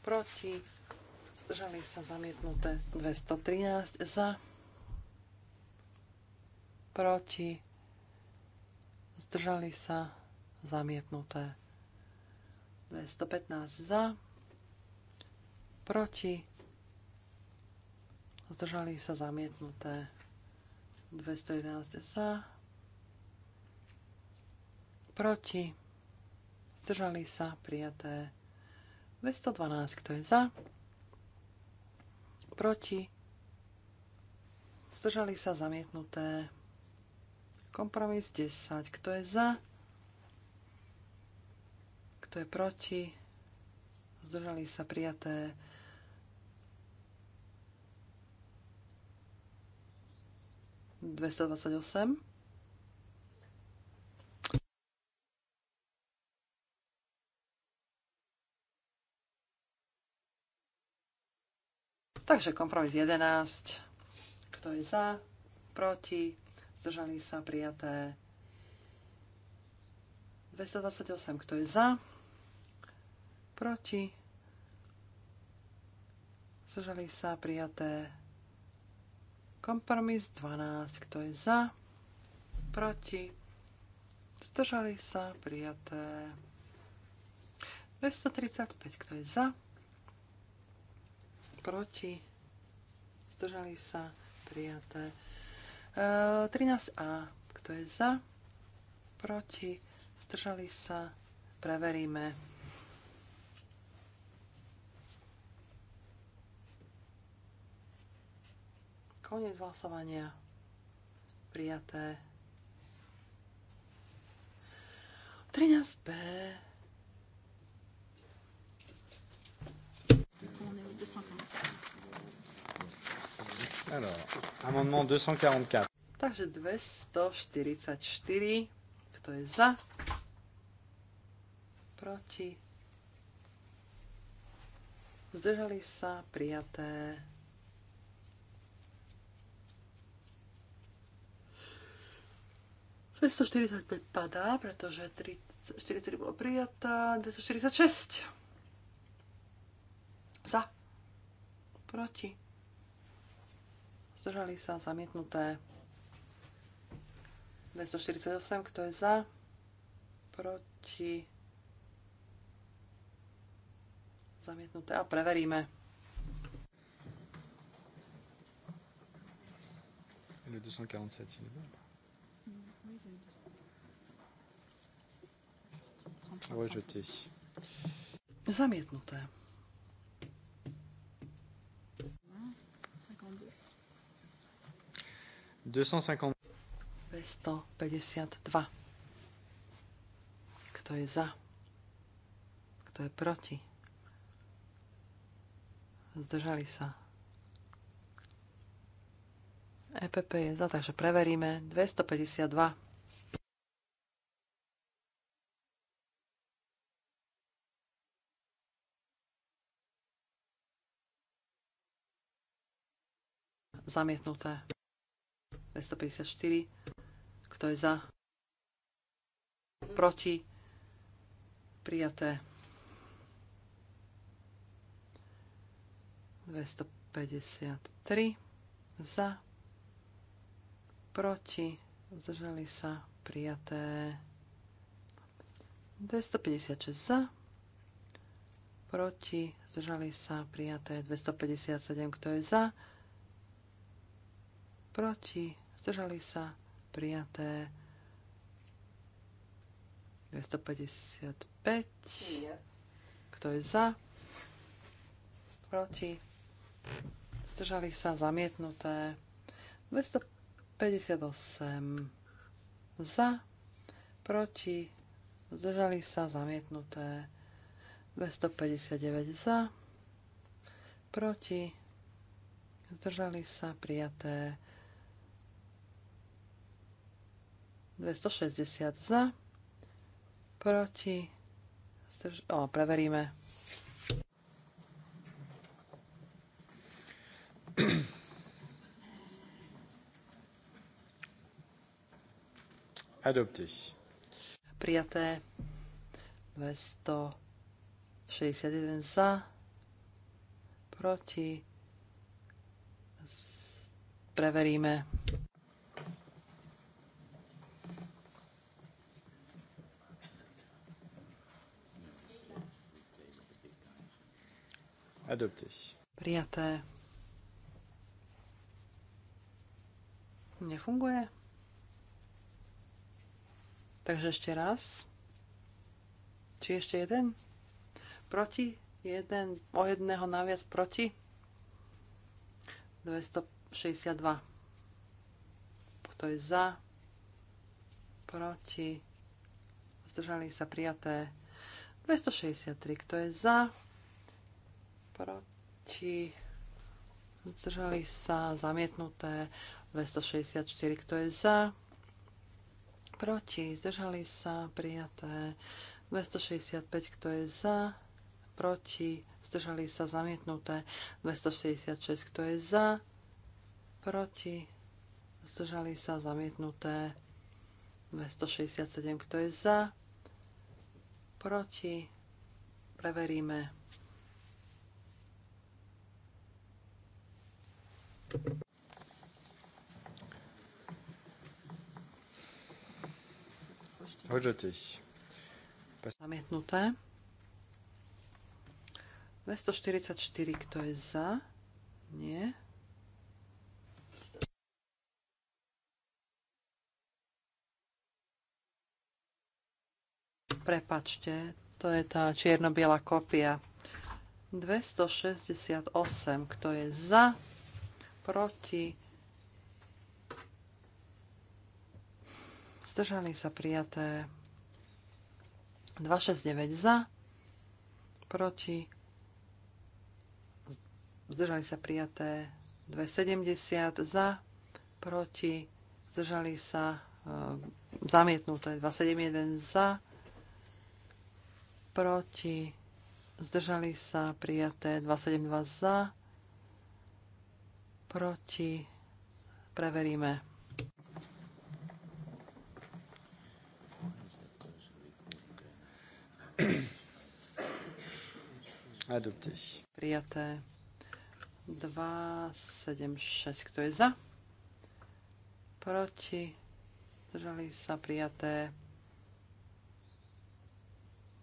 proti, zdržali sa zamietnuté 213 za, proti, zdržali sa zamietnuté 215 za, proti, zdržali sa zamietnuté 211 za, proti, zdržali sa, prijaté. 212, kto je za, proti, zdržali sa, zamietnuté. Kompromis 10, kto je za, kto je proti, zdržali sa, prijaté. 228 Takže kompromis 11. Kto je za? Proti? Zdržali sa prijaté 228. Kto je za? Proti? Zdržali sa prijaté kompromis 12. Kto je za? Proti? Zdržali sa prijaté 235. Kto je za? proti, zdržali sa, prijaté. 13a, e, kto je za, proti, zdržali sa, preveríme. Koniec hlasovania, prijaté. 13b, Alors, amendement 244. Takže 244. Kto je za? Proti? Zdržali sa prijaté. Dvesto padá, pretože 43 bolo prijatá. 246. Za proti, zdržali sa zamietnuté. 248, kto je za, proti, zamietnuté a preveríme. Le 247, il est bon. Rejeté. Ah zamietnuté. 252. Kto je za? Kto je proti? Zdržali sa. EPP je za, takže preveríme. 252. Zamietnuté. 254. Kto je za? Proti? Prijaté. 253. Za? Proti? Zdržali sa? Prijaté. 256 za, proti, zdržali sa, prijaté 257, kto je za, proti, zdržali sa, prijaté 255. Kto je za? Proti? Zdržali sa zamietnuté 258. Za? Proti? Zdržali sa zamietnuté 259 za, proti, zdržali sa prijaté 260 za, proti, zdrž- o, preveríme. Adopté. Prijaté 261 za, proti, preveríme. Adopté. Prijaté. Nefunguje? Takže ešte raz. Či ešte jeden? Proti? Jeden, o jedného naviac proti? 262. Kto je za? Proti? Zdržali sa prijaté. 263. Kto je za? proti, zdržali sa, zamietnuté, 264, kto je za, proti, zdržali sa, prijaté, 265, kto je za, proti, zdržali sa, zamietnuté, 266, kto je za, proti, zdržali sa, zamietnuté, 267, kto je za, proti, preveríme. Zamietnuté. 244, kto je za? Nie. Prepačte, to je tá čierno-biela kopia. 268, kto je za? proti, zdržali sa prijaté 269 za, proti, zdržali sa prijaté 270 za, proti, zdržali sa e, zamietnuté 271 za, proti, zdržali sa prijaté 272 za, proti, preveríme. Adoptiš. Prijaté. 2, 7, 6. Kto je za? Proti. Zdržali sa prijaté.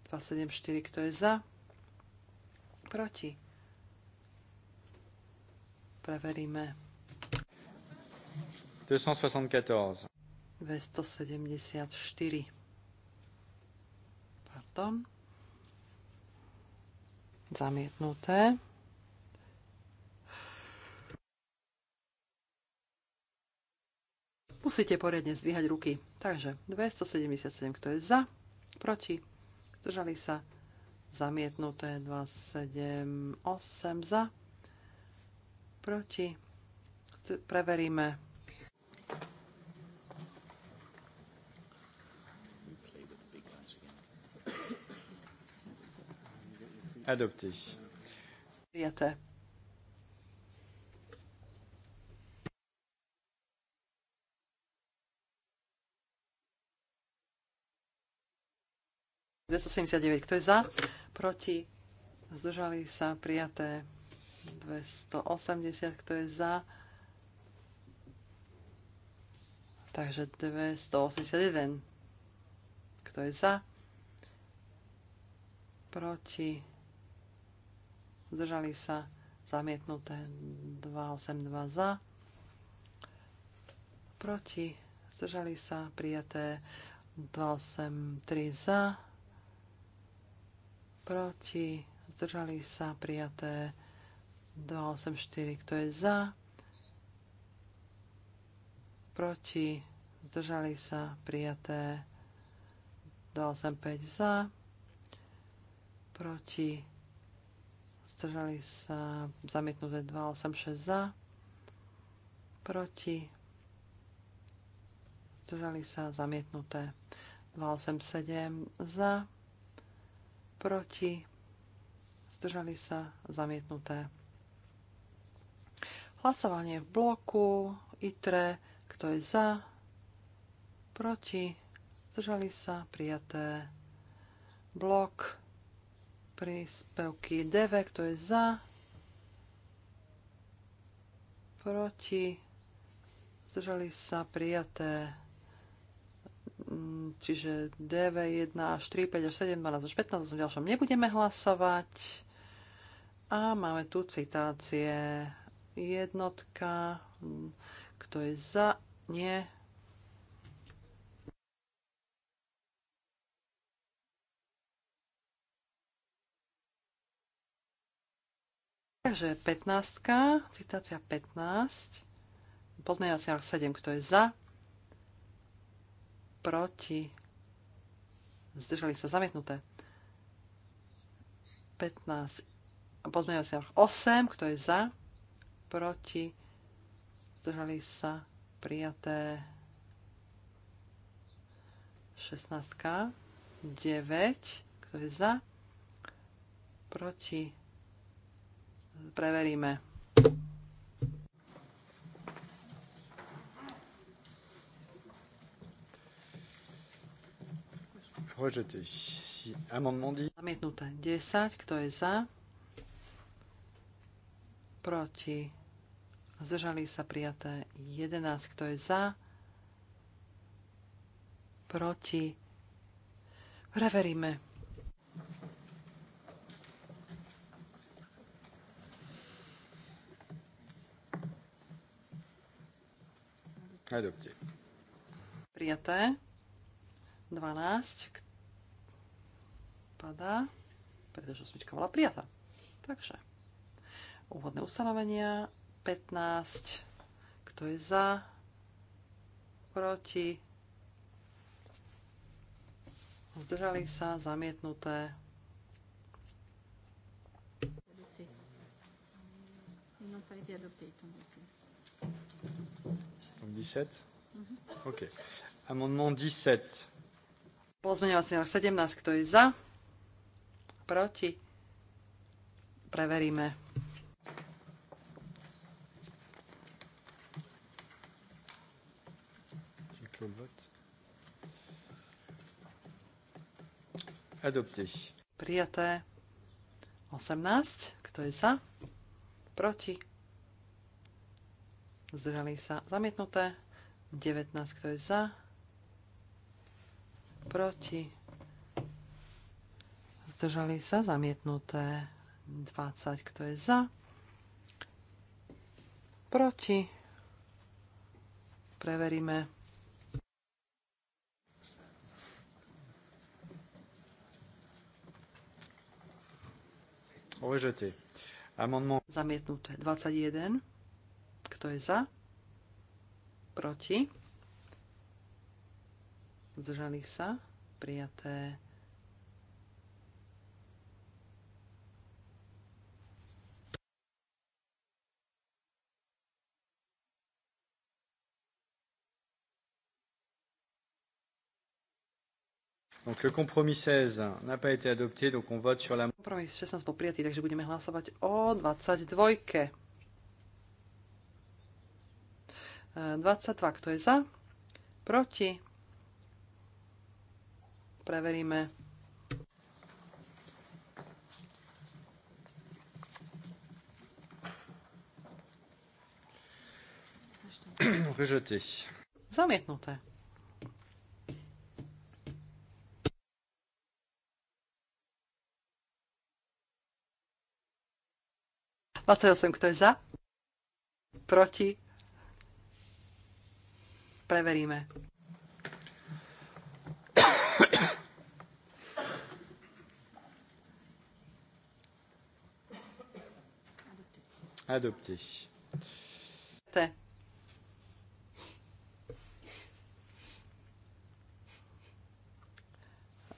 2, 7, 4. Kto je za? Proti preveríme. 274. 274. Pardon. Zamietnuté. Musíte poriadne zdvíhať ruky. Takže 277, kto je za, proti, zdržali sa, zamietnuté 278 za, proti. Preveríme. Adopté. Prijaté. Kto je za? Proti? Zdržali sa prijaté. 280, kto je za. Takže 281. Kto je za? Proti. Zdržali sa. Zamietnuté 282 za. Proti. Zdržali sa. Prijaté 283 za. Proti. Zdržali sa. Prijaté 284, kto je za, proti, zdržali sa, prijaté 285 za, proti, zdržali sa, zamietnuté 286 za, proti, zdržali sa, zamietnuté 287 za, proti, zdržali sa, zamietnuté Hlasovanie v bloku, ITRE, kto je za, proti, zdržali sa, prijaté. Blok, príspevky DV, kto je za, proti, zdržali sa, prijaté. Mm, čiže DV 1 až 3, 5 až 7, 12 až 15, o ďalšom nebudeme hlasovať. A máme tu citácie jednotka, hm, kto je za, nie. Takže 15, citácia 15, podmenací 7, kto je za, proti, zdržali sa zamietnuté. 15, pozmeňovací sa 8, kto je za, proti, zdržali sa prijaté 16, 9, kto je za, proti, preveríme. Zamietnuté. 10. Kto je za? Proti zdržali sa prijaté 11, kto je za, proti, preveríme. Prijaté. 12. Padá. Pretože osmička bola prijatá. Takže úvodné ustanovenia 15. Kto je za? Proti? Zdržali sa zamietnuté. Ils n'ont pas Donc 17 mm -hmm. OK. Amendement 17. Pozmeňovací návrh 17. Kto je za? Proti? Preveríme. Adopté. Prijaté. 18. Kto je za? Proti. Zdržali sa. Zamietnuté. 19. Kto je za? Proti. Zdržali sa. Zamietnuté. 20. Kto je za? Proti. Preveríme. Rejeté. Amendement. Zamietnuté. 21. Kto je za? Proti? Zdržali sa? Prijaté. Donc le compromis 16 n'a pas été adopté, donc on vote sur la... Compromis 16 bol prijatý, takže budeme hlasovať o 22. 22, e, kto je za? Proti? Preveríme. Rejeté. Zamietnuté. 28, kto je za? Proti? Preveríme. Adoptiš. Te.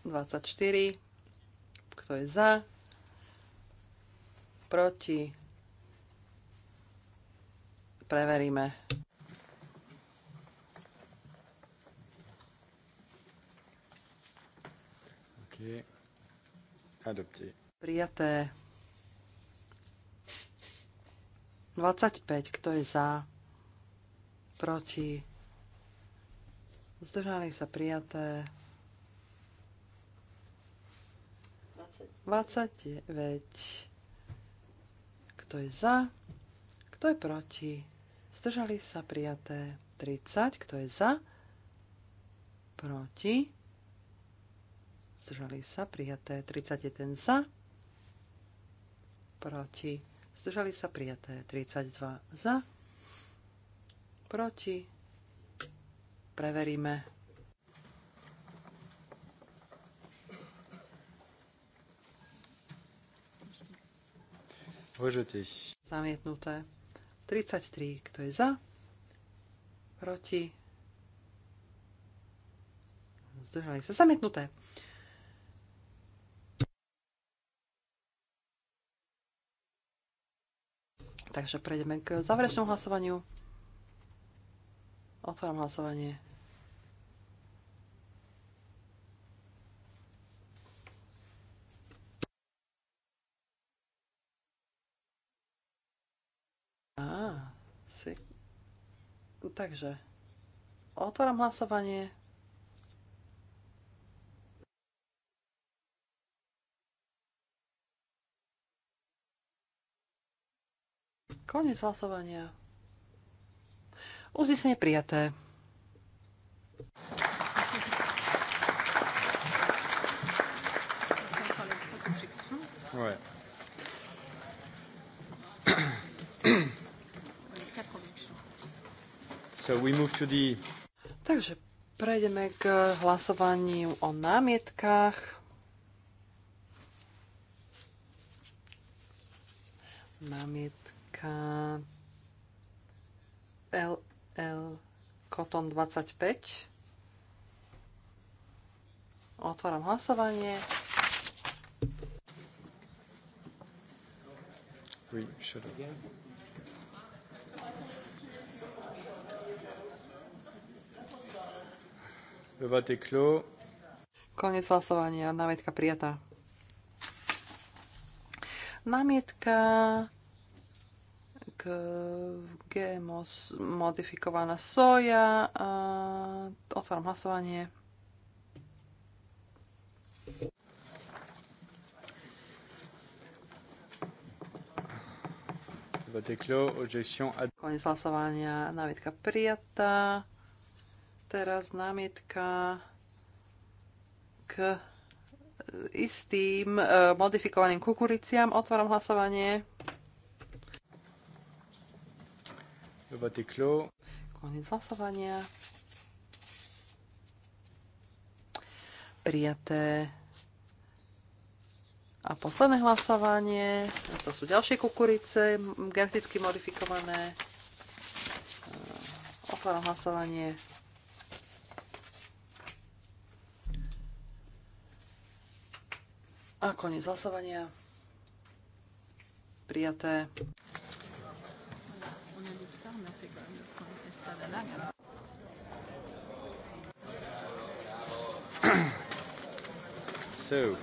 Dvadsať štyri. Kto je za? Proti? preveríme. Adopté. Prijaté. 25. Kto je za? Proti? Zdržali sa prijaté. 29. Kto je za? Kto je proti? Zdržali sa prijaté 30. Kto je za? Proti. Zdržali sa prijaté 31 za. Proti. Zdržali sa prijaté 32 za. Proti. Preveríme. Zamietnuté. 33. Kto je za? Proti? Zdržali sa. Zamietnuté. Takže prejdeme k záverečnému hlasovaniu. Otváram hlasovanie. Takže otváram hlasovanie. Koniec hlasovania. Uznesenie prijaté. Ouais. So we move to the... Takže prejdeme k hlasovaniu o námietkách. Námietka LL Koton 25. Otváram hlasovanie. We should have... Le vote est clos. Konec hlasovania. Námietka prijatá. Námietka k GMO modifikovaná soja. A otváram hlasovanie. Konec hlasovania, námietka prijatá teraz námietka k istým e, modifikovaným kukuriciam. Otváram hlasovanie. Koniec hlasovania. Prijaté. A posledné hlasovanie, to sú ďalšie kukurice, geneticky modifikované. E, otváram hlasovanie. A koniec hlasovania. Prijaté. So,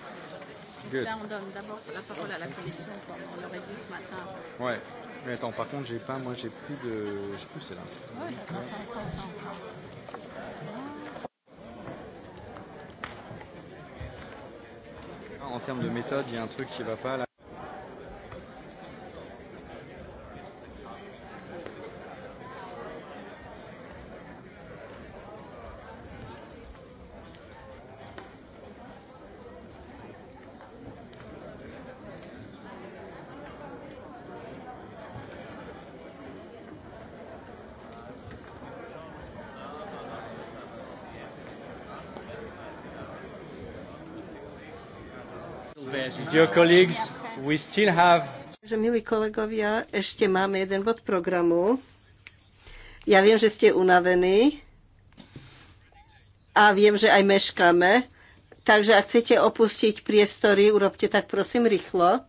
good. Là, on donne d'abord la parole à la commission, comme on l'aurait dit ce matin. Ouais. Mais attends, par contre, j'ai pas, moi, j'ai plus de, Je sais plus c'est là Ouais, attends, attends, attends. en termes de méthode, il y a un truc qui va pas là. Dear colleagues, we still have... Takže, milí kolegovia, ešte máme jeden bod programu. Ja viem, že ste unavení a viem, že aj meškáme. Takže ak chcete opustiť priestory, urobte tak prosím rýchlo.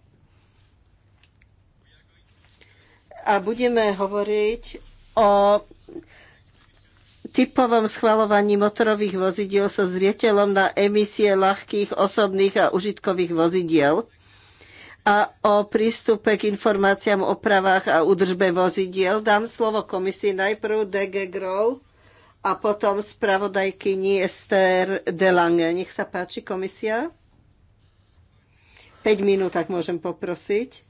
A budeme hovoriť o typovom schvalovaní motorových vozidiel so zrieteľom na emisie ľahkých osobných a užitkových vozidiel a o prístupe k informáciám o pravách a údržbe vozidiel. Dám slovo komisii najprv DG Grow a potom spravodajkyni De Delange. Nech sa páči, komisia. 5 minút, ak môžem poprosiť.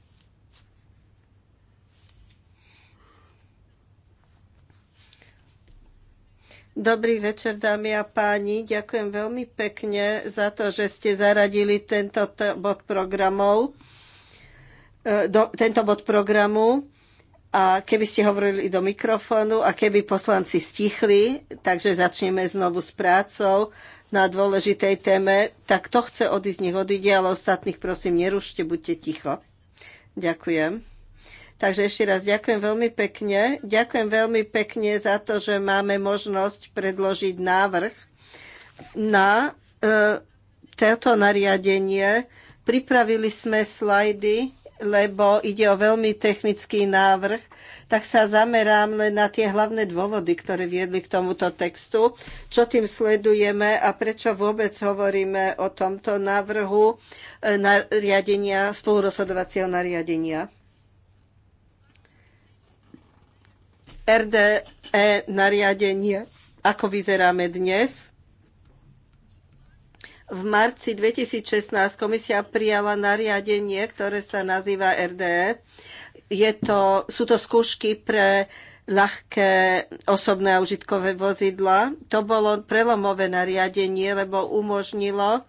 Dobrý večer, dámy a páni. Ďakujem veľmi pekne za to, že ste zaradili tento bod programov, e, do, tento bod programu. A keby ste hovorili do mikrofónu a keby poslanci stichli, takže začneme znovu s prácou na dôležitej téme, tak to chce odísť, nech odíde, ale ostatných prosím nerušte, buďte ticho. Ďakujem. Takže ešte raz ďakujem veľmi pekne. Ďakujem veľmi pekne za to, že máme možnosť predložiť návrh na e, toto nariadenie. Pripravili sme slajdy, lebo ide o veľmi technický návrh, tak sa zamerám len na tie hlavné dôvody, ktoré viedli k tomuto textu, čo tým sledujeme a prečo vôbec hovoríme o tomto návrhu e, nariadenia, spolurozhodovacieho nariadenia. RDE nariadenie, ako vyzeráme dnes. V marci 2016 komisia prijala nariadenie, ktoré sa nazýva RDE. Je to, sú to skúšky pre ľahké osobné a užitkové vozidla. To bolo prelomové nariadenie, lebo umožnilo e,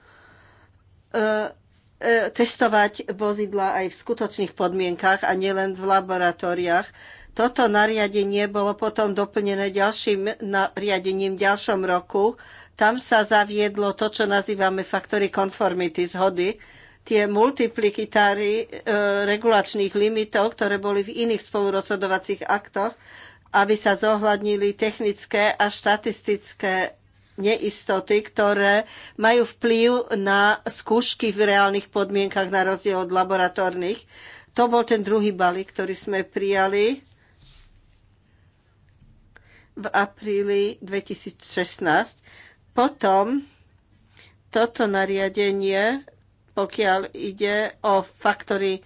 e, testovať vozidla aj v skutočných podmienkach a nielen v laboratóriách. Toto nariadenie bolo potom doplnené ďalším nariadením v ďalšom roku. Tam sa zaviedlo to, čo nazývame faktory conformity, zhody, tie multiplikitári e, regulačných limitov, ktoré boli v iných spolurozhodovacích aktoch, aby sa zohľadnili technické a štatistické neistoty, ktoré majú vplyv na skúšky v reálnych podmienkach na rozdiel od laboratórnych. To bol ten druhý balík, ktorý sme prijali v apríli 2016. Potom toto nariadenie, pokiaľ ide o faktory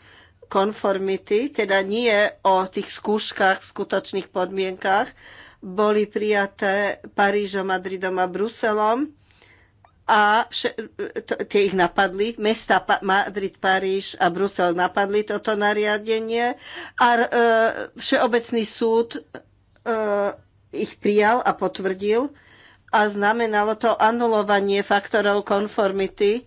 konformity, teda nie o tých skúškach v skutočných podmienkách, boli prijaté Parížom, Madridom a Bruselom a tie ich napadli, mesta pa- Madrid, Paríž a Brusel napadli toto nariadenie a e, Všeobecný súd e, ich prijal a potvrdil a znamenalo to anulovanie faktorov konformity.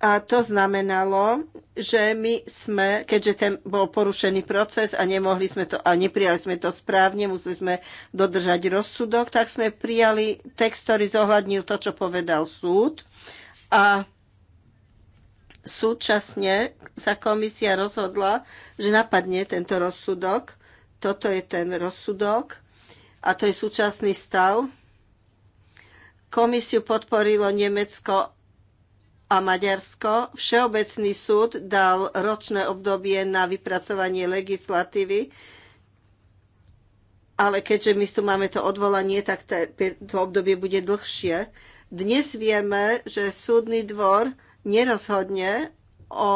A to znamenalo, že my sme, keďže ten bol porušený proces a nemohli sme to a neprijali sme to správne, museli sme dodržať rozsudok, tak sme prijali text, ktorý zohľadnil to, čo povedal súd. A súčasne sa komisia rozhodla, že napadne tento rozsudok toto je ten rozsudok a to je súčasný stav. Komisiu podporilo Nemecko a Maďarsko. Všeobecný súd dal ročné obdobie na vypracovanie legislatívy, ale keďže my tu máme to odvolanie, tak to obdobie bude dlhšie. Dnes vieme, že súdny dvor nerozhodne o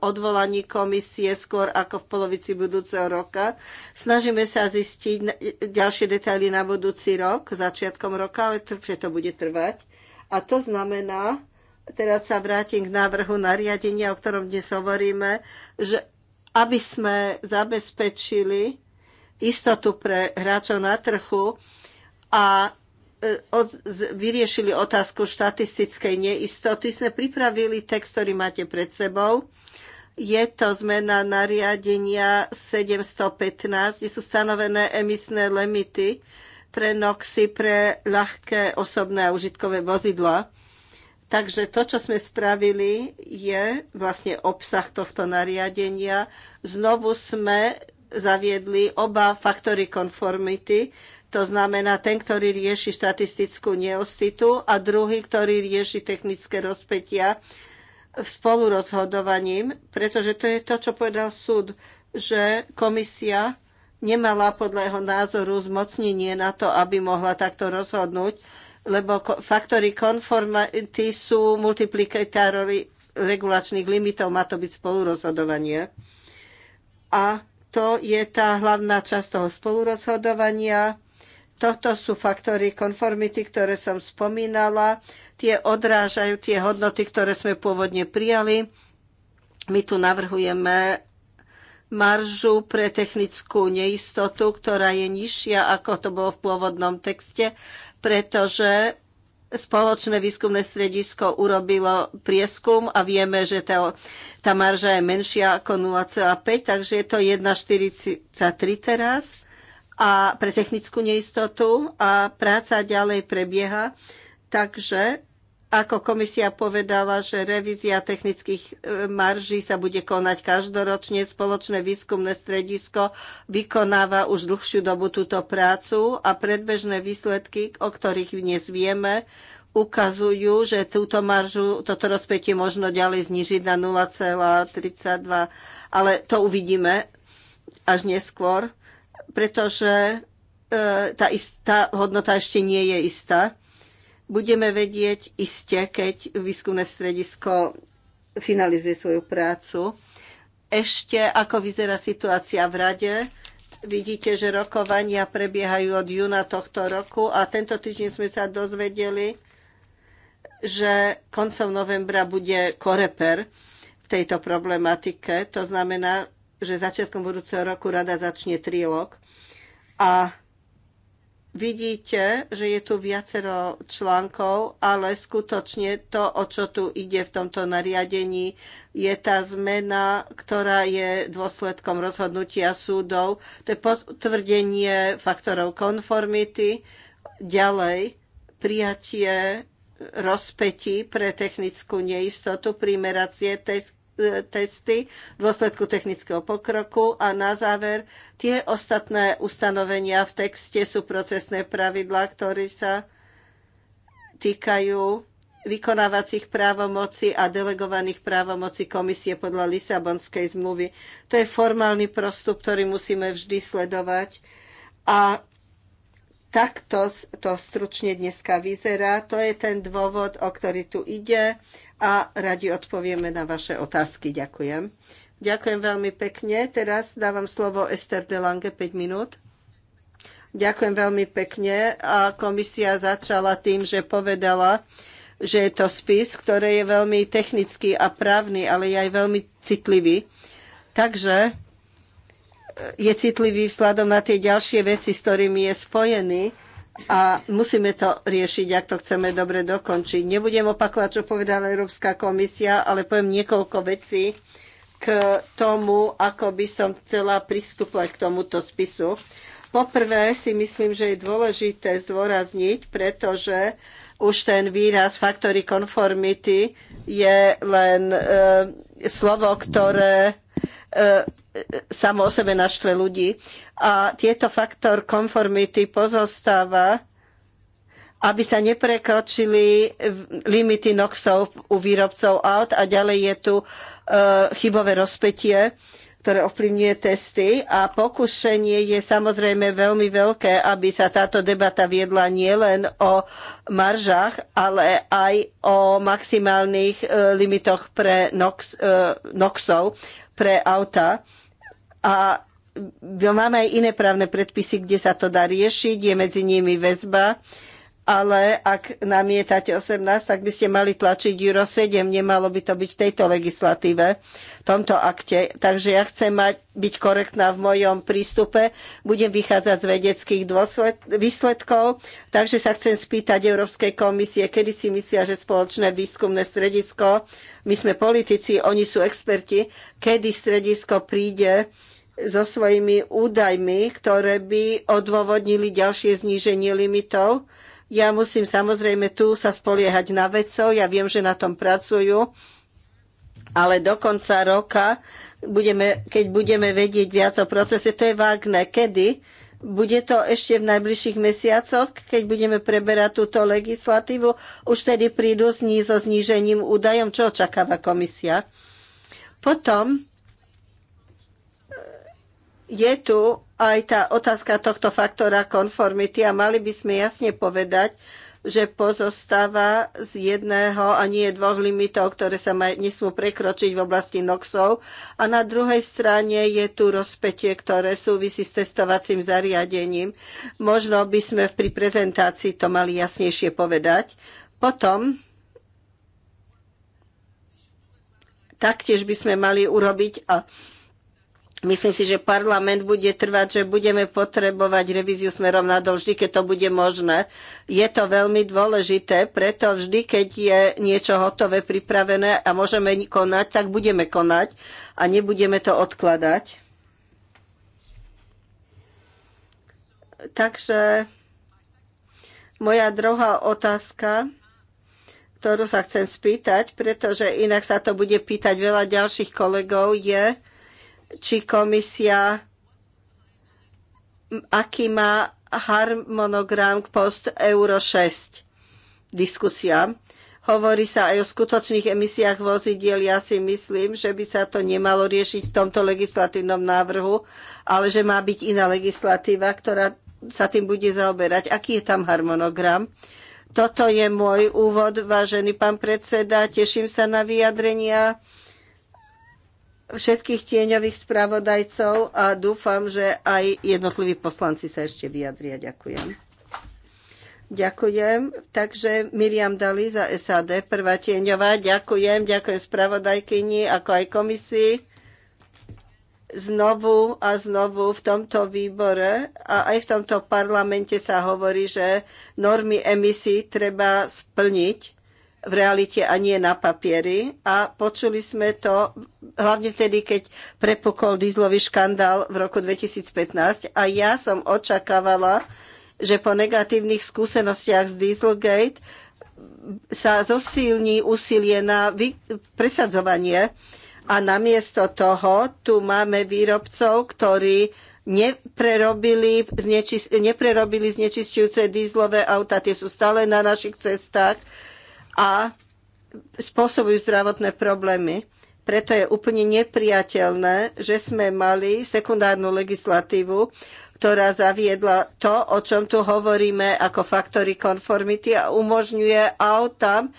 odvolaní komisie skôr ako v polovici budúceho roka. Snažíme sa zistiť ďalšie detaily na budúci rok, začiatkom roka, ale takže to bude trvať. A to znamená, teraz sa vrátim k návrhu nariadenia, o ktorom dnes hovoríme, že aby sme zabezpečili istotu pre hráčov na trhu a E, vyriešili otázku štatistickej neistoty, sme pripravili text, ktorý máte pred sebou. Je to zmena nariadenia 715, kde sú stanovené emisné limity pre NOXy, pre ľahké osobné a užitkové vozidla. Takže to, čo sme spravili, je vlastne obsah tohto nariadenia. Znovu sme zaviedli oba faktory konformity, to znamená ten, ktorý rieši štatistickú neostitu a druhý, ktorý rieši technické rozpetia v spolurozhodovaním, pretože to je to, čo povedal súd, že komisia nemala podľa jeho názoru zmocnenie na to, aby mohla takto rozhodnúť, lebo faktory konformity sú multiplikátory regulačných limitov, má to byť spolurozhodovanie. A to je tá hlavná časť toho spolurozhodovania, toto sú faktory konformity, ktoré som spomínala. Tie odrážajú tie hodnoty, ktoré sme pôvodne prijali. My tu navrhujeme maržu pre technickú neistotu, ktorá je nižšia, ako to bolo v pôvodnom texte, pretože spoločné výskumné stredisko urobilo prieskum a vieme, že tá, tá marža je menšia ako 0,5, takže je to 1,43 teraz a pre technickú neistotu a práca ďalej prebieha. Takže ako komisia povedala, že revízia technických e, marží sa bude konať každoročne. Spoločné výskumné stredisko vykonáva už dlhšiu dobu túto prácu a predbežné výsledky, o ktorých dnes vieme, ukazujú, že túto maržu, toto rozpätie možno ďalej znižiť na 0,32, ale to uvidíme až neskôr pretože e, tá, tá hodnota ešte nie je istá. Budeme vedieť iste, keď výskumné stredisko finalizuje svoju prácu. Ešte ako vyzerá situácia v rade. Vidíte, že rokovania prebiehajú od júna tohto roku a tento týždeň sme sa dozvedeli, že koncom novembra bude koreper v tejto problematike. To znamená, že začiatkom budúceho roku rada začne trilog a vidíte, že je tu viacero článkov, ale skutočne to, o čo tu ide v tomto nariadení, je tá zmena, ktorá je dôsledkom rozhodnutia súdov. To je potvrdenie faktorov konformity, ďalej prijatie rozpetí pre technickú neistotu, primeracie test, testy v dôsledku technického pokroku a na záver tie ostatné ustanovenia v texte sú procesné pravidlá, ktoré sa týkajú vykonávacích právomocí a delegovaných právomocí komisie podľa Lisabonskej zmluvy. To je formálny prostup, ktorý musíme vždy sledovať a takto to stručne dneska vyzerá. To je ten dôvod, o ktorý tu ide a radi odpovieme na vaše otázky. Ďakujem. Ďakujem veľmi pekne. Teraz dávam slovo Ester de Lange 5 minút. Ďakujem veľmi pekne. A komisia začala tým, že povedala, že je to spis, ktorý je veľmi technický a právny, ale je aj veľmi citlivý. Takže je citlivý vzhľadom na tie ďalšie veci, s ktorými je spojený a musíme to riešiť, ak to chceme dobre dokončiť. Nebudem opakovať, čo povedala Európska komisia, ale poviem niekoľko vecí k tomu, ako by som chcela pristupovať k tomuto spisu. Poprvé si myslím, že je dôležité zdôrazniť, pretože už ten výraz factory conformity je len e, slovo, ktoré e, samo o sebe naštve ľudí. A tieto faktor konformity pozostáva, aby sa neprekročili limity NOXov u výrobcov aut a ďalej je tu e, chybové rozpetie ktoré ovplyvňuje testy a pokušenie je samozrejme veľmi veľké, aby sa táto debata viedla nielen o maržách, ale aj o maximálnych e, limitoch pre NOX, e, NOXov pre auta. A máme aj iné právne predpisy, kde sa to dá riešiť, je medzi nimi väzba ale ak namietate 18, tak by ste mali tlačiť Euro 7, nemalo by to byť v tejto legislatíve, v tomto akte. Takže ja chcem mať, byť korektná v mojom prístupe, budem vychádzať z vedeckých dôsled, výsledkov, takže sa chcem spýtať Európskej komisie, kedy si myslia, že spoločné výskumné stredisko, my sme politici, oni sú experti, kedy stredisko príde so svojimi údajmi, ktoré by odôvodnili ďalšie zníženie limitov ja musím samozrejme tu sa spoliehať na vedcov, ja viem, že na tom pracujú, ale do konca roka, budeme, keď budeme vedieť viac o procese, to je vágne, kedy, bude to ešte v najbližších mesiacoch, keď budeme preberať túto legislatívu, už tedy prídu ní so znížením údajom, čo očakáva komisia. Potom e, je tu aj tá otázka tohto faktora konformity a mali by sme jasne povedať, že pozostáva z jedného a nie dvoch limitov, ktoré sa maj, nesmú prekročiť v oblasti NOXov. A na druhej strane je tu rozpetie, ktoré súvisí s testovacím zariadením. Možno by sme pri prezentácii to mali jasnejšie povedať. Potom taktiež by sme mali urobiť a Myslím si, že parlament bude trvať, že budeme potrebovať revíziu smerom nadol vždy, keď to bude možné. Je to veľmi dôležité, preto vždy, keď je niečo hotové, pripravené a môžeme konať, tak budeme konať a nebudeme to odkladať. Takže moja druhá otázka ktorú sa chcem spýtať, pretože inak sa to bude pýtať veľa ďalších kolegov, je, či komisia aký má harmonogram k post Euro 6 Diskusia. Hovorí sa aj o skutočných emisiách vozidiel. Ja si myslím, že by sa to nemalo riešiť v tomto legislatívnom návrhu, ale že má byť iná legislatíva, ktorá sa tým bude zaoberať. Aký je tam harmonogram? Toto je môj úvod, vážený pán predseda. Teším sa na vyjadrenia všetkých tieňových správodajcov a dúfam, že aj jednotliví poslanci sa ešte vyjadria. Ďakujem. Ďakujem. Takže Miriam Dali za SAD, prvá tieňová. Ďakujem. Ďakujem spravodajkyni, ako aj komisii. Znovu a znovu v tomto výbore a aj v tomto parlamente sa hovorí, že normy emisí treba splniť v realite a nie na papieri. A počuli sme to hlavne vtedy, keď prepukol dízlový škandál v roku 2015. A ja som očakávala, že po negatívnych skúsenostiach z Dieselgate sa zosilní úsilie na presadzovanie a namiesto toho tu máme výrobcov, ktorí neprerobili, znečist- neprerobili znečistujúce dízlové auta, tie sú stále na našich cestách a spôsobujú zdravotné problémy. Preto je úplne nepriateľné, že sme mali sekundárnu legislatívu, ktorá zaviedla to, o čom tu hovoríme ako faktory konformity a umožňuje autám,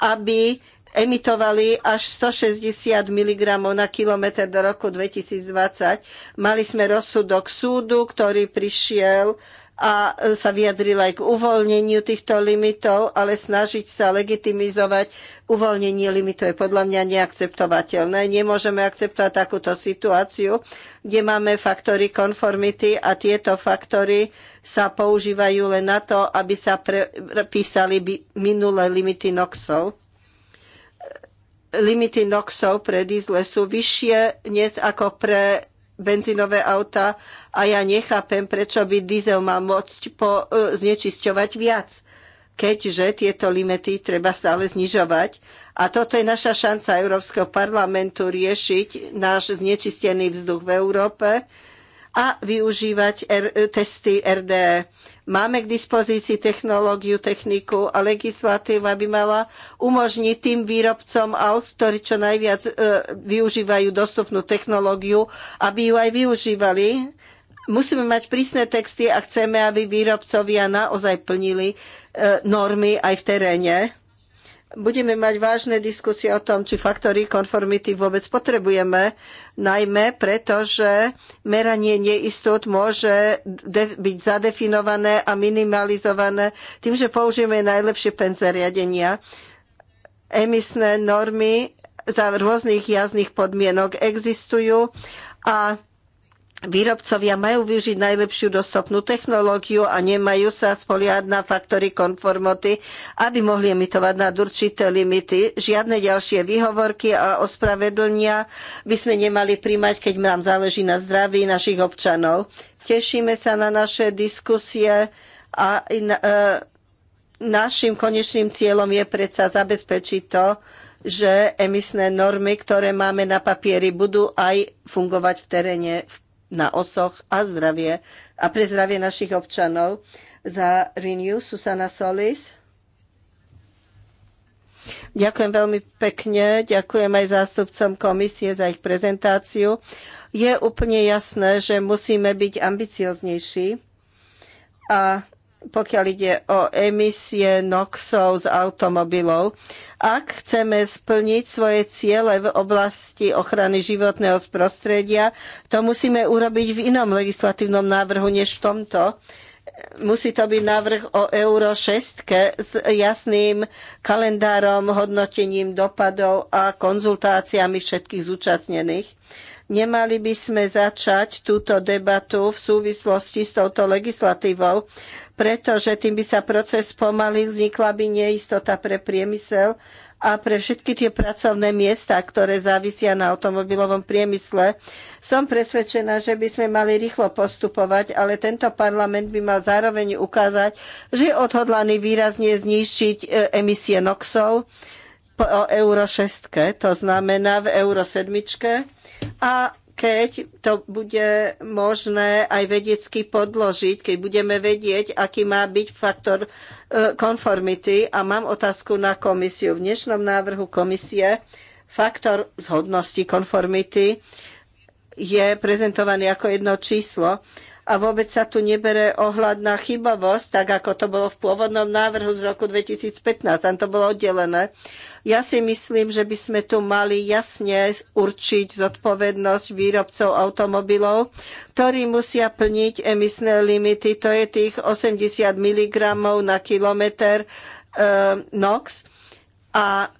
aby emitovali až 160 mg na kilometr do roku 2020. Mali sme rozsudok súdu, ktorý prišiel a e, sa vyjadrila aj k uvoľneniu týchto limitov, ale snažiť sa legitimizovať uvoľnenie limitov je podľa mňa neakceptovateľné. Nemôžeme akceptovať takúto situáciu, kde máme faktory konformity a tieto faktory sa používajú len na to, aby sa prepísali minulé limity NOXov. Limity NOXov pre diesle sú vyššie dnes ako pre benzínové auta a ja nechápem, prečo by diesel mal môcť po, e, znečisťovať viac, keďže tieto limity treba stále znižovať. A toto je naša šanca Európskeho parlamentu riešiť náš znečistený vzduch v Európe a využívať R- e, testy RDE. Máme k dispozícii technológiu, techniku a legislatíva by mala umožniť tým výrobcom aut, ktorí čo najviac e, využívajú dostupnú technológiu, aby ju aj využívali. Musíme mať prísne texty a chceme, aby výrobcovia naozaj plnili e, normy aj v teréne budeme mať vážne diskusie o tom, či faktory konformity vôbec potrebujeme, najmä preto, že meranie neistot môže byť zadefinované a minimalizované tým, že použijeme najlepšie penze riadenia. Emisné normy za rôznych jazdných podmienok existujú a výrobcovia majú využiť najlepšiu dostupnú technológiu a nemajú sa spoliehať na faktory konformoty, aby mohli emitovať nad určité limity. Žiadne ďalšie výhovorky a ospravedlnia by sme nemali príjmať, keď nám záleží na zdraví našich občanov. Tešíme sa na naše diskusie a e, našim konečným cieľom je predsa zabezpečiť to, že emisné normy, ktoré máme na papieri, budú aj fungovať v teréne v na osoch a zdravie a pre zdravie našich občanov. Za Renew Susana Solis. Ďakujem veľmi pekne, ďakujem aj zástupcom komisie za ich prezentáciu. Je úplne jasné, že musíme byť ambicioznejší a pokiaľ ide o emisie NOXov z automobilov. Ak chceme splniť svoje ciele v oblasti ochrany životného prostredia, to musíme urobiť v inom legislatívnom návrhu než v tomto. Musí to byť návrh o Euro 6 s jasným kalendárom, hodnotením dopadov a konzultáciami všetkých zúčastnených. Nemali by sme začať túto debatu v súvislosti s touto legislatívou, pretože tým by sa proces spomalil, vznikla by neistota pre priemysel a pre všetky tie pracovné miesta, ktoré závisia na automobilovom priemysle. Som presvedčená, že by sme mali rýchlo postupovať, ale tento parlament by mal zároveň ukázať, že je odhodlaný výrazne znišiť e, emisie NOXov po Euro 6, to znamená v Euro 7 a keď to bude možné aj vedecky podložiť, keď budeme vedieť, aký má byť faktor e, konformity. A mám otázku na komisiu. V dnešnom návrhu komisie faktor zhodnosti konformity je prezentovaný ako jedno číslo, a vôbec sa tu nebere ohľad na chybovosť, tak ako to bolo v pôvodnom návrhu z roku 2015. Tam to bolo oddelené. Ja si myslím, že by sme tu mali jasne určiť zodpovednosť výrobcov automobilov, ktorí musia plniť emisné limity, to je tých 80 mg na kilometr eh, NOx. A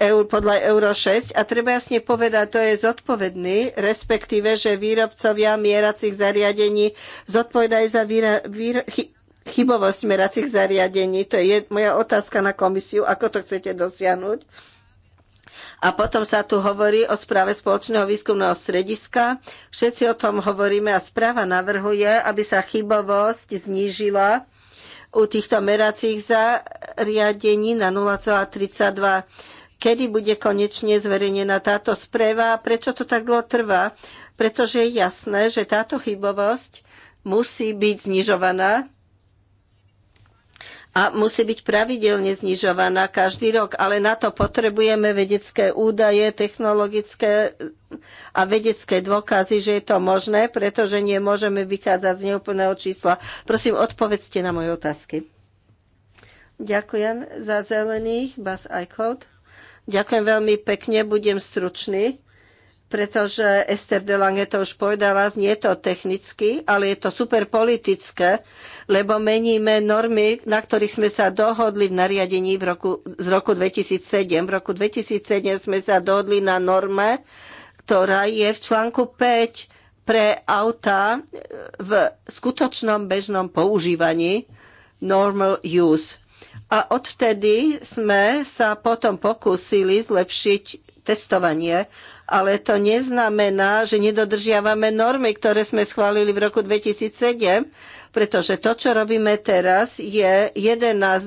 podľa Euro 6 a treba jasne povedať, to je zodpovedný, respektíve, že výrobcovia mieracích zariadení zodpovedajú za výra, chybovosť meracích zariadení. To je moja otázka na komisiu, ako to chcete dosiahnuť. A potom sa tu hovorí o správe spoločného výskumného strediska. Všetci o tom hovoríme a správa navrhuje, aby sa chybovosť znížila u týchto meracích zariadení na 0,32 kedy bude konečne zverejnená táto správa a prečo to tak dlho trvá. Pretože je jasné, že táto chybovosť musí byť znižovaná a musí byť pravidelne znižovaná každý rok, ale na to potrebujeme vedecké údaje, technologické a vedecké dôkazy, že je to možné, pretože nemôžeme vychádzať z neúplného čísla. Prosím, odpovedzte na moje otázky. Ďakujem za zelených, Bas Eichhout. Ďakujem veľmi pekne, budem stručný, pretože Ester de Lange to už povedala, nie je to technicky, ale je to super politické, lebo meníme normy, na ktorých sme sa dohodli v nariadení v roku, z roku 2007. V roku 2007 sme sa dohodli na norme, ktorá je v článku 5 pre auta v skutočnom bežnom používaní normal use. A odtedy sme sa potom pokúsili zlepšiť testovanie, ale to neznamená, že nedodržiavame normy, ktoré sme schválili v roku 2007, pretože to, čo robíme teraz, je 11-12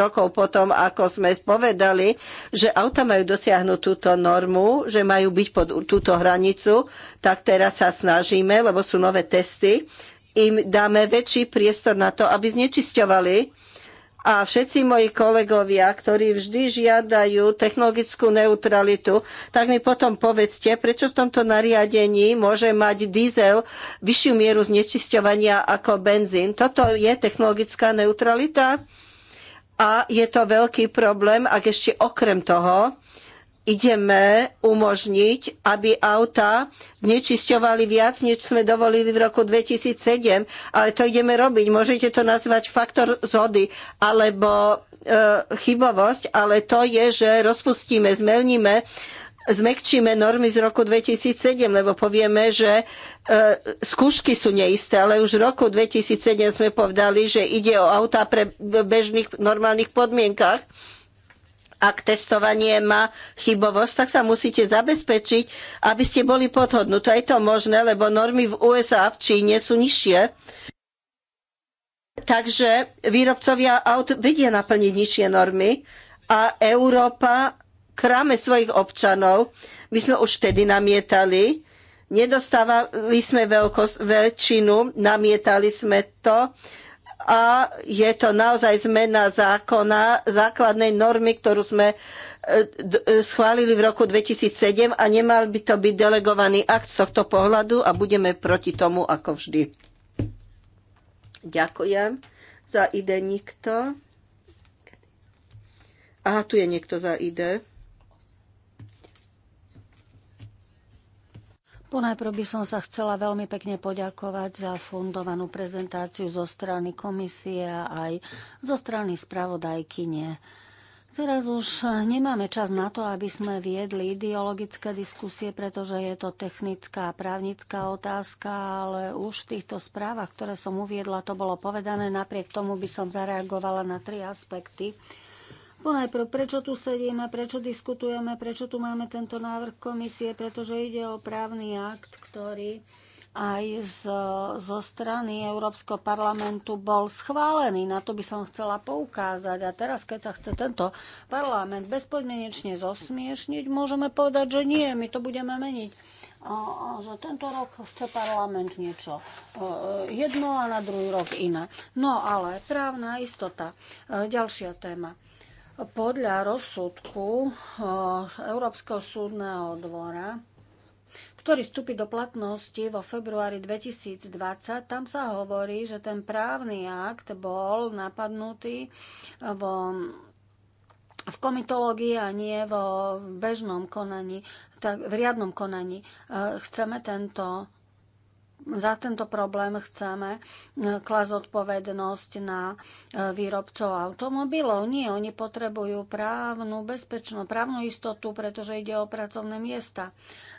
rokov potom, ako sme povedali, že auta majú dosiahnuť túto normu, že majú byť pod túto hranicu, tak teraz sa snažíme, lebo sú nové testy, im dáme väčší priestor na to, aby znečisťovali a všetci moji kolegovia, ktorí vždy žiadajú technologickú neutralitu, tak mi potom povedzte, prečo v tomto nariadení môže mať diesel vyššiu mieru znečisťovania ako benzín. Toto je technologická neutralita a je to veľký problém, ak ešte okrem toho ideme umožniť, aby auta znečisťovali viac, než sme dovolili v roku 2007, ale to ideme robiť. Môžete to nazvať faktor zhody alebo e, chybovosť, ale to je, že rozpustíme, zmelníme, zmekčíme normy z roku 2007, lebo povieme, že e, skúšky sú neisté, ale už v roku 2007 sme povedali, že ide o auta pre bežných normálnych podmienkach ak testovanie má chybovosť, tak sa musíte zabezpečiť, aby ste boli podhodnuté. Je to možné, lebo normy v USA a v Číne sú nižšie. Takže výrobcovia aut vedia naplniť nižšie normy a Európa kráme svojich občanov. My sme už vtedy namietali, nedostávali sme veľkosť, väčšinu, namietali sme to a je to naozaj zmena zákona, základnej normy, ktorú sme e, e, schválili v roku 2007 a nemal by to byť delegovaný akt z tohto pohľadu a budeme proti tomu ako vždy. Ďakujem. Za ide nikto. Aha, tu je niekto za ide. Ponajprv by som sa chcela veľmi pekne poďakovať za fundovanú prezentáciu zo strany komisie a aj zo strany spravodajkyne. Teraz už nemáme čas na to, aby sme viedli ideologické diskusie, pretože je to technická a právnická otázka, ale už v týchto správach, ktoré som uviedla, to bolo povedané. Napriek tomu by som zareagovala na tri aspekty bol no prečo tu sedíme, prečo diskutujeme, prečo tu máme tento návrh komisie, pretože ide o právny akt, ktorý aj z, zo strany Európskeho parlamentu bol schválený. Na to by som chcela poukázať. A teraz, keď sa chce tento parlament bezpodmienečne zosmiešniť, môžeme povedať, že nie, my to budeme meniť. A, a že tento rok chce parlament niečo jedno a na druhý rok iné. No ale právna istota. E, ďalšia téma podľa rozsudku eh, Európskeho súdneho dvora ktorý vstúpi do platnosti vo februári 2020. Tam sa hovorí, že ten právny akt bol napadnutý eh, vo, v komitológii a nie vo bežnom konaní, tak v riadnom konaní. Eh, chceme tento za tento problém chceme eh, klas odpovednosť na eh, výrobcov automobilov. Nie, oni potrebujú právnu bezpečnú, právnu istotu, pretože ide o pracovné miesta.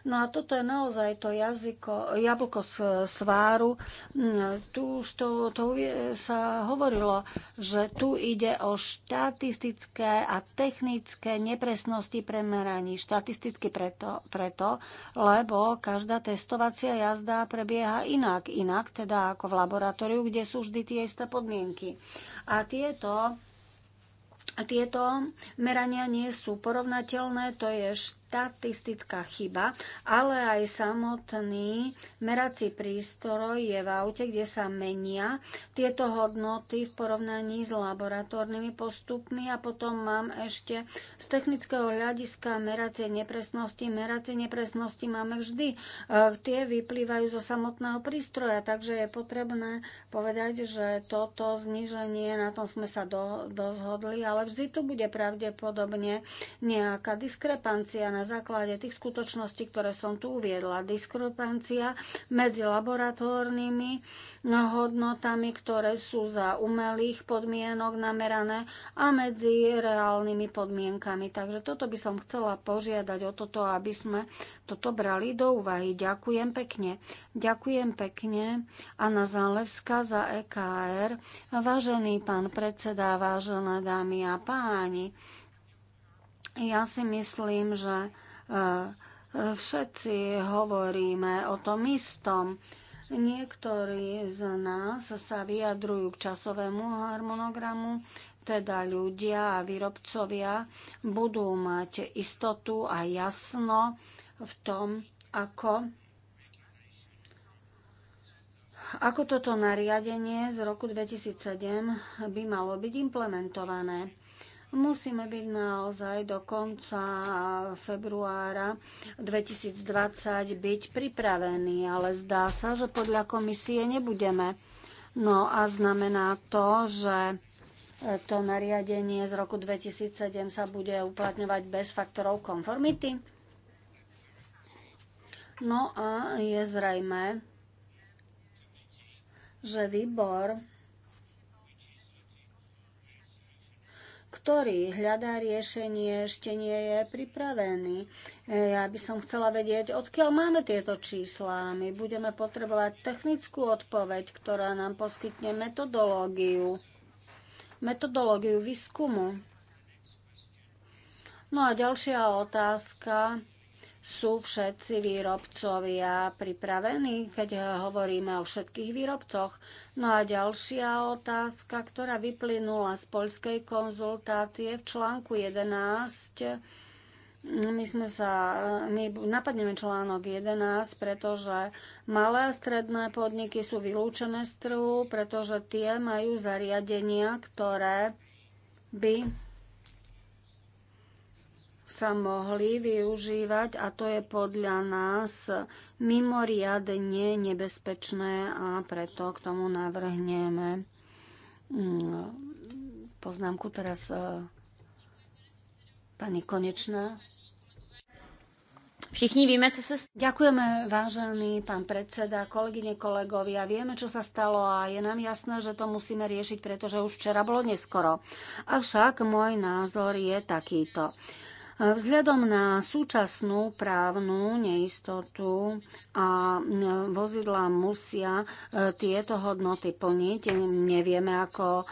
No a toto je naozaj to jazyko, jablko sváru. Mm, tu už to, to sa hovorilo, že tu ide o štatistické a technické nepresnosti premeraní. Štatisticky preto, preto lebo každá testovacia jazda prebieha inak, inak teda ako v laboratóriu, kde sú vždy tie isté podmienky. A tieto tieto merania nie sú porovnateľné, to je štatistická chyba, ale aj samotný merací prístroj je v aute, kde sa menia tieto hodnoty v porovnaní s laboratórnymi postupmi a potom mám ešte z technického hľadiska meracie nepresnosti. Meracie nepresnosti máme vždy. E, tie vyplývajú zo samotného prístroja, takže je potrebné povedať, že toto zníženie, na tom sme sa dohodli, dozhodli, ale vždy tu bude pravdepodobne nejaká diskrepancia na na základe tých skutočností, ktoré som tu uviedla. Diskrepancia medzi laboratórnymi hodnotami, ktoré sú za umelých podmienok namerané a medzi reálnymi podmienkami. Takže toto by som chcela požiadať o toto, aby sme toto brali do úvahy. Ďakujem pekne. Ďakujem pekne. Anna Zálevská za EKR. Vážený pán predseda, vážené dámy a páni, ja si myslím, že e, všetci hovoríme o tom istom. Niektorí z nás sa vyjadrujú k časovému harmonogramu, teda ľudia a výrobcovia budú mať istotu a jasno v tom, ako, ako toto nariadenie z roku 2007 by malo byť implementované. Musíme byť naozaj do konca februára 2020 byť pripravení, ale zdá sa, že podľa komisie nebudeme. No a znamená to, že to nariadenie z roku 2007 sa bude uplatňovať bez faktorov konformity? No a je zrejme, že výbor ktorý hľadá riešenie, ešte nie je pripravený. E, ja by som chcela vedieť, odkiaľ máme tieto čísla. My budeme potrebovať technickú odpoveď, ktorá nám poskytne metodológiu, metodológiu výskumu. No a ďalšia otázka sú všetci výrobcovia pripravení, keď hovoríme o všetkých výrobcoch? No a ďalšia otázka, ktorá vyplynula z poľskej konzultácie v článku 11 my sme sa, my napadneme článok 11, pretože malé a stredné podniky sú vylúčené z trhu, pretože tie majú zariadenia, ktoré by sa mohli využívať a to je podľa nás mimoriadne nebezpečné a preto k tomu navrhneme mm, poznámku teraz e, pani Konečná. Všichni víme, co sa... Ďakujeme, vážený pán predseda, kolegyne, kolegovia. Vieme, čo sa stalo a je nám jasné, že to musíme riešiť, pretože už včera bolo neskoro. Avšak môj názor je takýto. Vzhľadom na súčasnú právnu neistotu a e, vozidla musia e, tieto hodnoty plniť. Nevieme, ako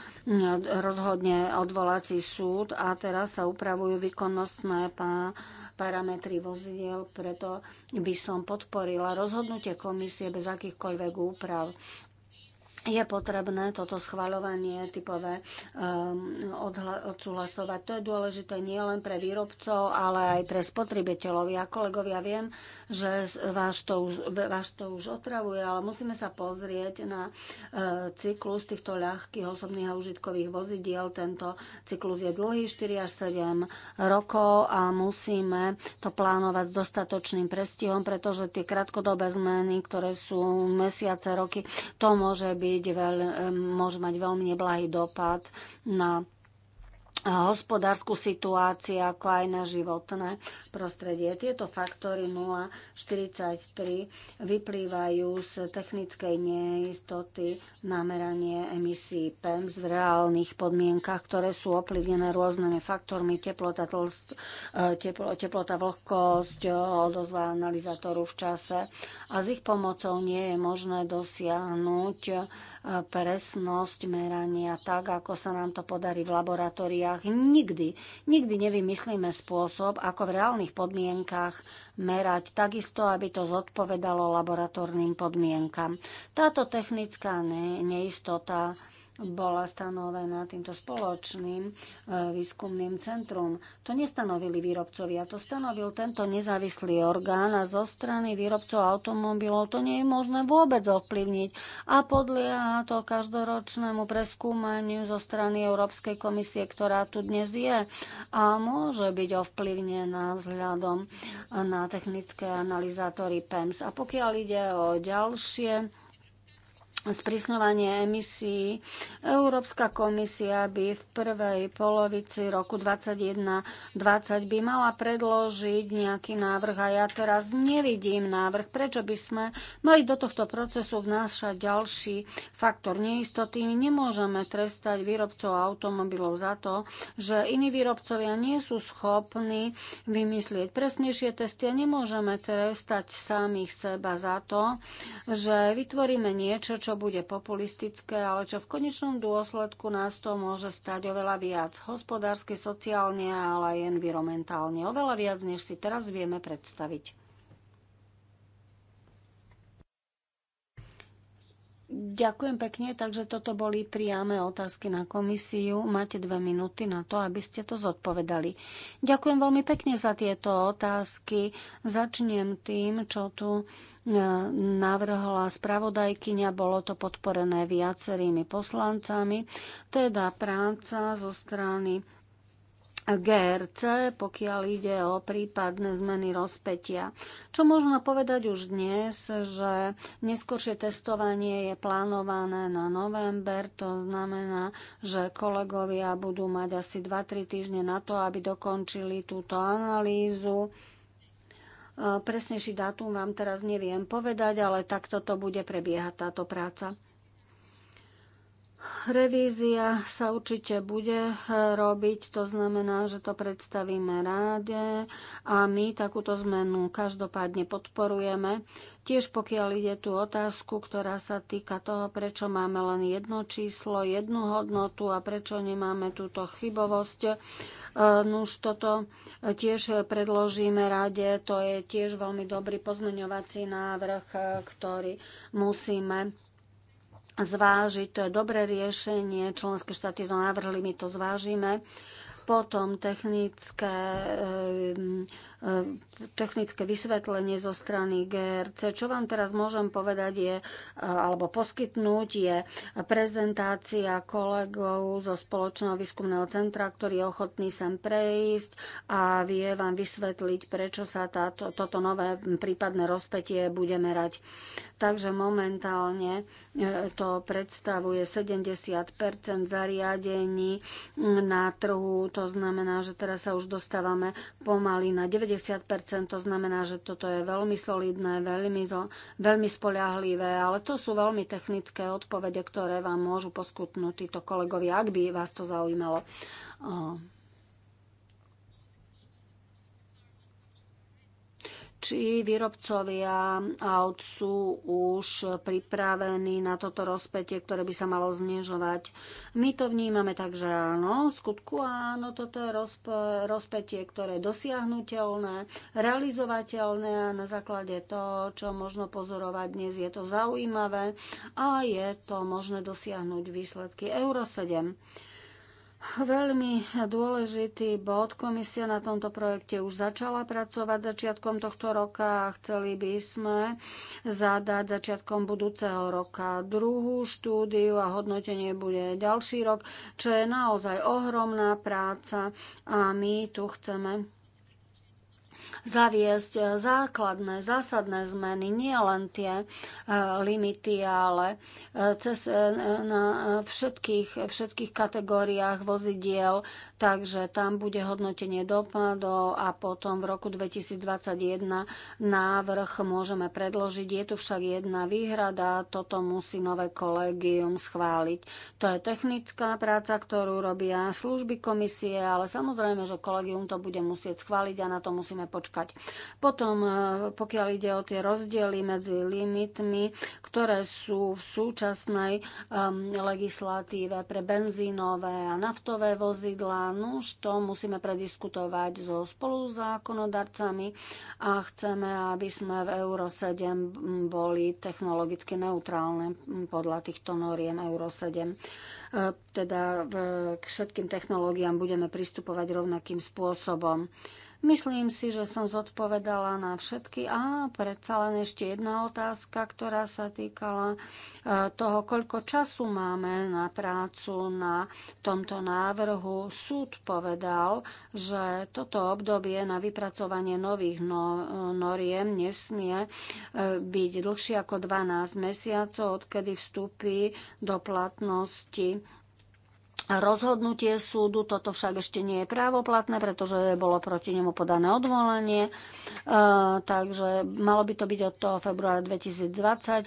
rozhodne odvolací súd a teraz sa upravujú výkonnostné parametry vozidiel, preto by som podporila rozhodnutie komisie bez akýchkoľvek úprav je potrebné toto schvaľovanie typové um, odsúhlasovať. To je dôležité nielen pre výrobcov, ale aj pre spotrebiteľov. Ja kolegovia viem, že vás to už, vás to už otravuje, ale musíme sa pozrieť na uh, cyklus týchto ľahkých osobných a užitkových vozidiel. Tento cyklus je dlhý 4 až 7 rokov a musíme to plánovať s dostatočným prestihom, pretože tie krátkodobé zmeny, ktoré sú mesiace, roky, to môže byť vedieť, veľ, môže mať veľmi neblahý dopad na hospodárskú situáciu, ako aj na životné prostredie. Tieto faktory 0,43 vyplývajú z technickej neistoty nameranie emisí PEMS v reálnych podmienkach, ktoré sú ovplyvnené rôznymi faktormi teplota, tlst, e, teplo, teplota vlhkosť, e, odozva analizátoru v čase a s ich pomocou nie je možné dosiahnuť e, presnosť merania tak, ako sa nám to podarí v laboratóriách médiách. Nikdy, nikdy nevymyslíme spôsob, ako v reálnych podmienkach merať takisto, aby to zodpovedalo laboratórnym podmienkam. Táto technická neistota bola stanovená týmto spoločným e, výskumným centrum. To nestanovili výrobcovia, to stanovil tento nezávislý orgán a zo strany výrobcov automobilov to nie je možné vôbec ovplyvniť a podlieha to každoročnému preskúmaniu zo strany Európskej komisie, ktorá tu dnes je a môže byť ovplyvnená vzhľadom na technické analizátory PEMS. A pokiaľ ide o ďalšie sprísňovanie emisí. Európska komisia by v prvej polovici roku 2021-2020 by mala predložiť nejaký návrh a ja teraz nevidím návrh, prečo by sme mali do tohto procesu vnášať ďalší faktor neistoty. Nemôžeme trestať výrobcov automobilov za to, že iní výrobcovia nie sú schopní vymyslieť presnejšie testy a nemôžeme trestať samých seba za to, že vytvoríme niečo, čo bude populistické, ale čo v konečnom dôsledku nás to môže stať oveľa viac hospodársky, sociálne, ale aj environmentálne. Oveľa viac, než si teraz vieme predstaviť. Ďakujem pekne, takže toto boli priame otázky na komisiu. Máte dve minúty na to, aby ste to zodpovedali. Ďakujem veľmi pekne za tieto otázky. Začnem tým, čo tu e, navrhla spravodajkyňa, bolo to podporené viacerými poslancami, teda práca zo strany GRC, pokiaľ ide o prípadné zmeny rozpetia. Čo možno povedať už dnes, že neskôršie testovanie je plánované na november, to znamená, že kolegovia budú mať asi 2-3 týždne na to, aby dokončili túto analýzu. Presnejší dátum vám teraz neviem povedať, ale takto to bude prebiehať táto práca. Revízia sa určite bude eh, robiť, to znamená, že to predstavíme ráde a my takúto zmenu každopádne podporujeme. Tiež pokiaľ ide tú otázku, ktorá sa týka toho, prečo máme len jedno číslo, jednu hodnotu a prečo nemáme túto chybovosť, eh, nuž toto tiež predložíme rade, to je tiež veľmi dobrý pozmeňovací návrh, eh, ktorý musíme zvážiť. To je dobré riešenie. Členské štáty to navrhli, my to zvážime. Potom technické e, E, technické vysvetlenie zo strany GRC. Čo vám teraz môžem povedať je, e, alebo poskytnúť je prezentácia kolegov zo Spoločného výskumného centra, ktorý je ochotný sem prejsť a vie vám vysvetliť, prečo sa táto, toto nové prípadné rozpetie bude merať. Takže momentálne e, to predstavuje 70 zariadení na trhu. To znamená, že teraz sa už dostávame pomaly na 90 90%, to znamená, že toto je veľmi solidné, veľmi, veľmi spoľahlivé, ale to sú veľmi technické odpovede, ktoré vám môžu poskutnúť títo kolegovia, ak by vás to zaujímalo. Ehm, či výrobcovia aut sú už pripravení na toto rozpätie, ktoré by sa malo znižovať. My to vnímame tak, že áno, v skutku áno, toto je rozp- rozpätie, ktoré je dosiahnutelné, realizovateľné a na základe toho, čo možno pozorovať dnes, je to zaujímavé a je to možné dosiahnuť výsledky Euro 7. Veľmi dôležitý bod. Komisia na tomto projekte už začala pracovať začiatkom tohto roka a chceli by sme zadať začiatkom budúceho roka druhú štúdiu a hodnotenie bude ďalší rok, čo je naozaj ohromná práca a my tu chceme zaviesť e, základné, zásadné zmeny, nie len tie e, limity, ale e, cez na všetkých, všetkých kategóriách vozidiel, takže tam bude hodnotenie dopadov a potom v roku 2021 návrh môžeme predložiť. Je tu však jedna výhrada, toto musí nové kolegium schváliť. To je technická práca, ktorú robia služby komisie, ale samozrejme, že kolegium to bude musieť schváliť a na to musíme počkať. Potom, e, pokiaľ ide o tie rozdiely medzi limitmi, ktoré sú v súčasnej um, legislatíve pre benzínové a naftové vozidlá, no už to musíme prediskutovať so spoluzákonodarcami a chceme, aby sme v Euro 7 boli technologicky neutrálne podľa týchto noriem Euro 7. E, teda k všetkým technológiám budeme pristupovať rovnakým spôsobom. Myslím si, že som zodpovedala na všetky. A predsa len ešte jedna otázka, ktorá sa týkala e, toho, koľko času máme na prácu na tomto návrhu. Súd povedal, že toto obdobie na vypracovanie nových no, noriem nesmie e, byť dlhšie ako 12 mesiacov, odkedy vstúpi do platnosti rozhodnutie súdu. Toto však ešte nie je právoplatné, pretože bolo proti nemu podané odvolanie. E, takže malo by to byť od toho februára 2020.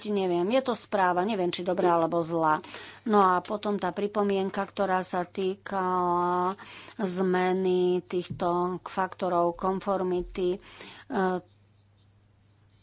Neviem, je to správa, neviem, či dobrá alebo zlá. No a potom tá pripomienka, ktorá sa týkala zmeny týchto faktorov konformity. E,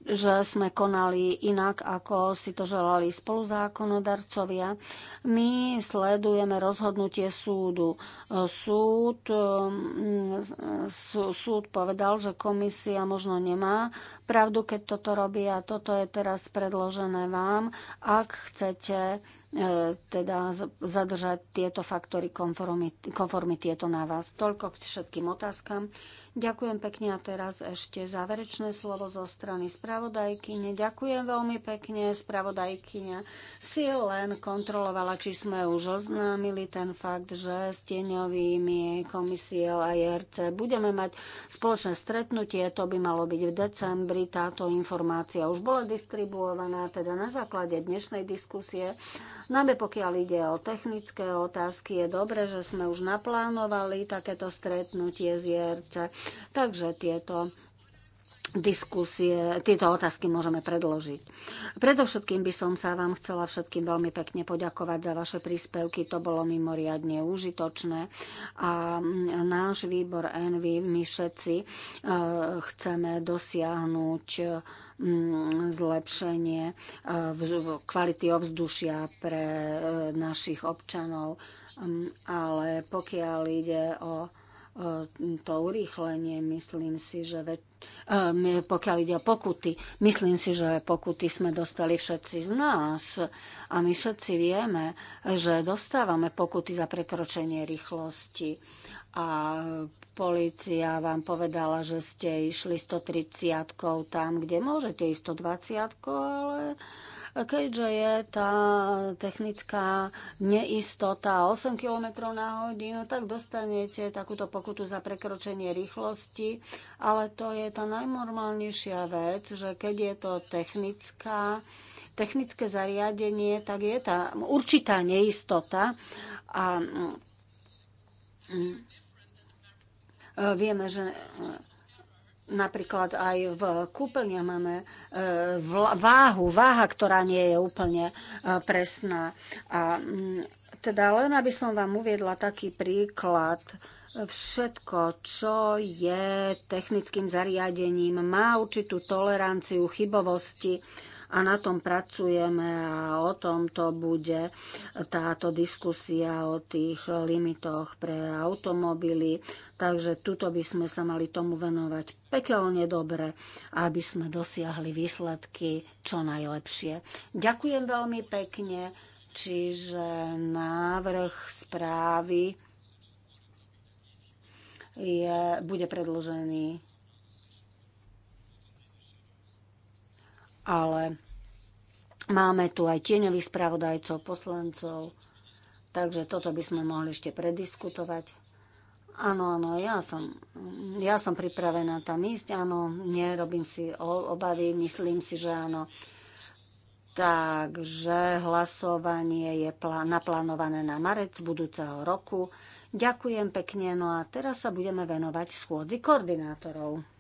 že sme konali inak, ako si to želali spoluzákonodarcovia. My sledujeme rozhodnutie súdu. Súd, mm, súd povedal, že komisia možno nemá pravdu, keď toto robí a toto je teraz predložené vám. Ak chcete E, teda zadržať tieto faktory konformity, konformity. Je to na vás. Toľko k všetkým otázkam. Ďakujem pekne a teraz ešte záverečné slovo zo strany spravodajkyne. Ďakujem veľmi pekne. Spravodajkyňa si len kontrolovala, či sme už oznámili ten fakt, že s tieňovými komisiou a IRC budeme mať spoločné stretnutie. To by malo byť v decembri. Táto informácia už bola distribuovaná, teda na základe dnešnej diskusie Najmä pokiaľ ide o technické otázky, je dobre, že sme už naplánovali takéto stretnutie z JRC. Takže tieto diskusie, tieto otázky môžeme predložiť. Predovšetkým by som sa vám chcela všetkým veľmi pekne poďakovať za vaše príspevky, to bolo mimoriadne užitočné a náš výbor Envy, my všetci eh, chceme dosiahnuť Mm, zlepšenie eh, kvality ovzdušia pre eh, našich občanov, mm, ale pokiaľ ide o eh, to urýchlenie, myslím si, že ve, pokiaľ ide o pokuty, myslím si, že pokuty sme dostali všetci z nás a my všetci vieme, že dostávame pokuty za prekročenie rýchlosti a policia vám povedala, že ste išli 130 tam, kde môžete ísť 120 ale keďže je tá technická neistota 8 km na hodinu, tak dostanete takúto pokutu za prekročenie rýchlosti, ale to je tá najnormálnejšia vec, že keď je to technická, technické zariadenie, tak je tá určitá neistota a mm, E, vieme, že e, napríklad aj v kúpeľniach máme e, váhu, váha, ktorá nie je úplne presná. A mm, teda len aby som vám uviedla taký príklad, všetko, čo je technickým zariadením, má určitú toleranciu chybovosti a na tom pracujeme a o tom to bude táto diskusia o tých limitoch pre automobily. Takže tuto by sme sa mali tomu venovať pekelne dobre, aby sme dosiahli výsledky čo najlepšie. Ďakujem veľmi pekne, čiže návrh správy je, bude predložený ale máme tu aj tieňových spravodajcov, poslancov, takže toto by sme mohli ešte prediskutovať. Áno, áno, ja som, ja som pripravená tam ísť, áno, nerobím si obavy, myslím si, že áno. Takže hlasovanie je naplánované na marec budúceho roku. Ďakujem pekne, no a teraz sa budeme venovať schôdzi koordinátorov.